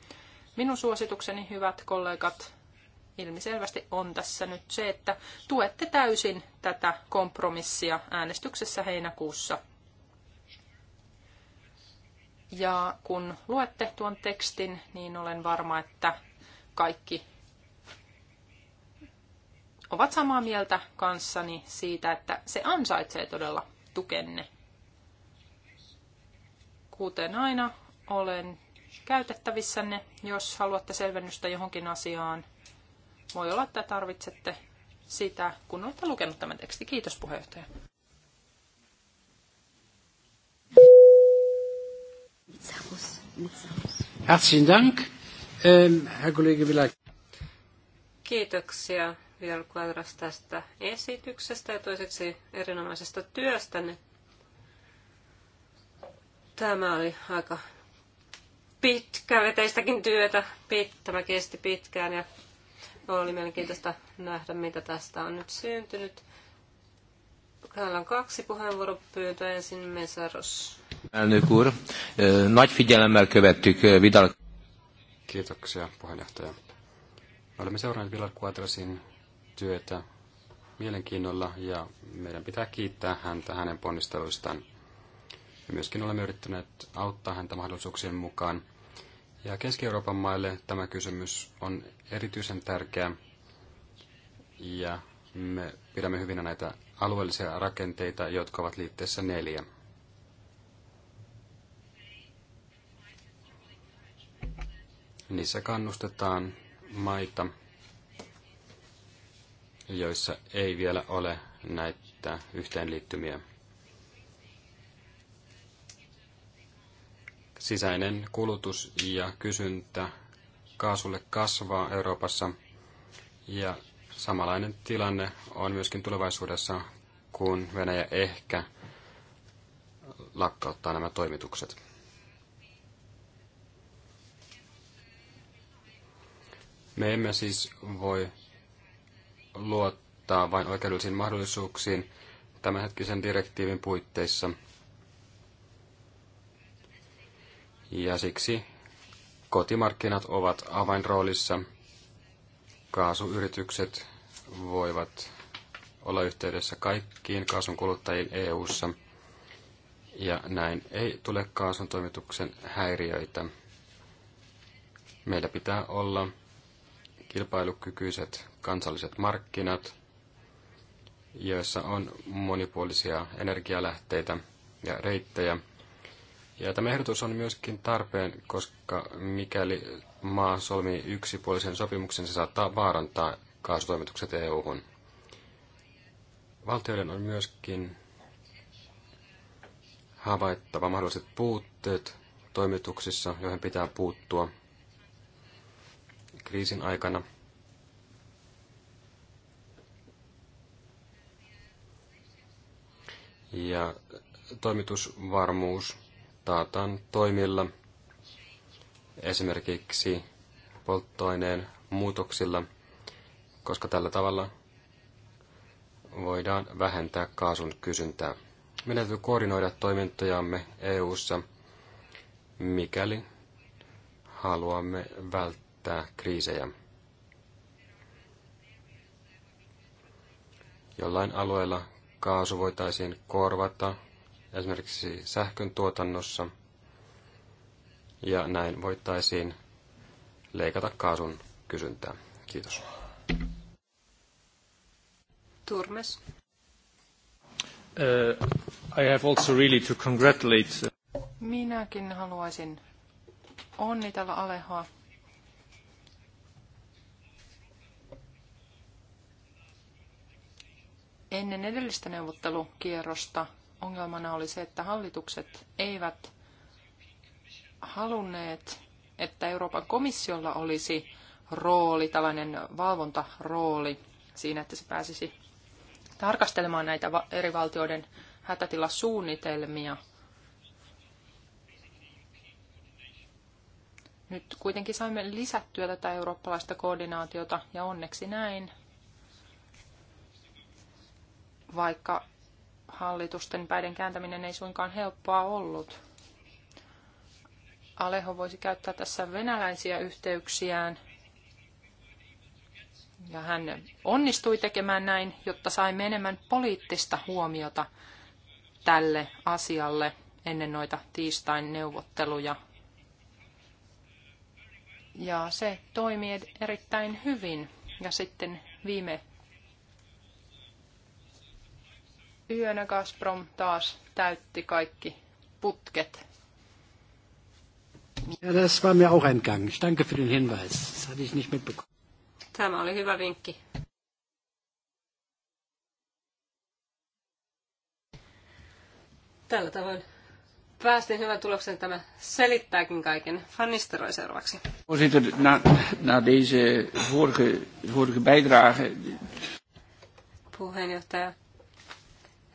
Minun suositukseni, hyvät kollegat, ilmiselvästi on tässä nyt se, että tuette täysin tätä kompromissia äänestyksessä heinäkuussa. Ja kun luette tuon tekstin, niin olen varma, että kaikki ovat samaa mieltä kanssani siitä, että se ansaitsee todella tukenne kuten aina, olen käytettävissänne, jos haluatte selvennystä johonkin asiaan. Voi olla, että tarvitsette sitä, kun olette lukenut tämän teksti. Kiitos puheenjohtaja. Herzlichen Dank, ähm, Herr Kollege Kiitoksia vielä tästä esityksestä ja toiseksi erinomaisesta työstänne Tämä oli aika pitkä, veteistäkin työtä. Tämä kesti pitkään ja oli mielenkiintoista nähdä, mitä tästä on nyt syntynyt. Täällä on kaksi puheenvuoropyyntöä. Ensin Mesaros. Elnök úr, nagy figyelemmel követtük Vidal. Kiitoksia puheenjohtaja. olemme seuranneet Vidal Quadrasin työtä mielenkiinnolla ja meidän pitää kiittää häntä hänen ponnisteluistaan. Ja myöskin olemme yrittäneet auttaa häntä mahdollisuuksien mukaan. Ja Keski-Euroopan maille tämä kysymys on erityisen tärkeä. Ja me pidämme hyvinä näitä alueellisia rakenteita, jotka ovat liitteessä neljä. Niissä kannustetaan maita, joissa ei vielä ole näitä yhteenliittymiä. sisäinen kulutus ja kysyntä kaasulle kasvaa Euroopassa ja samanlainen tilanne on myöskin tulevaisuudessa, kun Venäjä ehkä lakkauttaa nämä toimitukset. Me emme siis voi luottaa vain oikeudellisiin mahdollisuuksiin tämänhetkisen direktiivin puitteissa – Ja siksi kotimarkkinat ovat avainroolissa. Kaasuyritykset voivat olla yhteydessä kaikkiin kaasun kuluttajiin EU:ssa ja näin ei tule kaasun toimituksen häiriöitä. Meillä pitää olla kilpailukykyiset kansalliset markkinat, joissa on monipuolisia energialähteitä ja reittejä – ja tämä ehdotus on myöskin tarpeen, koska mikäli maa solmii yksipuolisen sopimuksen, se saattaa vaarantaa kaasutoimitukset EU-hun. Valtioiden on myöskin havaittava mahdolliset puutteet toimituksissa, joihin pitää puuttua kriisin aikana. Ja toimitusvarmuus taataan toimilla, esimerkiksi polttoaineen muutoksilla, koska tällä tavalla voidaan vähentää kaasun kysyntää. Meidän täytyy koordinoida toimintojamme EU:ssa, mikäli haluamme välttää kriisejä. Jollain alueella kaasu voitaisiin korvata esimerkiksi sähkön tuotannossa, ja näin voitaisiin leikata kaasun kysyntää. Kiitos. Turmes. Uh, I have also really to congratulate. Minäkin haluaisin onnitella Alehoa. Ennen edellistä neuvottelukierrosta ongelmana oli se, että hallitukset eivät halunneet, että Euroopan komissiolla olisi rooli, tällainen valvontarooli siinä, että se pääsisi tarkastelemaan näitä eri valtioiden hätätilasuunnitelmia. Nyt kuitenkin saimme lisättyä tätä eurooppalaista koordinaatiota ja onneksi näin, vaikka hallitusten päiden kääntäminen ei suinkaan helppoa ollut. Aleho voisi käyttää tässä venäläisiä yhteyksiään. Ja hän onnistui tekemään näin, jotta sai enemmän poliittista huomiota tälle asialle ennen noita tiistain neuvotteluja. Ja se toimii erittäin hyvin. Ja sitten viime yönä Gazprom taas täytti kaikki putket. Ja, das war mir auch entgangen. Ich danke für den Hinweis. Das hatte ich nicht mitbekommen. Tämä oli hyvä vinkki. Tällä tavoin päästiin hyvän tuloksen. Tämä selittääkin kaiken. Fannisteroi seuraavaksi. Voorzitter, na, na deze vorige, vorige bijdrage... Puheenjohtaja,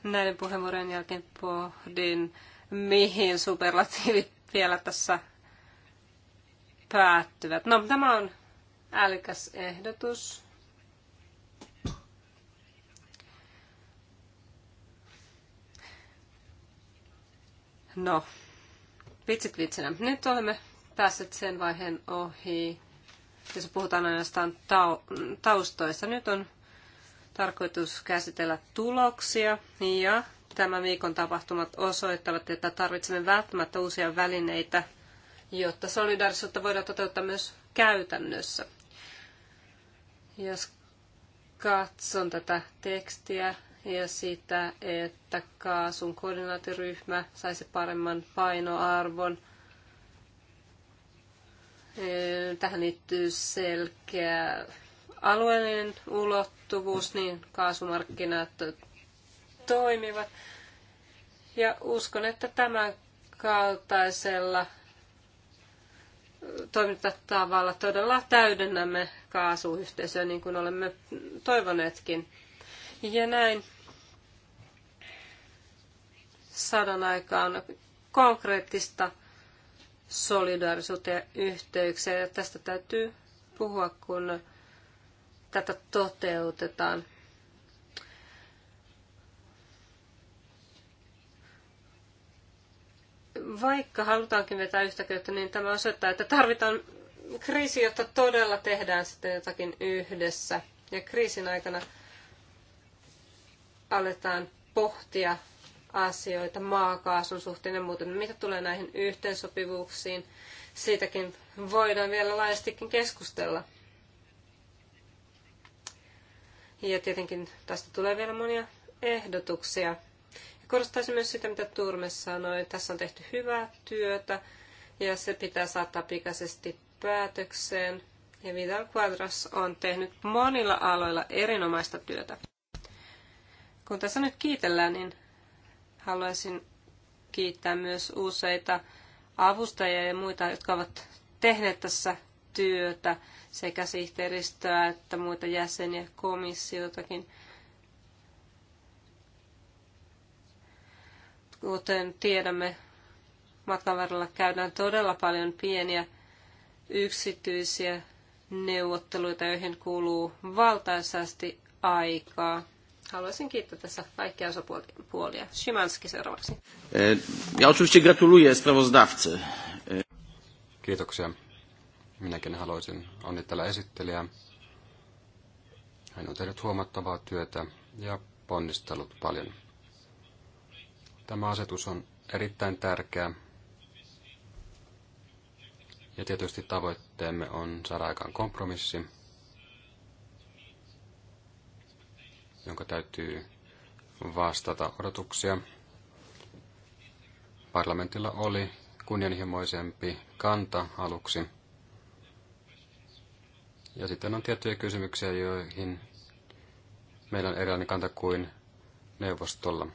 Näiden puheenvuorojen jälkeen pohdin, mihin superlatiivit vielä tässä päättyvät. No, tämä on älykäs ehdotus. No, vitsit vitsinä. Nyt olemme päässeet sen vaiheen ohi, jos puhutaan ainoastaan tau- taustoista. Nyt on tarkoitus käsitellä tuloksia ja tämän viikon tapahtumat osoittavat, että tarvitsemme välttämättä uusia välineitä, jotta solidaarisuutta voidaan toteuttaa myös käytännössä. Jos katson tätä tekstiä ja sitä, että kaasun koordinaatiryhmä saisi paremman painoarvon, eh, tähän liittyy selkeä alueellinen ulottuvuus, niin kaasumarkkinat toimivat. Ja uskon, että tämän kaltaisella toimintatavalla todella täydennämme kaasuyhteisöä, niin kuin olemme toivoneetkin. Ja näin sadan aikaan konkreettista solidaarisuutta ja yhteyksiä. Ja tästä täytyy puhua, kun tätä toteutetaan. Vaikka halutaankin vetää yhtä köyttä, niin tämä osoittaa, että tarvitaan kriisi, jotta todella tehdään sitten jotakin yhdessä. Ja kriisin aikana aletaan pohtia asioita maakaasun suhteen ja muuten. Mitä tulee näihin yhteensopivuuksiin, siitäkin voidaan vielä laajastikin keskustella. Ja tietenkin tästä tulee vielä monia ehdotuksia. Korostaisin myös sitä, mitä Turme sanoi. Tässä on tehty hyvää työtä ja se pitää saattaa pikaisesti päätökseen. Ja Vidal Quadras on tehnyt monilla aloilla erinomaista työtä. Kun tässä nyt kiitellään, niin haluaisin kiittää myös useita avustajia ja muita, jotka ovat tehneet tässä työtä sekä sihteeristöä että muita jäseniä komissiotakin. Kuten tiedämme, matkan varrella käydään todella paljon pieniä yksityisiä neuvotteluita, joihin kuuluu valtaisasti aikaa. Haluaisin kiittää tässä kaikkia osapuolia. Szymanski seuraavaksi. Ja oczywiście gratuluję sprawozdawcy. Kiitoksia. Minäkin haluaisin onnitella esittelijää. Hän on tehnyt huomattavaa työtä ja ponnistellut paljon. Tämä asetus on erittäin tärkeä. Ja tietysti tavoitteemme on saada aikaan kompromissi, jonka täytyy vastata odotuksia. Parlamentilla oli kunnianhimoisempi kanta aluksi – ja sitten on tiettyjä kysymyksiä, joihin meillä on erilainen kanta kuin neuvostolla.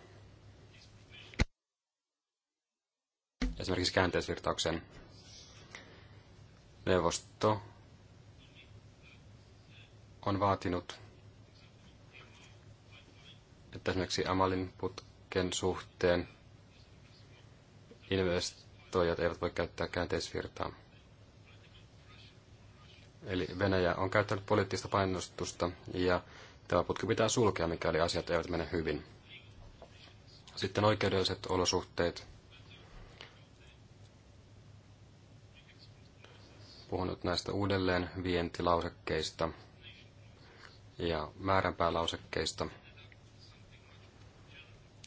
Esimerkiksi käänteisvirtauksen neuvosto on vaatinut, että esimerkiksi Amalin putken suhteen investoijat eivät voi käyttää käänteisvirtaa. Eli Venäjä on käyttänyt poliittista painostusta ja tämä putki pitää sulkea, mikäli asiat eivät mene hyvin. Sitten oikeudelliset olosuhteet. Puhun nyt näistä uudelleen vientilausekkeista ja määränpäälausekkeista.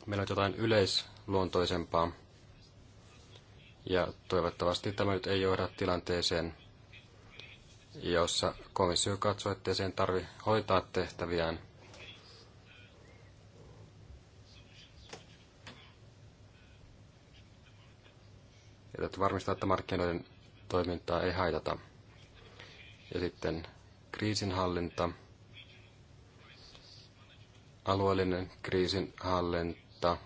Meillä on jotain yleisluontoisempaa ja toivottavasti tämä nyt ei johda tilanteeseen, jossa komissio katsoo, että sen tarvi hoitaa tehtäviään. Ja täytyy varmistaa, että markkinoiden toimintaa ei haitata. Ja sitten kriisinhallinta, alueellinen kriisinhallinta,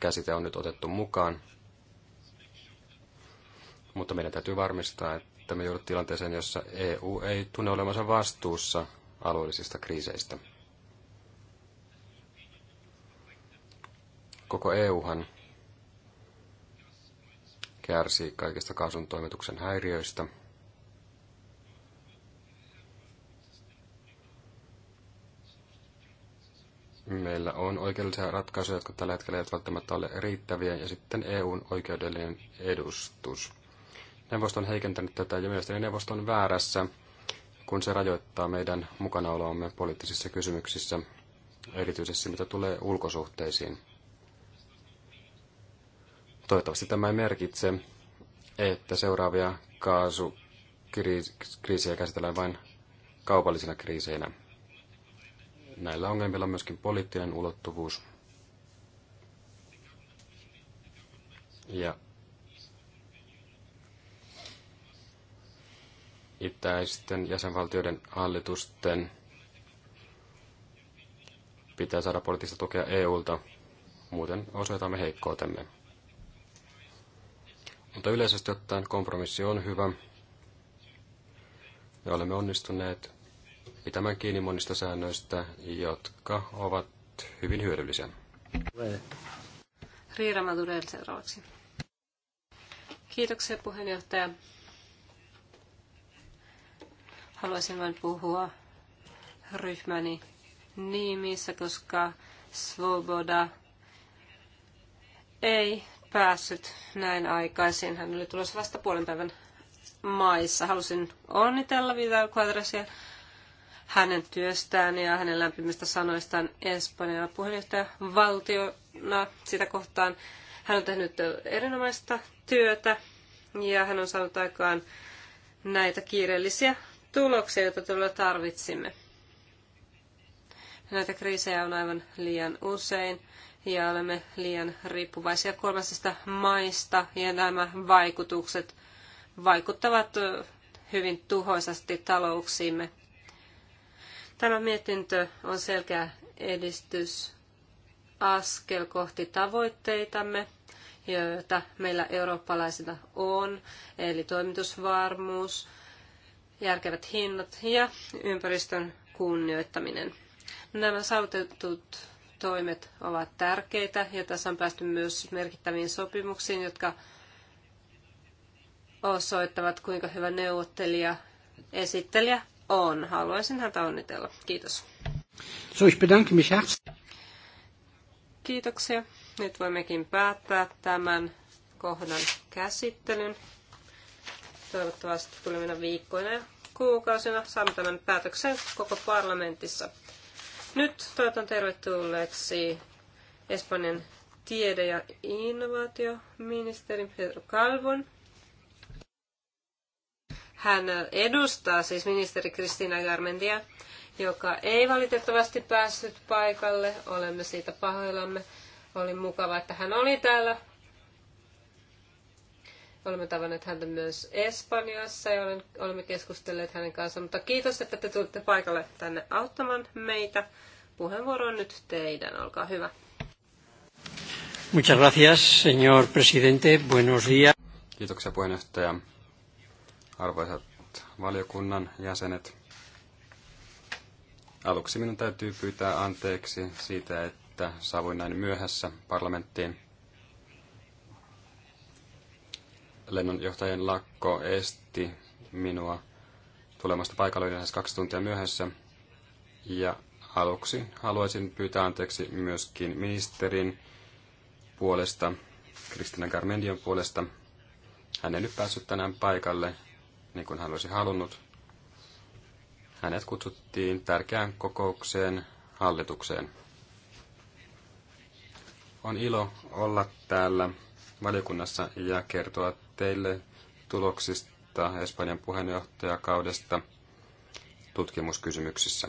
käsite on nyt otettu mukaan. Mutta meidän täytyy varmistaa, että me joudut tilanteeseen, jossa EU ei tunne olemassa vastuussa alueellisista kriiseistä. Koko EUhan kärsii kaikista kaasun toimituksen häiriöistä. Meillä on oikeudellisia ratkaisuja, jotka tällä hetkellä eivät välttämättä ole riittäviä, ja sitten EUn oikeudellinen edustus – neuvosto on heikentänyt tätä ja mielestäni neuvosto on väärässä, kun se rajoittaa meidän mukanaoloamme poliittisissa kysymyksissä, erityisesti mitä tulee ulkosuhteisiin. Toivottavasti tämä ei merkitse, että seuraavia kaasukriisejä käsitellään vain kaupallisina kriiseinä. Näillä ongelmilla on myöskin poliittinen ulottuvuus. Ja itäisten jäsenvaltioiden hallitusten pitää saada poliittista tukea EUlta, muuten osoitamme heikkoutemme. Mutta yleisesti ottaen kompromissi on hyvä. Me olemme onnistuneet pitämään kiinni monista säännöistä, jotka ovat hyvin hyödyllisiä. Riira Madurel seuraavaksi. Kiitoksia puheenjohtaja. Haluaisin vain puhua ryhmäni nimissä, koska Svoboda ei päässyt näin aikaisin. Hän oli tulossa vasta puolen päivän maissa. Halusin onnitella Vidal Quadrasia hänen työstään ja hänen lämpimistä sanoistaan Espanjan puheenjohtaja valtiona sitä kohtaan. Hän on tehnyt erinomaista työtä ja hän on saanut aikaan näitä kiireellisiä tuloksia, joita tuolla tarvitsimme. Näitä kriisejä on aivan liian usein ja olemme liian riippuvaisia kolmasista maista ja nämä vaikutukset vaikuttavat hyvin tuhoisasti talouksiimme. Tämä mietintö on selkeä edistys askel kohti tavoitteitamme, joita meillä eurooppalaisilla on, eli toimitusvarmuus, järkevät hinnat ja ympäristön kunnioittaminen. Nämä saavutetut toimet ovat tärkeitä ja tässä on päästy myös merkittäviin sopimuksiin, jotka osoittavat, kuinka hyvä neuvottelija esittelijä on. Haluaisin häntä onnitella. Kiitos. So, ich bedanke mich Kiitoksia. Nyt voimmekin päättää tämän kohdan käsittelyn. Toivottavasti tulevina viikkoina ja kuukausina saamme tämän päätöksen koko parlamentissa. Nyt toivotan tervetulleeksi Espanjan tiede- ja innovaatioministerin Pedro Calvon. Hän edustaa siis ministeri Kristina Garmendia, joka ei valitettavasti päässyt paikalle. Olemme siitä pahoillamme. Oli mukava, että hän oli täällä Olemme tavanneet häntä myös Espanjassa ja olemme keskustelleet hänen kanssaan. Mutta kiitos, että te tulitte paikalle tänne auttamaan meitä. Puheenvuoro on nyt teidän, olkaa hyvä. Muchas gracias, señor presidente. Buenos días. Kiitoksia puheenjohtaja. Arvoisat valiokunnan jäsenet. Aluksi minun täytyy pyytää anteeksi siitä, että saavuin näin myöhässä parlamenttiin. lennonjohtajien lakko esti minua tulemasta paikalle lähes kaksi tuntia myöhässä. Ja aluksi haluaisin pyytää anteeksi myöskin ministerin puolesta, Kristina Garmendion puolesta. Hän ei nyt päässyt tänään paikalle, niin kuin hän olisi halunnut. Hänet kutsuttiin tärkeään kokoukseen hallitukseen. On ilo olla täällä valiokunnassa ja kertoa teille tuloksista Espanjan puheenjohtajakaudesta tutkimuskysymyksissä.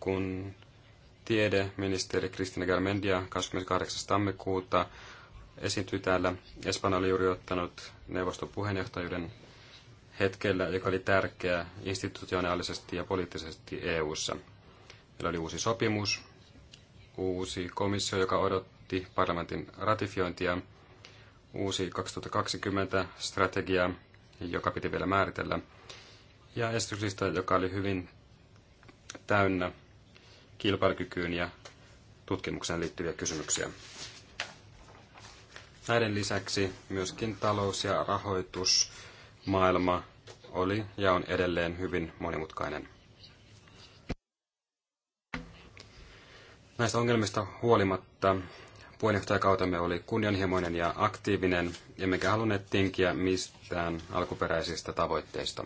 Kun tiedeministeri Kristina Garmendia 28. tammikuuta esiintyi täällä, Espanja oli juuri ottanut neuvoston puheenjohtajuuden hetkellä, joka oli tärkeä institutionaalisesti ja poliittisesti EU:ssa. Meillä oli uusi sopimus, uusi komissio, joka odotti parlamentin ratifiointia, uusi 2020 strategia, joka piti vielä määritellä, ja esityslista, joka oli hyvin täynnä kilpailukykyyn ja tutkimukseen liittyviä kysymyksiä. Näiden lisäksi myöskin talous- ja rahoitusmaailma oli ja on edelleen hyvin monimutkainen. Näistä ongelmista huolimatta Puheenjohtajakautemme oli kunnianhimoinen ja aktiivinen, emmekä halunneet tinkiä mistään alkuperäisistä tavoitteista.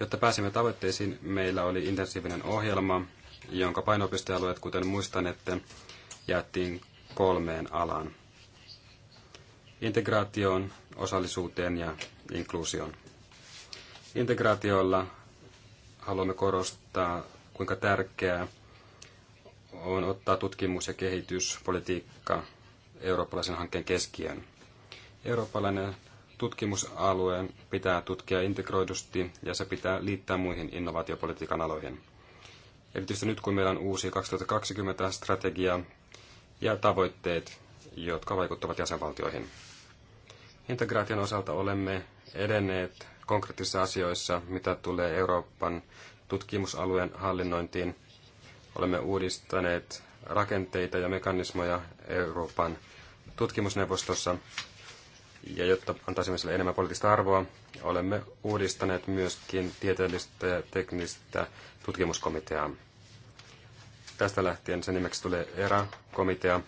Jotta pääsimme tavoitteisiin, meillä oli intensiivinen ohjelma, jonka painopistealueet, kuten muistanette, jaettiin kolmeen alaan. Integraatioon, osallisuuteen ja inkluusioon. Integraatiolla haluamme korostaa, kuinka tärkeää on ottaa tutkimus- ja kehityspolitiikka eurooppalaisen hankkeen keskiöön. Eurooppalainen tutkimusalue pitää tutkia integroidusti ja se pitää liittää muihin innovaatiopolitiikan aloihin. Erityisesti nyt kun meillä on uusi 2020-strategia ja tavoitteet, jotka vaikuttavat jäsenvaltioihin. Integraation osalta olemme edenneet konkreettisissa asioissa, mitä tulee Euroopan tutkimusalueen hallinnointiin – Olemme uudistaneet rakenteita ja mekanismoja Euroopan tutkimusneuvostossa. Ja jotta antaisimme sille enemmän poliittista arvoa, olemme uudistaneet myöskin tieteellistä ja teknistä tutkimuskomiteaa. Tästä lähtien sen nimeksi tulee ERA-komitea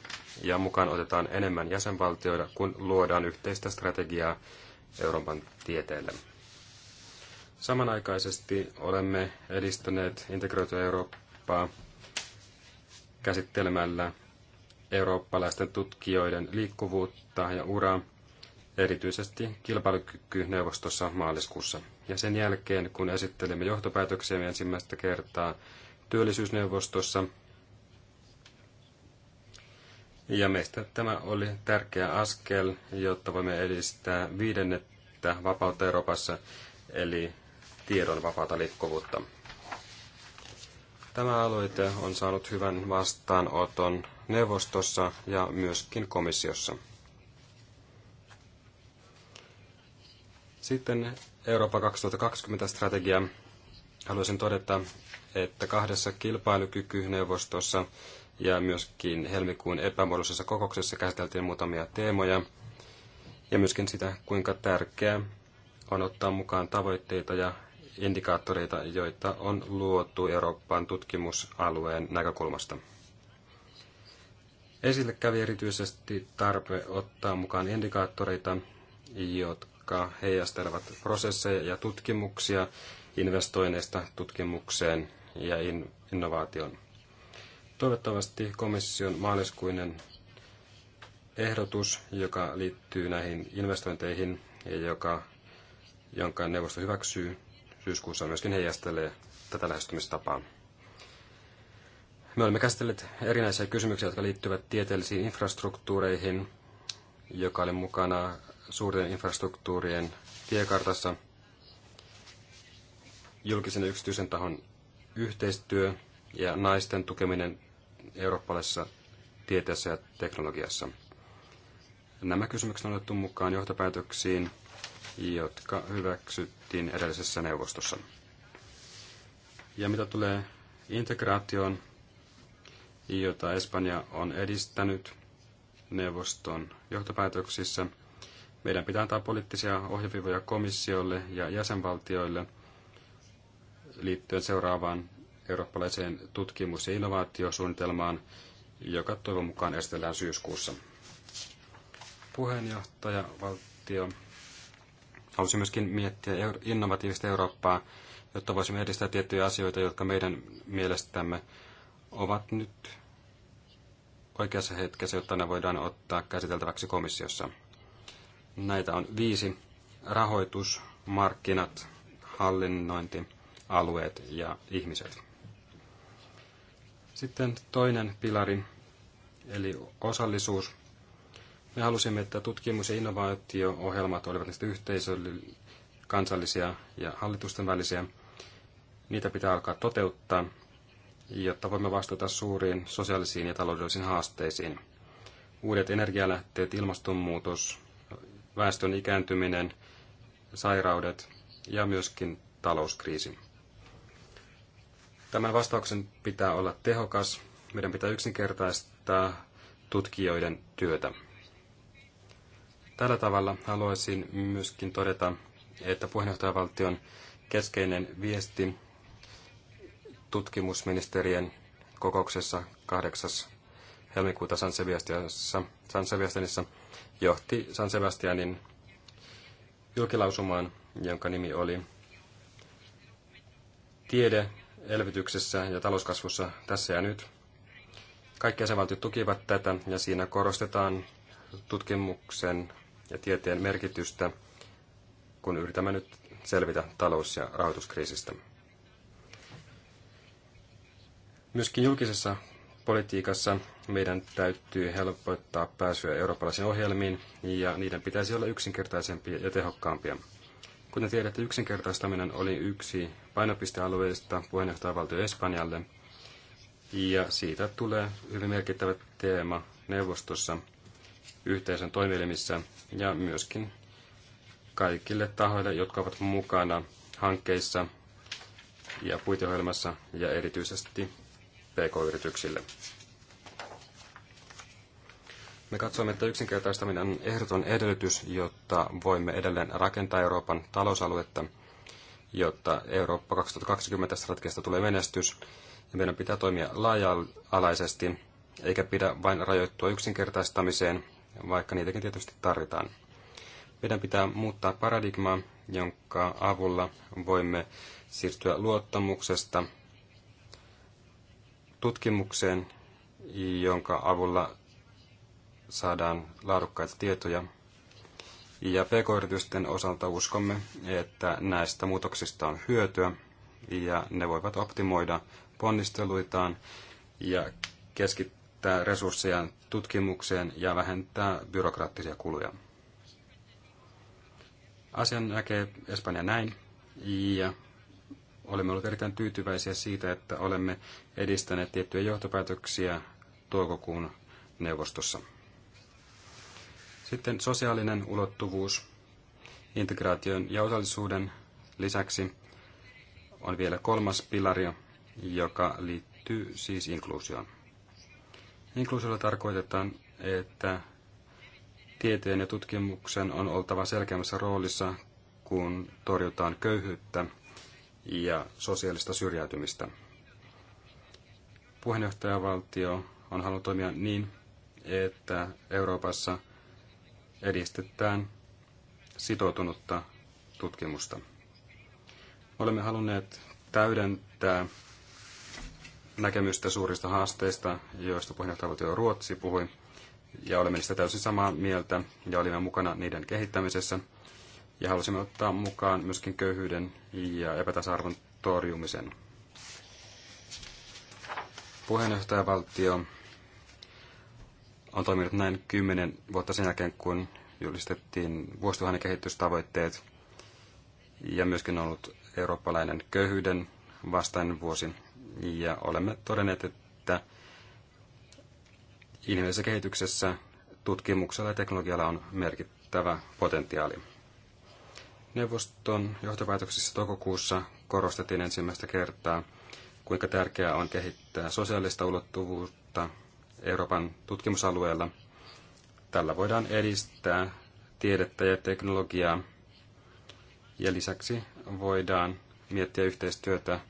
ja mukaan otetaan enemmän jäsenvaltioita, kun luodaan yhteistä strategiaa Euroopan tieteelle. Samanaikaisesti olemme edistäneet integroitua Eurooppaa käsittelemällä eurooppalaisten tutkijoiden liikkuvuutta ja uraa, erityisesti kilpailukykyneuvostossa maaliskuussa. Ja sen jälkeen, kun esittelimme johtopäätöksiämme ensimmäistä kertaa työllisyysneuvostossa, ja meistä tämä oli tärkeä askel, jotta voimme edistää viidennettä vapautta Euroopassa, eli tiedon vapaata liikkuvuutta. Tämä aloite on saanut hyvän vastaanoton neuvostossa ja myöskin komissiossa. Sitten Eurooppa 2020-strategia. Haluaisin todeta, että kahdessa kilpailukykyneuvostossa ja myöskin helmikuun epämuodollisessa kokouksessa käsiteltiin muutamia teemoja ja myöskin sitä, kuinka tärkeää on ottaa mukaan tavoitteita ja indikaattoreita, joita on luotu Euroopan tutkimusalueen näkökulmasta. Esille kävi erityisesti tarve ottaa mukaan indikaattoreita, jotka heijastelevat prosesseja ja tutkimuksia investoinneista tutkimukseen ja innovaatioon. Toivottavasti komission maaliskuinen ehdotus, joka liittyy näihin investointeihin ja joka, jonka neuvosto hyväksyy, syyskuussa myöskin heijastelee tätä lähestymistapaa. Me olemme käsitelleet erinäisiä kysymyksiä, jotka liittyvät tieteellisiin infrastruktuureihin, joka oli mukana suurten infrastruktuurien tiekartassa, julkisen ja yksityisen tahon yhteistyö ja naisten tukeminen eurooppalaisessa tieteessä ja teknologiassa. Nämä kysymykset on otettu mukaan johtopäätöksiin – jotka hyväksyttiin edellisessä neuvostossa. Ja mitä tulee integraatioon, jota Espanja on edistänyt neuvoston johtopäätöksissä, meidän pitää antaa poliittisia ohjeviivoja komissiolle ja jäsenvaltioille liittyen seuraavaan eurooppalaiseen tutkimus- ja innovaatiosuunnitelmaan, joka toivon mukaan estellään syyskuussa. Puheenjohtaja, valtio Haluaisin myöskin miettiä innovatiivista Eurooppaa, jotta voisimme edistää tiettyjä asioita, jotka meidän mielestämme ovat nyt oikeassa hetkessä, jotta ne voidaan ottaa käsiteltäväksi komissiossa. Näitä on viisi. Rahoitus, markkinat, hallinnointi, alueet ja ihmiset. Sitten toinen pilari, eli osallisuus. Me halusimme, että tutkimus- ja innovaatio-ohjelmat olivat niistä yhteisöllisiä, kansallisia ja hallitusten välisiä. Niitä pitää alkaa toteuttaa, jotta voimme vastata suuriin sosiaalisiin ja taloudellisiin haasteisiin. Uudet energialähteet, ilmastonmuutos, väestön ikääntyminen, sairaudet ja myöskin talouskriisi. Tämän vastauksen pitää olla tehokas. Meidän pitää yksinkertaistaa tutkijoiden työtä. Tällä tavalla haluaisin myöskin todeta, että puheenjohtajavaltion keskeinen viesti tutkimusministerien kokouksessa 8. helmikuuta San Sebastianissa, San Sebastianissa johti San Sebastianin julkilausumaan, jonka nimi oli Tiede elvytyksessä ja talouskasvussa tässä ja nyt. Kaikki jäsenvaltiot tukivat tätä ja siinä korostetaan tutkimuksen ja tieteen merkitystä, kun yritämme nyt selvitä talous- ja rahoituskriisistä. Myöskin julkisessa politiikassa meidän täytyy helpottaa pääsyä eurooppalaisiin ohjelmiin, ja niiden pitäisi olla yksinkertaisempia ja tehokkaampia. Kuten tiedätte, yksinkertaistaminen oli yksi painopistealueista puheenjohtajavaltio Espanjalle, ja siitä tulee hyvin merkittävä teema neuvostossa – yhteisön toimielimissä ja myöskin kaikille tahoille, jotka ovat mukana hankkeissa ja puiteohjelmassa ja erityisesti pk-yrityksille. Me katsomme, että yksinkertaistaminen on ehdoton edellytys, jotta voimme edelleen rakentaa Euroopan talousaluetta, jotta Eurooppa 2020 strategiasta tulee menestys, ja meidän pitää toimia laaja-alaisesti, eikä pidä vain rajoittua yksinkertaistamiseen, vaikka niitäkin tietysti tarvitaan. Meidän pitää muuttaa paradigmaa, jonka avulla voimme siirtyä luottamuksesta tutkimukseen, jonka avulla saadaan laadukkaita tietoja. Ja pk-yritysten osalta uskomme, että näistä muutoksista on hyötyä ja ne voivat optimoida ponnisteluitaan ja keskittyä käyttää resursseja tutkimukseen ja vähentää byrokraattisia kuluja. Asian näkee Espanja näin, ja olemme olleet erittäin tyytyväisiä siitä, että olemme edistäneet tiettyjä johtopäätöksiä toukokuun neuvostossa. Sitten sosiaalinen ulottuvuus integraation ja osallisuuden lisäksi on vielä kolmas pilari, joka liittyy siis inkluusioon. Inkluusiolla tarkoitetaan, että tieteen ja tutkimuksen on oltava selkeämmässä roolissa, kun torjutaan köyhyyttä ja sosiaalista syrjäytymistä. Puheenjohtajavaltio on halunnut toimia niin, että Euroopassa edistetään sitoutunutta tutkimusta. Olemme halunneet täydentää näkemystä suurista haasteista, joista puheenjohtajavaltio Ruotsi puhui, ja olemme niistä täysin samaa mieltä, ja olimme mukana niiden kehittämisessä, ja halusimme ottaa mukaan myöskin köyhyyden ja epätasa-arvon torjumisen. Puheenjohtajavaltio on toiminut näin kymmenen vuotta sen jälkeen, kun julistettiin vuosituhannen kehitystavoitteet, ja myöskin on ollut eurooppalainen köyhyyden vastainen vuosi ja olemme todenneet, että inhimillisessä kehityksessä tutkimuksella ja teknologialla on merkittävä potentiaali. Neuvoston johtopäätöksissä toukokuussa korostettiin ensimmäistä kertaa, kuinka tärkeää on kehittää sosiaalista ulottuvuutta Euroopan tutkimusalueella. Tällä voidaan edistää tiedettä ja teknologiaa ja lisäksi voidaan miettiä yhteistyötä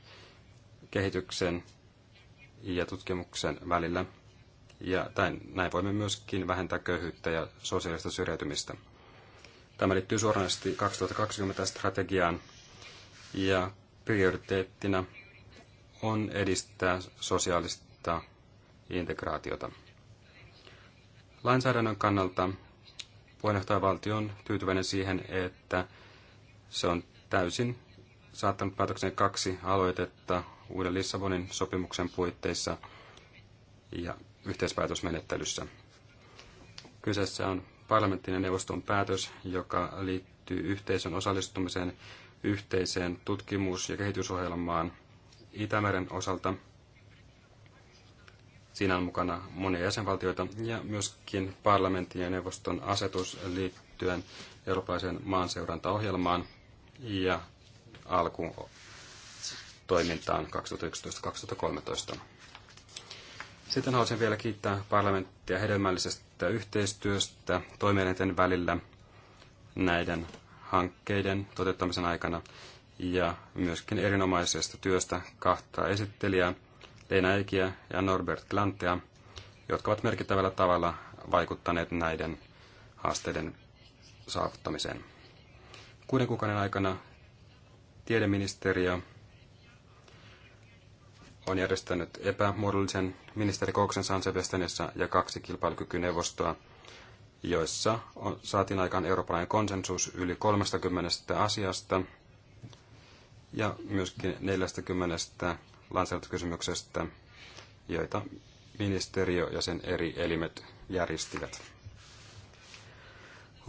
kehityksen ja tutkimuksen välillä. Ja tämän, näin voimme myöskin vähentää köyhyyttä ja sosiaalista syrjäytymistä. Tämä liittyy suoranaisesti 2020 strategiaan ja prioriteettina on edistää sosiaalista integraatiota. Lainsäädännön kannalta puheenjohtajavaltio on tyytyväinen siihen, että se on täysin saattanut päätökseen kaksi aloitetta uuden Lissabonin sopimuksen puitteissa ja yhteispäätösmenettelyssä. Kyseessä on parlamentin ja neuvoston päätös, joka liittyy yhteisön osallistumiseen yhteiseen tutkimus- ja kehitysohjelmaan Itämeren osalta. Siinä on mukana monia jäsenvaltioita ja myöskin parlamentin ja neuvoston asetus liittyen eurooppalaiseen maanseurantaohjelmaan ja alku toimintaan 2011-2013. Sitten haluaisin vielä kiittää parlamenttia hedelmällisestä yhteistyöstä toimijoiden välillä näiden hankkeiden toteuttamisen aikana ja myöskin erinomaisesta työstä kahta esittelijää, Leena Eikiä ja Norbert Lantea, jotka ovat merkittävällä tavalla vaikuttaneet näiden haasteiden saavuttamiseen. Kuuden kuukauden aikana tiedeministeriö on järjestänyt epämuodollisen ministerikokouksen San Sebastianissa ja kaksi kilpailukykyneuvostoa, joissa on, saatiin aikaan eurooppalainen konsensus yli 30 asiasta ja myöskin 40 lainsäädäntökysymyksestä, joita ministeriö ja sen eri elimet järjestivät.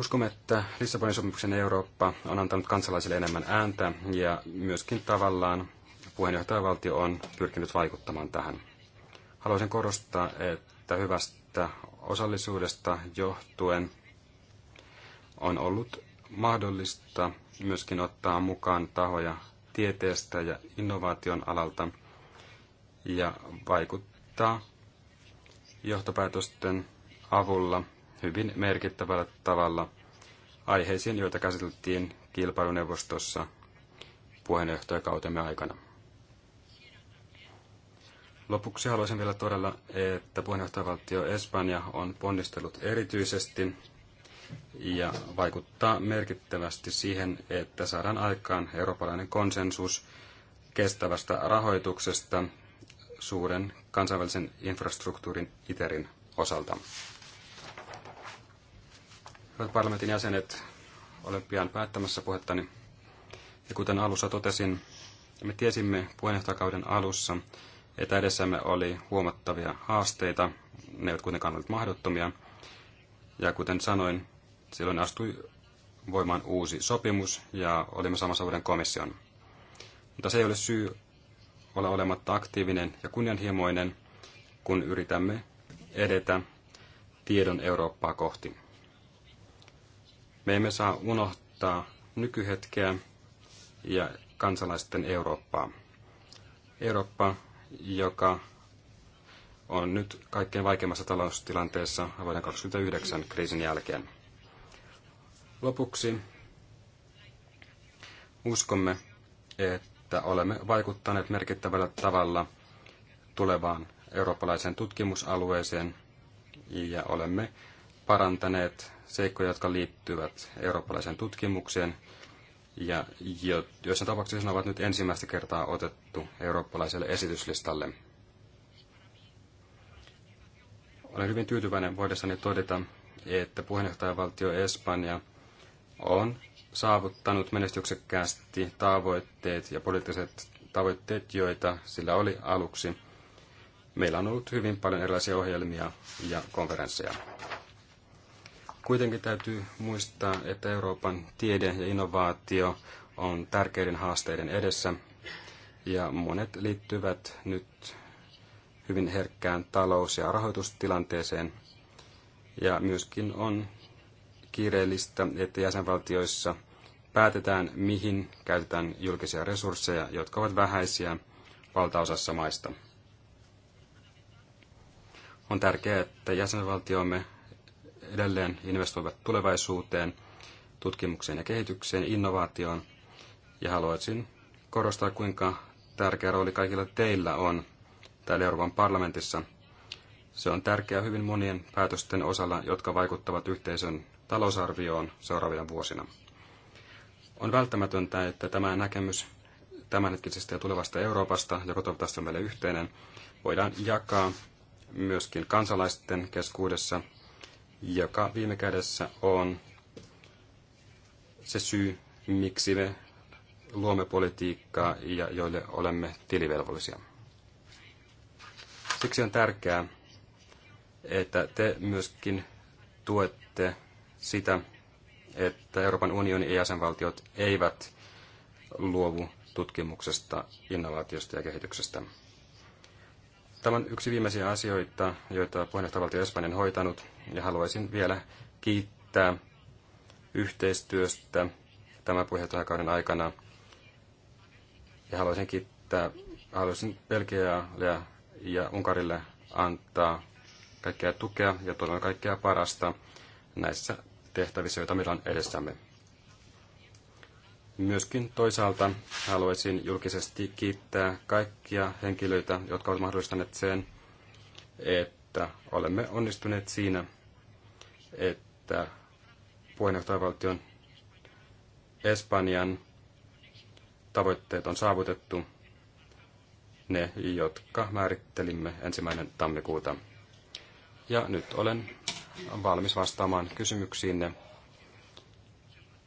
Uskomme, että Lissabonin sopimuksen Eurooppa on antanut kansalaisille enemmän ääntä ja myöskin tavallaan puheenjohtajavaltio on pyrkinyt vaikuttamaan tähän. Haluaisin korostaa, että hyvästä osallisuudesta johtuen on ollut mahdollista myöskin ottaa mukaan tahoja tieteestä ja innovaation alalta ja vaikuttaa johtopäätösten avulla hyvin merkittävällä tavalla aiheisiin, joita käsiteltiin kilpailuneuvostossa puheenjohtajakautemme aikana. Lopuksi haluaisin vielä todella, että puheenjohtajavaltio Espanja on ponnistellut erityisesti ja vaikuttaa merkittävästi siihen, että saadaan aikaan eurooppalainen konsensus kestävästä rahoituksesta suuren kansainvälisen infrastruktuurin ITERin osalta. Hyvät parlamentin jäsenet, olen pian päättämässä puhettani. Ja kuten alussa totesin, me tiesimme puheenjohtajakauden alussa, että edessämme oli huomattavia haasteita. Ne eivät kuitenkaan olleet mahdottomia. Ja kuten sanoin, silloin astui voimaan uusi sopimus ja olimme samassa uuden komission. Mutta se ei ole syy olla olematta aktiivinen ja kunnianhimoinen, kun yritämme edetä tiedon Eurooppaa kohti. Me emme saa unohtaa nykyhetkeä ja kansalaisten Eurooppaa. Eurooppa, joka on nyt kaikkein vaikeimmassa taloustilanteessa vuoden 29 kriisin jälkeen. Lopuksi uskomme, että olemme vaikuttaneet merkittävällä tavalla tulevaan eurooppalaiseen tutkimusalueeseen ja olemme parantaneet seikkoja, jotka liittyvät eurooppalaiseen tutkimukseen, ja jo, joissa tapauksissa ne ovat nyt ensimmäistä kertaa otettu eurooppalaiselle esityslistalle. Olen hyvin tyytyväinen voidessani todeta, että puheenjohtajavaltio Espanja on saavuttanut menestyksekkäästi tavoitteet ja poliittiset tavoitteet, joita sillä oli aluksi. Meillä on ollut hyvin paljon erilaisia ohjelmia ja konferensseja. Kuitenkin täytyy muistaa, että Euroopan tiede ja innovaatio on tärkeiden haasteiden edessä ja monet liittyvät nyt hyvin herkkään talous- ja rahoitustilanteeseen. Ja myöskin on kiireellistä, että jäsenvaltioissa päätetään, mihin käytetään julkisia resursseja, jotka ovat vähäisiä valtaosassa maista. On tärkeää, että jäsenvaltiomme edelleen investoivat tulevaisuuteen, tutkimukseen ja kehitykseen, innovaatioon. Ja haluaisin korostaa, kuinka tärkeä rooli kaikilla teillä on täällä Euroopan parlamentissa. Se on tärkeää hyvin monien päätösten osalla, jotka vaikuttavat yhteisön talousarvioon seuraavina vuosina. On välttämätöntä, että tämä näkemys tämänhetkisestä ja tulevasta Euroopasta, joka toivottavasti on meille yhteinen, voidaan jakaa myöskin kansalaisten keskuudessa joka viime kädessä on se syy, miksi me luomme politiikkaa ja joille olemme tilivelvollisia. Siksi on tärkeää, että te myöskin tuette sitä, että Euroopan unionin ja jäsenvaltiot eivät luovu tutkimuksesta, innovaatiosta ja kehityksestä. Tämä on yksi viimeisiä asioita, joita puheenjohtajavaltio Espanjan hoitanut, ja haluaisin vielä kiittää yhteistyöstä tämän puheenjohtajakauden aikana. Ja haluaisin kiittää, haluaisin Belgialle ja Unkarille antaa kaikkea tukea ja toivon kaikkea parasta näissä tehtävissä, joita meillä on edessämme. Myöskin toisaalta haluaisin julkisesti kiittää kaikkia henkilöitä, jotka ovat mahdollistaneet sen, että olemme onnistuneet siinä, että puheenjohtajavaltion Espanjan tavoitteet on saavutettu, ne, jotka määrittelimme ensimmäinen tammikuuta. Ja nyt olen valmis vastaamaan kysymyksiinne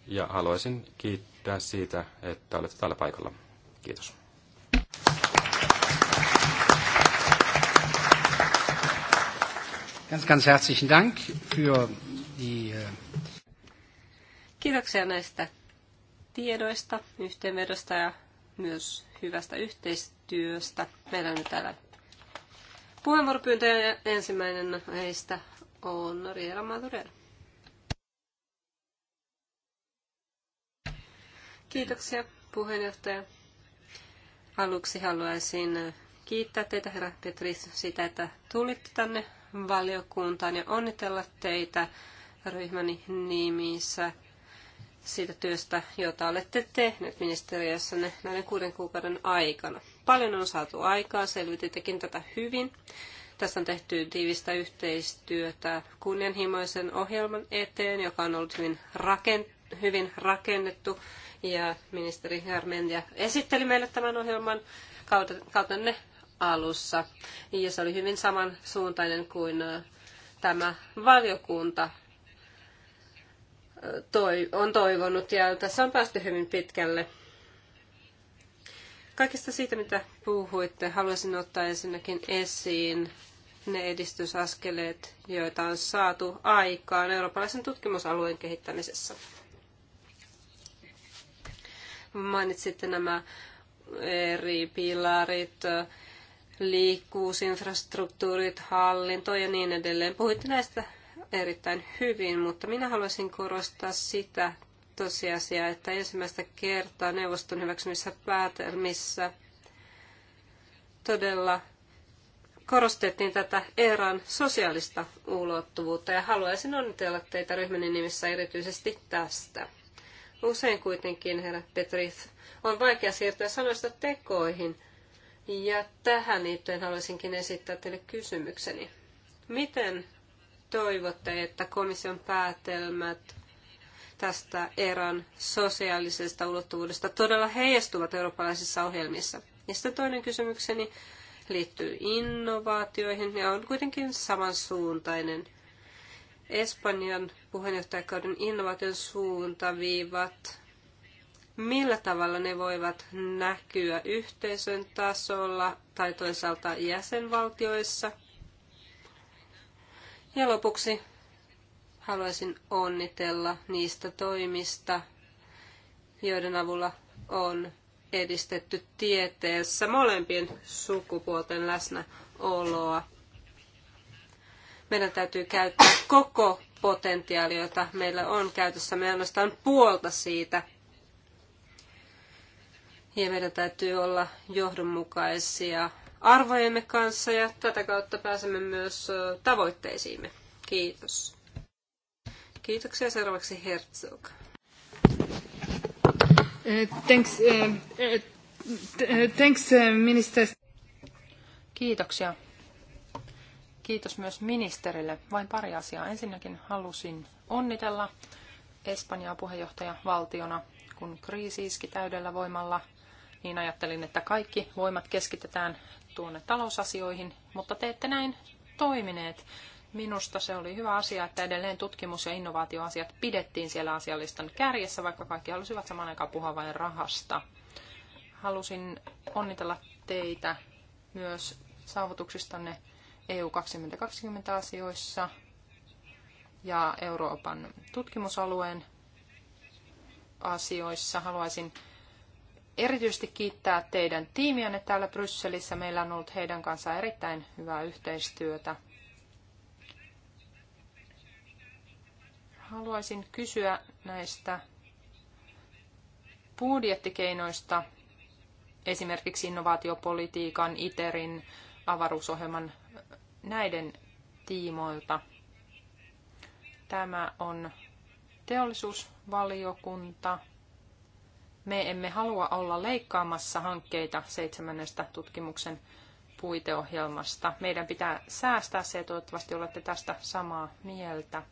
ja haluaisin kiittää kiittää siitä, että olette täällä paikalla. Kiitos. Ganz, ganz herzlichen Dank für die... Äh, Kiitoksia näistä tiedoista, yhteenvedosta ja myös hyvästä yhteistyöstä. Meillä on nyt täällä puheenvuoropyyntöjä ensimmäinen heistä on Riera Maturella. Kiitoksia puheenjohtaja. Aluksi haluaisin kiittää teitä, herra Petris, sitä, että tulitte tänne valiokuntaan ja onnitella teitä ryhmäni nimissä siitä työstä, jota olette tehneet ministeriössänne näiden kuuden kuukauden aikana. Paljon on saatu aikaa, selvititekin tätä hyvin. Tässä on tehty tiivistä yhteistyötä kunnianhimoisen ohjelman eteen, joka on ollut hyvin rakent- hyvin rakennettu ja ministeri Armenia esitteli meille tämän ohjelman kautenne alussa. Ja se oli hyvin samansuuntainen kuin tämä valiokunta toi, on toivonut ja tässä on päästy hyvin pitkälle. Kaikesta siitä, mitä puhuitte, haluaisin ottaa ensinnäkin esiin ne edistysaskeleet, joita on saatu aikaan eurooppalaisen tutkimusalueen kehittämisessä. Mainitsitte nämä eri pilarit, liikkuvuusinfrastruktuurit, hallinto ja niin edelleen. Puhuitte näistä erittäin hyvin, mutta minä haluaisin korostaa sitä tosiasiaa, että ensimmäistä kertaa neuvoston hyväksymissä päätelmissä todella korostettiin tätä ERAn sosiaalista ulottuvuutta ja haluaisin onnitella teitä ryhmäni nimissä erityisesti tästä. Usein kuitenkin, herra Petris, on vaikea siirtyä sanoista tekoihin. Ja tähän liittyen haluaisinkin esittää teille kysymykseni. Miten toivotte, että komission päätelmät tästä eron sosiaalisesta ulottuvuudesta todella heijastuvat eurooppalaisissa ohjelmissa? Ja sitten toinen kysymykseni liittyy innovaatioihin ja on kuitenkin samansuuntainen – Espanjan puheenjohtajakauden innovaation suuntaviivat, millä tavalla ne voivat näkyä yhteisön tasolla tai toisaalta jäsenvaltioissa. Ja lopuksi haluaisin onnitella niistä toimista, joiden avulla on edistetty tieteessä molempien sukupuolten läsnäoloa meidän täytyy käyttää koko potentiaali, jota meillä on käytössä. Me ainoastaan puolta siitä. Ja meidän täytyy olla johdonmukaisia arvojemme kanssa ja tätä kautta pääsemme myös tavoitteisiimme. Kiitos. Kiitoksia. Seuraavaksi Herzog. Eh, thanks, eh, eh, thanks minister. Kiitoksia Kiitos myös ministerille. Vain pari asiaa. Ensinnäkin halusin onnitella Espanjaa puheenjohtajavaltiona, kun kriisi iski täydellä voimalla, niin ajattelin, että kaikki voimat keskitetään tuonne talousasioihin, mutta te ette näin toimineet. Minusta se oli hyvä asia, että edelleen tutkimus- ja innovaatioasiat pidettiin siellä asialistan kärjessä, vaikka kaikki halusivat saman aikaan puhua vain rahasta. Halusin onnitella teitä myös saavutuksistanne EU 2020 asioissa ja Euroopan tutkimusalueen asioissa. Haluaisin erityisesti kiittää teidän tiimiänne täällä Brysselissä. Meillä on ollut heidän kanssaan erittäin hyvää yhteistyötä. Haluaisin kysyä näistä budjettikeinoista, esimerkiksi innovaatiopolitiikan, ITERin, avaruusohjelman näiden tiimoilta. Tämä on teollisuusvaliokunta. Me emme halua olla leikkaamassa hankkeita seitsemännestä tutkimuksen puiteohjelmasta. Meidän pitää säästää se ja toivottavasti olette tästä samaa mieltä.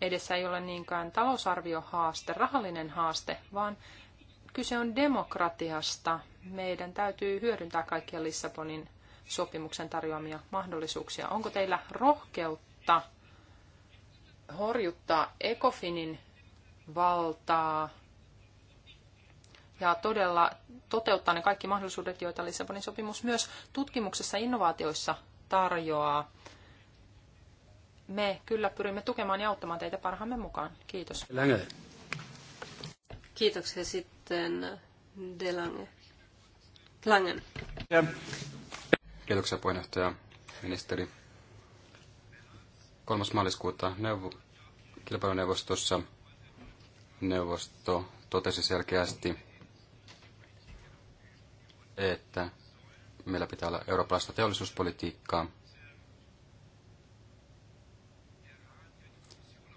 Edessä ei ole niinkään talousarviohaaste, rahallinen haaste, vaan kyse on demokratiasta meidän täytyy hyödyntää kaikkia Lissabonin sopimuksen tarjoamia mahdollisuuksia. Onko teillä rohkeutta horjuttaa Ekofinin valtaa ja todella toteuttaa ne kaikki mahdollisuudet, joita Lissabonin sopimus myös tutkimuksessa innovaatioissa tarjoaa. Me kyllä pyrimme tukemaan ja auttamaan teitä parhaamme mukaan. Kiitos. Lange. Kiitoksia sitten Delange. Langen. Kiitoksia puheenjohtaja, ministeri. 3. maaliskuuta neuvo- kilpailuneuvostossa neuvosto totesi selkeästi, että meillä pitää olla eurooppalaista teollisuuspolitiikkaa.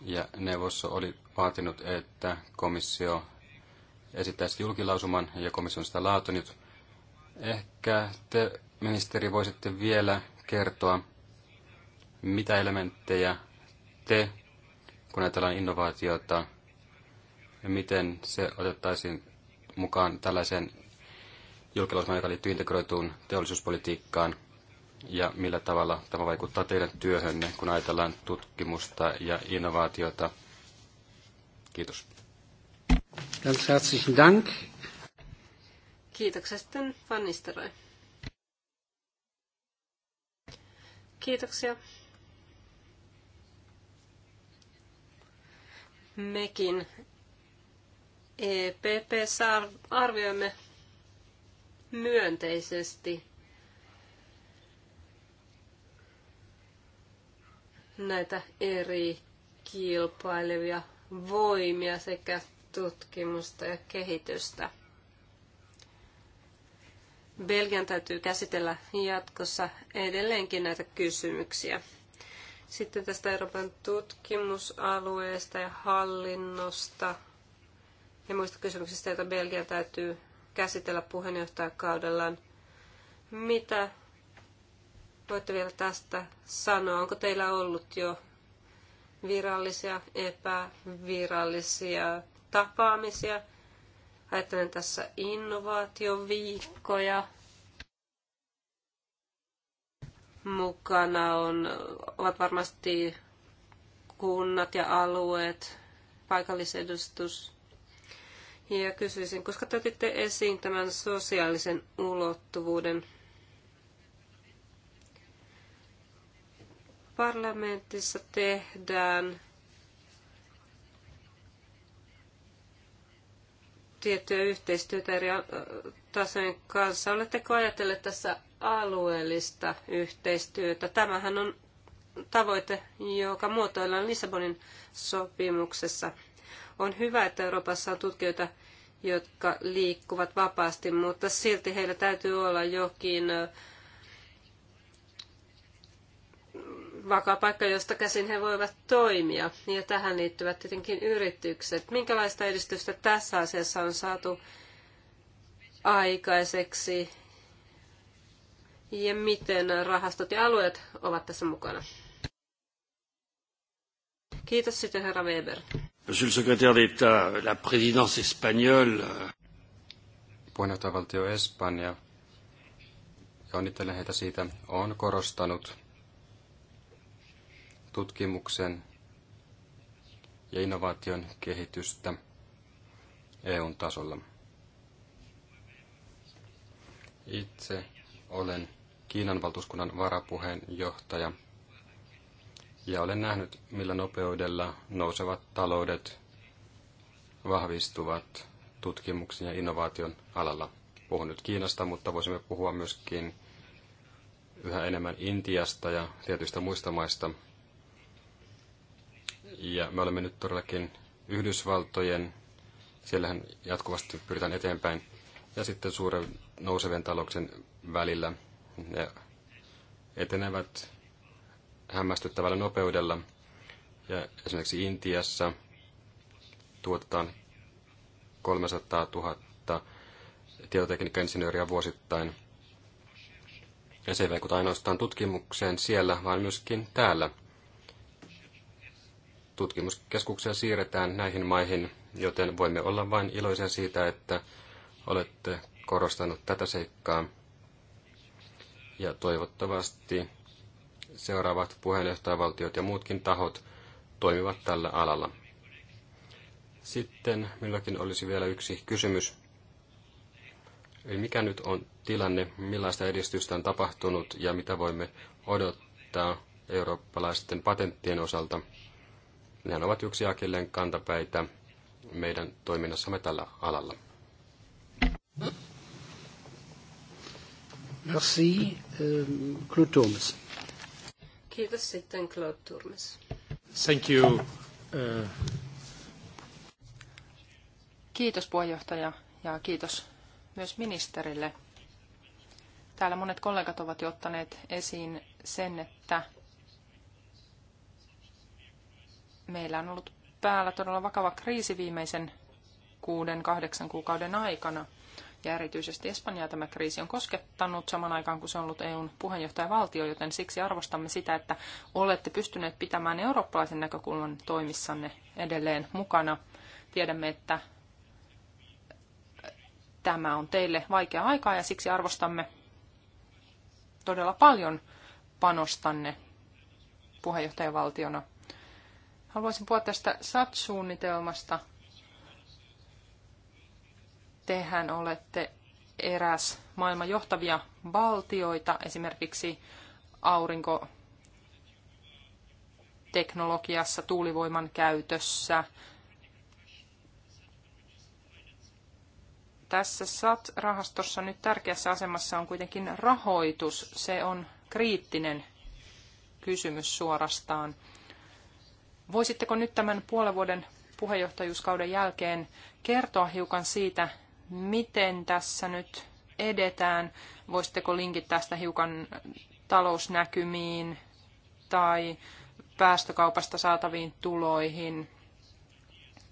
Ja neuvosto oli vaatinut, että komissio esittäisi julkilausuman ja komissio on sitä laatinut. Ehkä te, ministeri, voisitte vielä kertoa, mitä elementtejä te, kun ajatellaan innovaatiota, ja miten se otettaisiin mukaan tällaiseen julkilausumaan, joka liittyy integroituun teollisuuspolitiikkaan, ja millä tavalla tämä vaikuttaa teidän työhönne, kun ajatellaan tutkimusta ja innovaatiota. Kiitos. Ganz herzlichen Dank. Kiitoksia sitten Kiitoksia. Mekin EPP arvioimme myönteisesti näitä eri kilpailevia voimia sekä tutkimusta ja kehitystä. Belgian täytyy käsitellä jatkossa edelleenkin näitä kysymyksiä. Sitten tästä Euroopan tutkimusalueesta ja hallinnosta ja muista kysymyksistä, joita Belgia täytyy käsitellä puheenjohtajakaudellaan. Mitä voitte vielä tästä sanoa? Onko teillä ollut jo virallisia, epävirallisia tapaamisia – Ajattelen tässä innovaatioviikkoja. Mukana on, ovat varmasti kunnat ja alueet, paikallisedustus. Ja kysyisin, koska te otitte esiin tämän sosiaalisen ulottuvuuden, parlamentissa tehdään tiettyä yhteistyötä eri tasojen kanssa. Oletteko ajatelleet tässä alueellista yhteistyötä? Tämähän on tavoite, joka muotoillaan Lissabonin sopimuksessa. On hyvä, että Euroopassa on tutkijoita, jotka liikkuvat vapaasti, mutta silti heillä täytyy olla jokin vakaa paikka, josta käsin he voivat toimia. Ja tähän liittyvät tietenkin yritykset. Minkälaista edistystä tässä asiassa on saatu aikaiseksi ja miten rahastot ja alueet ovat tässä mukana? Kiitos sitten herra Weber. Monsieur le secrétaire d'État, la présidence espagnole... Puheenjohtajavaltio Espanja, ja onnittelen heitä siitä, on korostanut tutkimuksen ja innovaation kehitystä EUn tasolla. Itse olen Kiinan valtuuskunnan varapuheenjohtaja ja olen nähnyt, millä nopeudella nousevat taloudet vahvistuvat tutkimuksen ja innovaation alalla. Puhun nyt Kiinasta, mutta voisimme puhua myöskin yhä enemmän Intiasta ja tietyistä muista maista, ja me olemme nyt todellakin Yhdysvaltojen, siellähän jatkuvasti pyritään eteenpäin, ja sitten suuren nousevien talouksen välillä. Ne etenevät hämmästyttävällä nopeudella. Ja esimerkiksi Intiassa tuotetaan 300 000 tietotekniikka-insinööriä vuosittain. Ja se ei vaikuta ainoastaan tutkimukseen siellä, vaan myöskin täällä – tutkimuskeskuksia siirretään näihin maihin, joten voimme olla vain iloisia siitä, että olette korostanut tätä seikkaa. Ja toivottavasti seuraavat puheenjohtajavaltiot ja muutkin tahot toimivat tällä alalla. Sitten milläkin olisi vielä yksi kysymys. Eli mikä nyt on tilanne, millaista edistystä on tapahtunut ja mitä voimme odottaa eurooppalaisten patenttien osalta – Nehän ovat yksi akilleen kantapäitä meidän toiminnassamme tällä alalla. Merci, euh, Claude Turmes. Kiitos sitten Claude Turmes. Thank you. Uh, kiitos puheenjohtaja ja kiitos myös ministerille. Täällä monet kollegat ovat jo ottaneet esiin sen, että Meillä on ollut päällä todella vakava kriisi viimeisen kuuden, kahdeksan kuukauden aikana. Ja erityisesti Espanjaa tämä kriisi on koskettanut saman aikaan, kun se on ollut EUn puheenjohtajavaltio, joten siksi arvostamme sitä, että olette pystyneet pitämään eurooppalaisen näkökulman toimissanne edelleen mukana. Tiedämme, että tämä on teille vaikea aikaa ja siksi arvostamme todella paljon panostanne puheenjohtajavaltiona – Haluaisin puhua tästä SAT-suunnitelmasta. Tehän olette eräs maailman johtavia valtioita, esimerkiksi aurinkoteknologiassa, tuulivoiman käytössä. Tässä SAT-rahastossa nyt tärkeässä asemassa on kuitenkin rahoitus. Se on kriittinen kysymys suorastaan. Voisitteko nyt tämän puolen vuoden puheenjohtajuuskauden jälkeen kertoa hiukan siitä, miten tässä nyt edetään? Voisitteko linkittää sitä hiukan talousnäkymiin tai päästökaupasta saataviin tuloihin,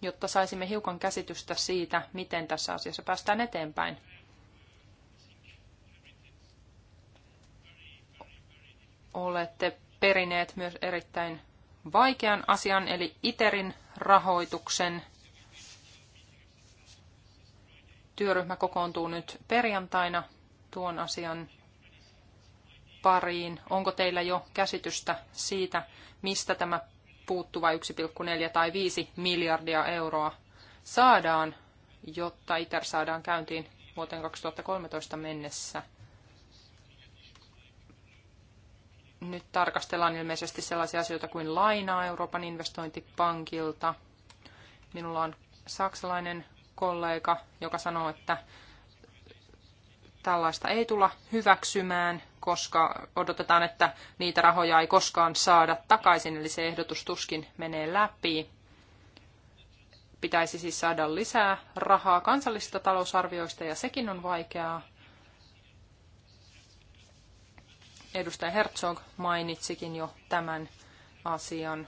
jotta saisimme hiukan käsitystä siitä, miten tässä asiassa päästään eteenpäin? Olette perineet myös erittäin vaikean asian, eli ITERin rahoituksen. Työryhmä kokoontuu nyt perjantaina tuon asian pariin. Onko teillä jo käsitystä siitä, mistä tämä puuttuva 1,4 tai 5 miljardia euroa saadaan, jotta ITER saadaan käyntiin vuoteen 2013 mennessä? Nyt tarkastellaan ilmeisesti sellaisia asioita kuin lainaa Euroopan investointipankilta. Minulla on saksalainen kollega, joka sanoo, että tällaista ei tulla hyväksymään, koska odotetaan, että niitä rahoja ei koskaan saada takaisin, eli se ehdotus tuskin menee läpi. Pitäisi siis saada lisää rahaa kansallisista talousarvioista, ja sekin on vaikeaa. Edustaja Herzog mainitsikin jo tämän asian.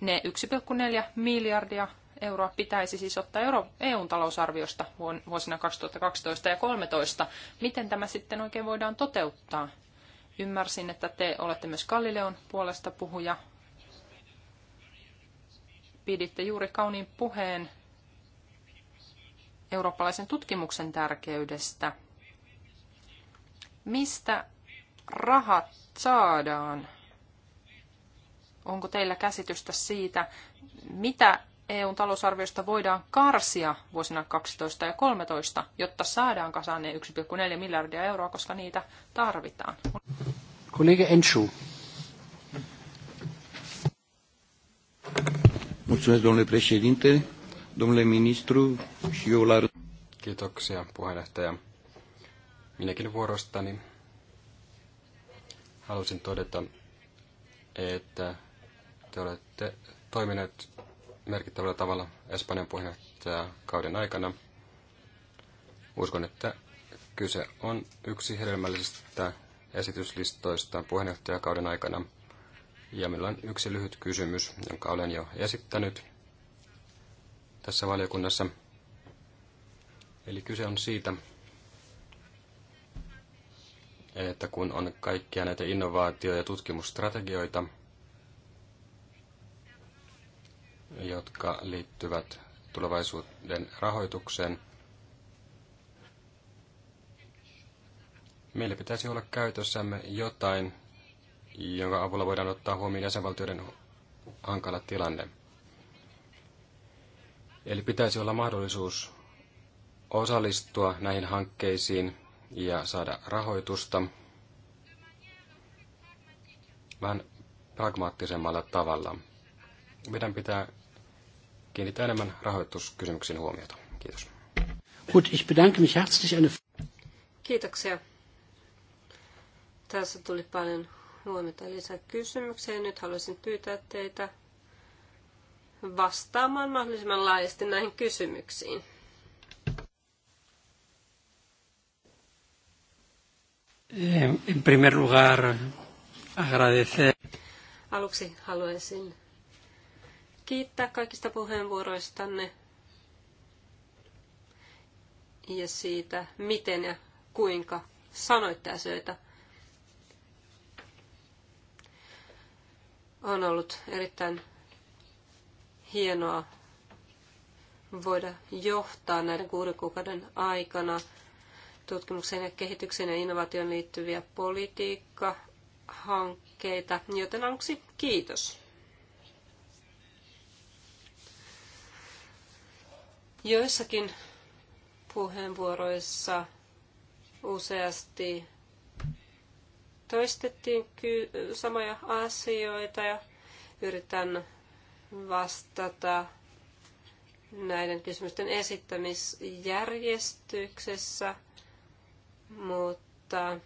Ne 1,4 miljardia euroa pitäisi siis ottaa eu EUn talousarviosta vuosina 2012 ja 2013. Miten tämä sitten oikein voidaan toteuttaa? Ymmärsin, että te olette myös Galileon puolesta puhuja. Piditte juuri kauniin puheen eurooppalaisen tutkimuksen tärkeydestä. Mistä rahat saadaan? Onko teillä käsitystä siitä, mitä EUn talousarviosta voidaan karsia vuosina 12 ja 13, jotta saadaan kasaan ne 1,4 miljardia euroa, koska niitä tarvitaan? Kollega Enschu. Mulțumesc, domnule președinte, domnule ministru și eu la... Kiitoksia, puheenjohtaja. Minäkin vuorostani halusin todeta, että te olette toimineet merkittävällä tavalla Espanjan kauden aikana. Uskon, että kyse on yksi hedelmällisistä esityslistoista puheenjohtajakauden aikana. Ja meillä on yksi lyhyt kysymys, jonka olen jo esittänyt tässä valiokunnassa. Eli kyse on siitä, että kun on kaikkia näitä innovaatio- ja tutkimusstrategioita, jotka liittyvät tulevaisuuden rahoitukseen, meillä pitäisi olla käytössämme jotain, jonka avulla voidaan ottaa huomioon jäsenvaltioiden hankala tilanne. Eli pitäisi olla mahdollisuus osallistua näihin hankkeisiin ja saada rahoitusta vähän pragmaattisemmalla tavalla. Meidän pitää kiinnittää enemmän rahoituskysymyksiin huomiota. Kiitos. Gut, ich bedanke mich herzlich eine... Kiitoksia. Tässä tuli paljon huomiota lisää kysymyksiä. Nyt haluaisin pyytää teitä vastaamaan mahdollisimman laajasti näihin kysymyksiin. En, primer lugar, agradecer. Aluksi haluaisin kiittää kaikista puheenvuoroistanne ja siitä, miten ja kuinka sanoitte asioita. On ollut erittäin hienoa voida johtaa näiden kuuden kuukauden aikana tutkimukseen ja kehitykseen ja innovaatioon liittyviä politiikkahankkeita, joten aluksi kiitos. Joissakin puheenvuoroissa useasti toistettiin samoja asioita ja yritän vastata näiden kysymysten esittämisjärjestyksessä – mutta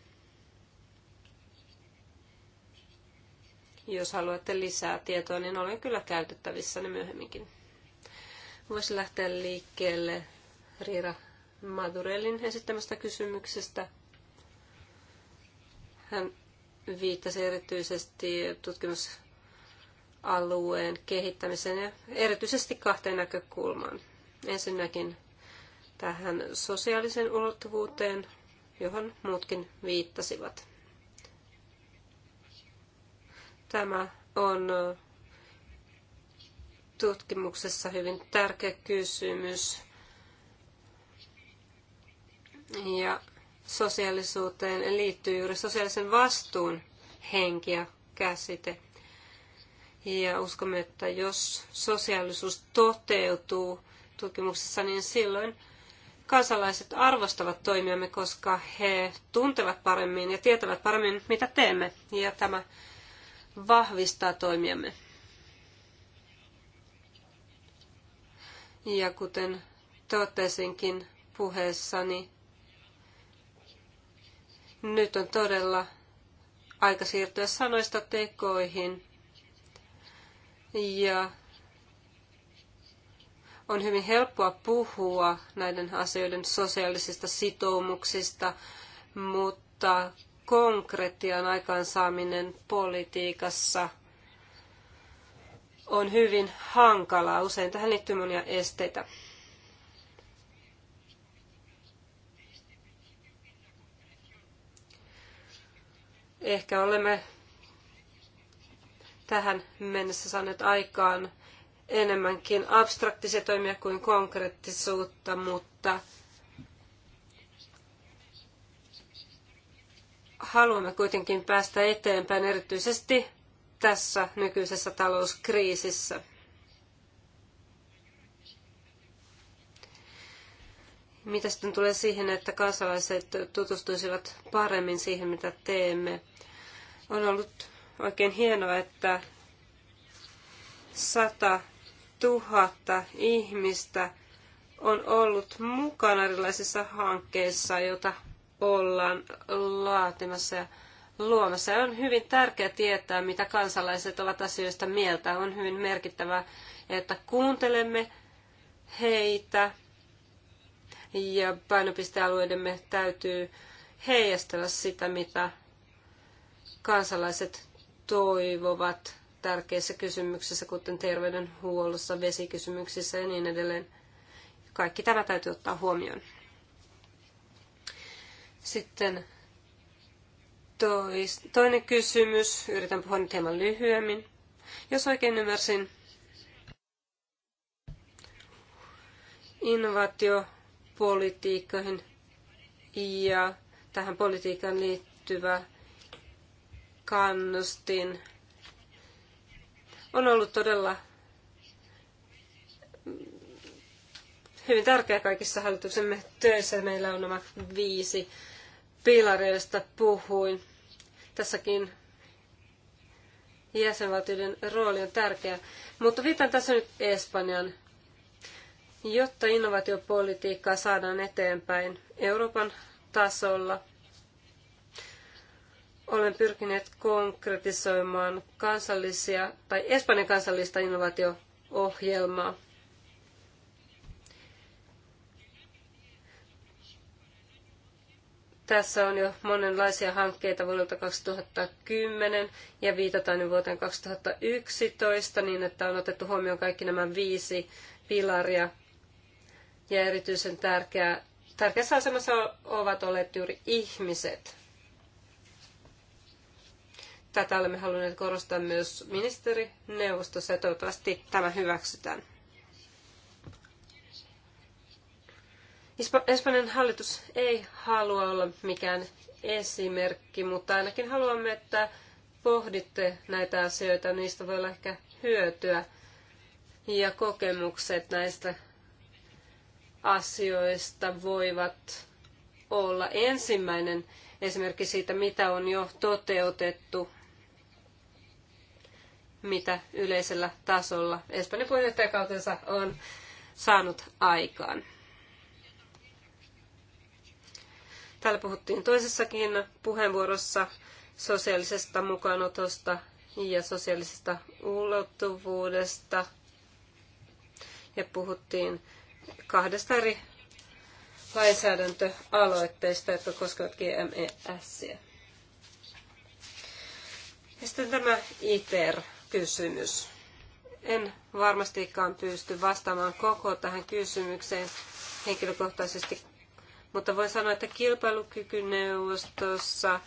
jos haluatte lisää tietoa, niin olen kyllä ne myöhemminkin. Voisi lähteä liikkeelle Riira Madurellin esittämästä kysymyksestä. Hän viittasi erityisesti tutkimusalueen kehittämiseen ja erityisesti kahteen näkökulmaan. Ensinnäkin tähän sosiaalisen ulottuvuuteen johon muutkin viittasivat. Tämä on tutkimuksessa hyvin tärkeä kysymys. Ja sosiaalisuuteen liittyy juuri sosiaalisen vastuun henki ja käsite. Ja uskomme, että jos sosiaalisuus toteutuu tutkimuksessa, niin silloin Kansalaiset arvostavat toimiamme, koska he tuntevat paremmin ja tietävät paremmin, mitä teemme. Ja tämä vahvistaa toimiamme. Ja kuten totesinkin puheessani, nyt on todella aika siirtyä sanoista tekoihin. Ja on hyvin helppoa puhua näiden asioiden sosiaalisista sitoumuksista, mutta konkretian aikaansaaminen politiikassa on hyvin hankalaa. Usein tähän liittyy monia esteitä. Ehkä olemme tähän mennessä saaneet aikaan enemmänkin abstraktisia toimia kuin konkreettisuutta, mutta haluamme kuitenkin päästä eteenpäin erityisesti tässä nykyisessä talouskriisissä. Mitä sitten tulee siihen, että kansalaiset tutustuisivat paremmin siihen, mitä teemme? On ollut oikein hienoa, että sata 000 ihmistä on ollut mukana erilaisissa hankkeissa, joita ollaan laatimassa ja luomassa. Ja on hyvin tärkeää tietää, mitä kansalaiset ovat asioista mieltä. On hyvin merkittävää, että kuuntelemme heitä ja painopistealueidemme täytyy heijastella sitä, mitä kansalaiset toivovat tärkeissä kysymyksissä, kuten terveydenhuollossa, vesikysymyksissä ja niin edelleen. Kaikki tämä täytyy ottaa huomioon. Sitten tois, toinen kysymys. Yritän puhua nyt hieman lyhyemmin. Jos oikein ymmärsin, innovaatiopolitiikkoihin ja tähän politiikan liittyvä kannustin on ollut todella hyvin tärkeä kaikissa hallituksemme töissä. Meillä on nämä viisi pilaria, joista puhuin. Tässäkin jäsenvaltioiden rooli on tärkeä. Mutta viitan tässä nyt Espanjan. Jotta innovaatiopolitiikkaa saadaan eteenpäin Euroopan tasolla, olen pyrkinyt konkretisoimaan kansallisia tai Espanjan kansallista innovaatio-ohjelmaa. Tässä on jo monenlaisia hankkeita vuodelta 2010 ja viitataan jo vuoteen 2011 niin, että on otettu huomioon kaikki nämä viisi pilaria. Ja erityisen tärkeää, tärkeässä asemassa ovat olleet juuri ihmiset. Tätä olemme halunneet korostaa myös ministerineuvostossa ja toivottavasti tämä hyväksytään. Espanjan hallitus ei halua olla mikään esimerkki, mutta ainakin haluamme, että pohditte näitä asioita, niistä voi olla ehkä hyötyä ja kokemukset näistä asioista voivat olla ensimmäinen esimerkki siitä, mitä on jo toteutettu mitä yleisellä tasolla Espanjan puheenjohtajakautensa on saanut aikaan. Täällä puhuttiin toisessakin puheenvuorossa sosiaalisesta mukaanotosta ja sosiaalisesta ulottuvuudesta. Ja puhuttiin kahdesta eri lainsäädäntöaloitteista, jotka koskevat GMESiä. Ja sitten tämä ITER kysymys. En varmastikaan pysty vastaamaan koko tähän kysymykseen henkilökohtaisesti, mutta voin sanoa, että kilpailukykyneuvostossa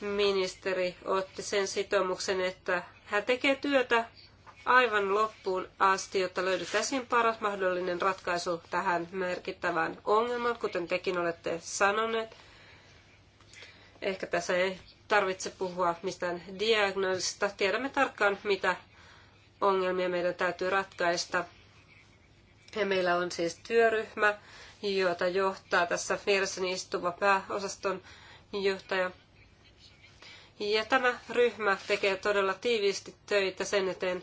ministeri otti sen sitoumuksen, että hän tekee työtä aivan loppuun asti, jotta löydettäisiin paras mahdollinen ratkaisu tähän merkittävään ongelmaan, kuten tekin olette sanoneet. Ehkä tässä ei tarvitse puhua mistään diagnoosista. Tiedämme tarkkaan, mitä ongelmia meidän täytyy ratkaista. Ja meillä on siis työryhmä, jota johtaa tässä vieressäni istuva pääosaston johtaja. Ja tämä ryhmä tekee todella tiiviisti töitä sen eteen,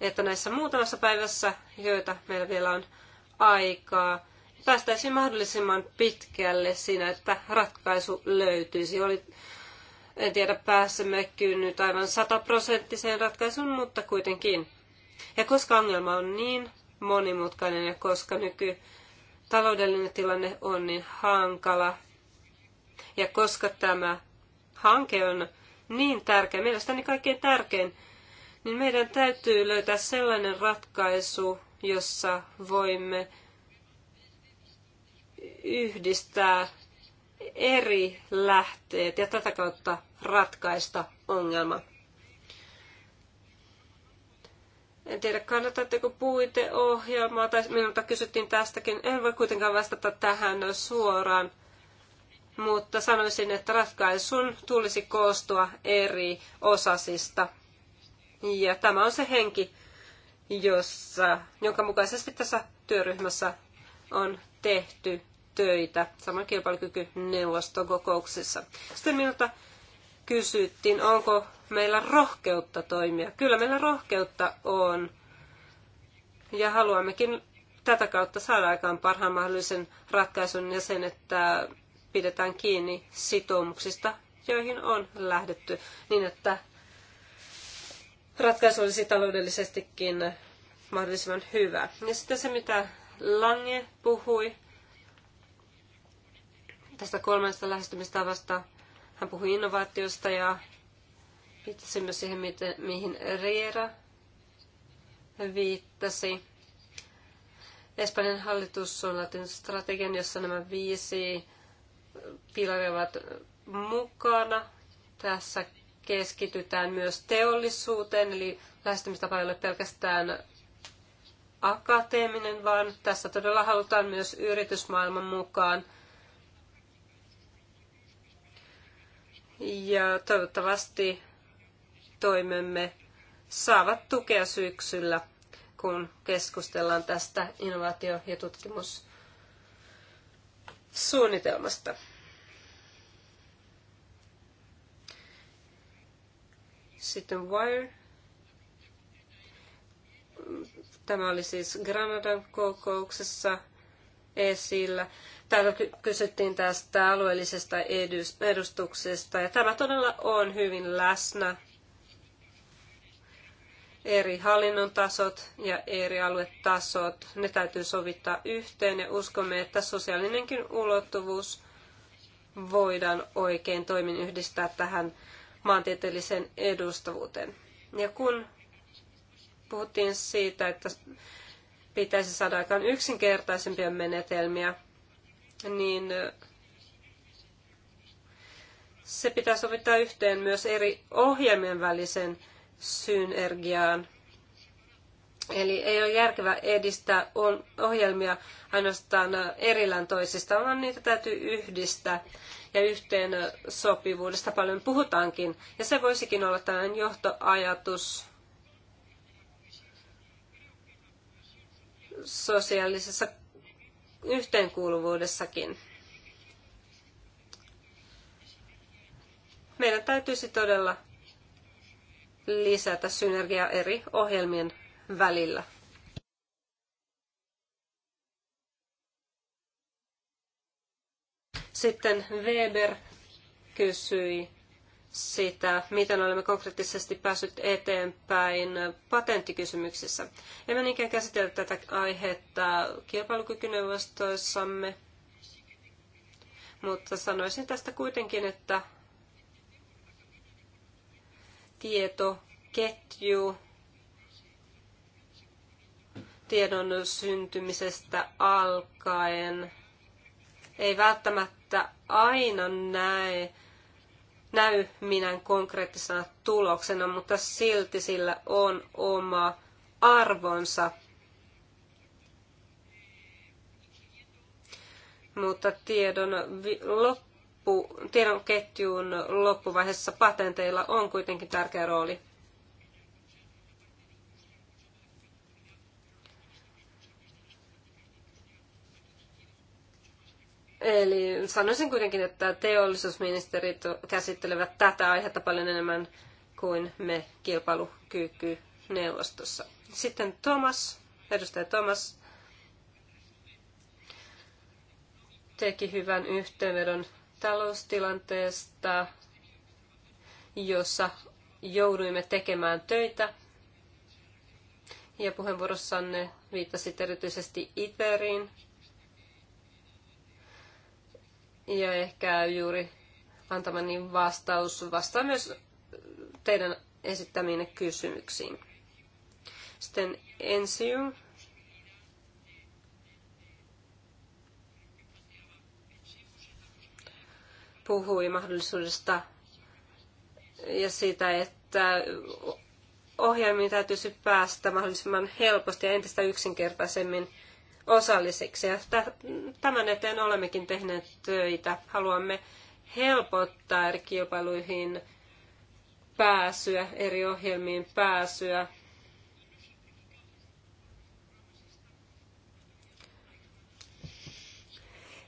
että näissä muutamassa päivässä, joita meillä vielä on aikaa, päästäisiin mahdollisimman pitkälle siinä, että ratkaisu löytyisi. Oli, en tiedä, pääsemme nyt aivan sataprosenttiseen ratkaisuun, mutta kuitenkin. Ja koska ongelma on niin monimutkainen ja koska nyky taloudellinen tilanne on niin hankala, ja koska tämä hanke on niin tärkeä, mielestäni kaikkein tärkein, niin meidän täytyy löytää sellainen ratkaisu, jossa voimme yhdistää eri lähteet ja tätä kautta ratkaista ongelma. En tiedä, kannatatteko puiteohjelmaa, tai minulta kysyttiin tästäkin. En voi kuitenkaan vastata tähän suoraan, mutta sanoisin, että ratkaisun tulisi koostua eri osasista. Ja tämä on se henki, jossa, jonka mukaisesti tässä työryhmässä on tehty töitä saman kilpailukykyneuvoston kokouksessa. Sitten minulta kysyttiin, onko meillä rohkeutta toimia. Kyllä meillä rohkeutta on. Ja haluammekin tätä kautta saada aikaan parhaan mahdollisen ratkaisun ja sen, että pidetään kiinni sitoumuksista, joihin on lähdetty, niin että ratkaisu olisi taloudellisestikin mahdollisimman hyvä. Ja sitten se, mitä Lange puhui, tästä kolmesta lähestymistavasta. Hän puhui innovaatiosta ja viittasi myös siihen, mihin Riera viittasi. Espanjan hallitus on laatinut strategian, jossa nämä viisi pilaria ovat mukana. Tässä keskitytään myös teollisuuteen, eli lähestymistapa ei ole pelkästään akateeminen, vaan tässä todella halutaan myös yritysmaailman mukaan – Ja toivottavasti toimemme saavat tukea syksyllä, kun keskustellaan tästä innovaatio- ja tutkimussuunnitelmasta. Sitten Wire. Tämä oli siis Granadan kokouksessa esillä. Täällä kysyttiin tästä alueellisesta edustuksesta ja tämä todella on hyvin läsnä. Eri hallinnon tasot ja eri aluetasot, ne täytyy sovittaa yhteen ja uskomme, että sosiaalinenkin ulottuvuus voidaan oikein toimin yhdistää tähän maantieteelliseen edustavuuteen. Ja kun puhuttiin siitä, että pitäisi saada aikaan yksinkertaisempia menetelmiä, niin se pitää sovittaa yhteen myös eri ohjelmien välisen synergiaan. Eli ei ole järkevää edistää ohjelmia ainoastaan erillään toisistaan, vaan niitä täytyy yhdistää ja yhteen sopivuudesta paljon puhutaankin. Ja se voisikin olla tällainen johtoajatus sosiaalisessa yhteenkuuluvuudessakin. Meidän täytyisi todella lisätä synergiaa eri ohjelmien välillä. Sitten Weber kysyi sitä, miten olemme konkreettisesti päässyt eteenpäin patenttikysymyksissä. Emme niinkään käsitellä tätä aihetta kilpailukykyneuvostoissamme, mutta sanoisin tästä kuitenkin, että tietoketju tiedon syntymisestä alkaen ei välttämättä aina näe näy minään konkreettisena tuloksena, mutta silti sillä on oma arvonsa. Mutta tiedon, loppu, tiedon ketjun loppuvaiheessa patenteilla on kuitenkin tärkeä rooli. Eli sanoisin kuitenkin, että teollisuusministerit käsittelevät tätä aihetta paljon enemmän kuin me neuvostossa. Sitten Thomas, edustaja Thomas, teki hyvän yhteenvedon taloustilanteesta, jossa jouduimme tekemään töitä. Ja puheenvuorossanne viittasit erityisesti ITERiin, ja ehkä juuri antamani vastaus vastaa myös teidän esittämiinne kysymyksiin. Sitten ensiu. puhui mahdollisuudesta ja siitä, että ohjelmiin täytyisi päästä mahdollisimman helposti ja entistä yksinkertaisemmin osalliseksi. Ja tämän eteen olemmekin tehneet töitä. Haluamme helpottaa eri kilpailuihin pääsyä, eri ohjelmiin pääsyä.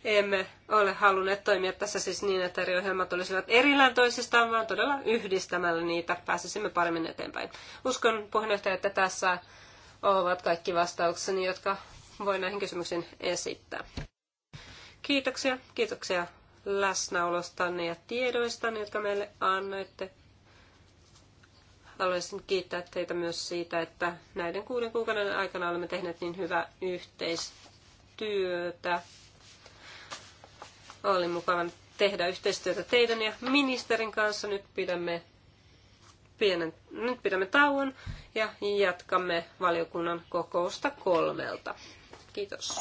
Emme ole halunneet toimia tässä siis niin, että eri ohjelmat olisivat erillään toisistaan, vaan todella yhdistämällä niitä pääsisimme paremmin eteenpäin. Uskon puheenjohtaja, että tässä ovat kaikki vastaukseni, jotka voi näihin kysymyksiin esittää. Kiitoksia, kiitoksia läsnäolostanne ja tiedoistanne, jotka meille annoitte. Haluaisin kiittää teitä myös siitä, että näiden kuuden kuukauden aikana olemme tehneet niin hyvää yhteistyötä. Oli mukava tehdä yhteistyötä teidän ja ministerin kanssa. Nyt pidämme, pienen, nyt pidämme tauon ja jatkamme valiokunnan kokousta kolmelta. Kiitos.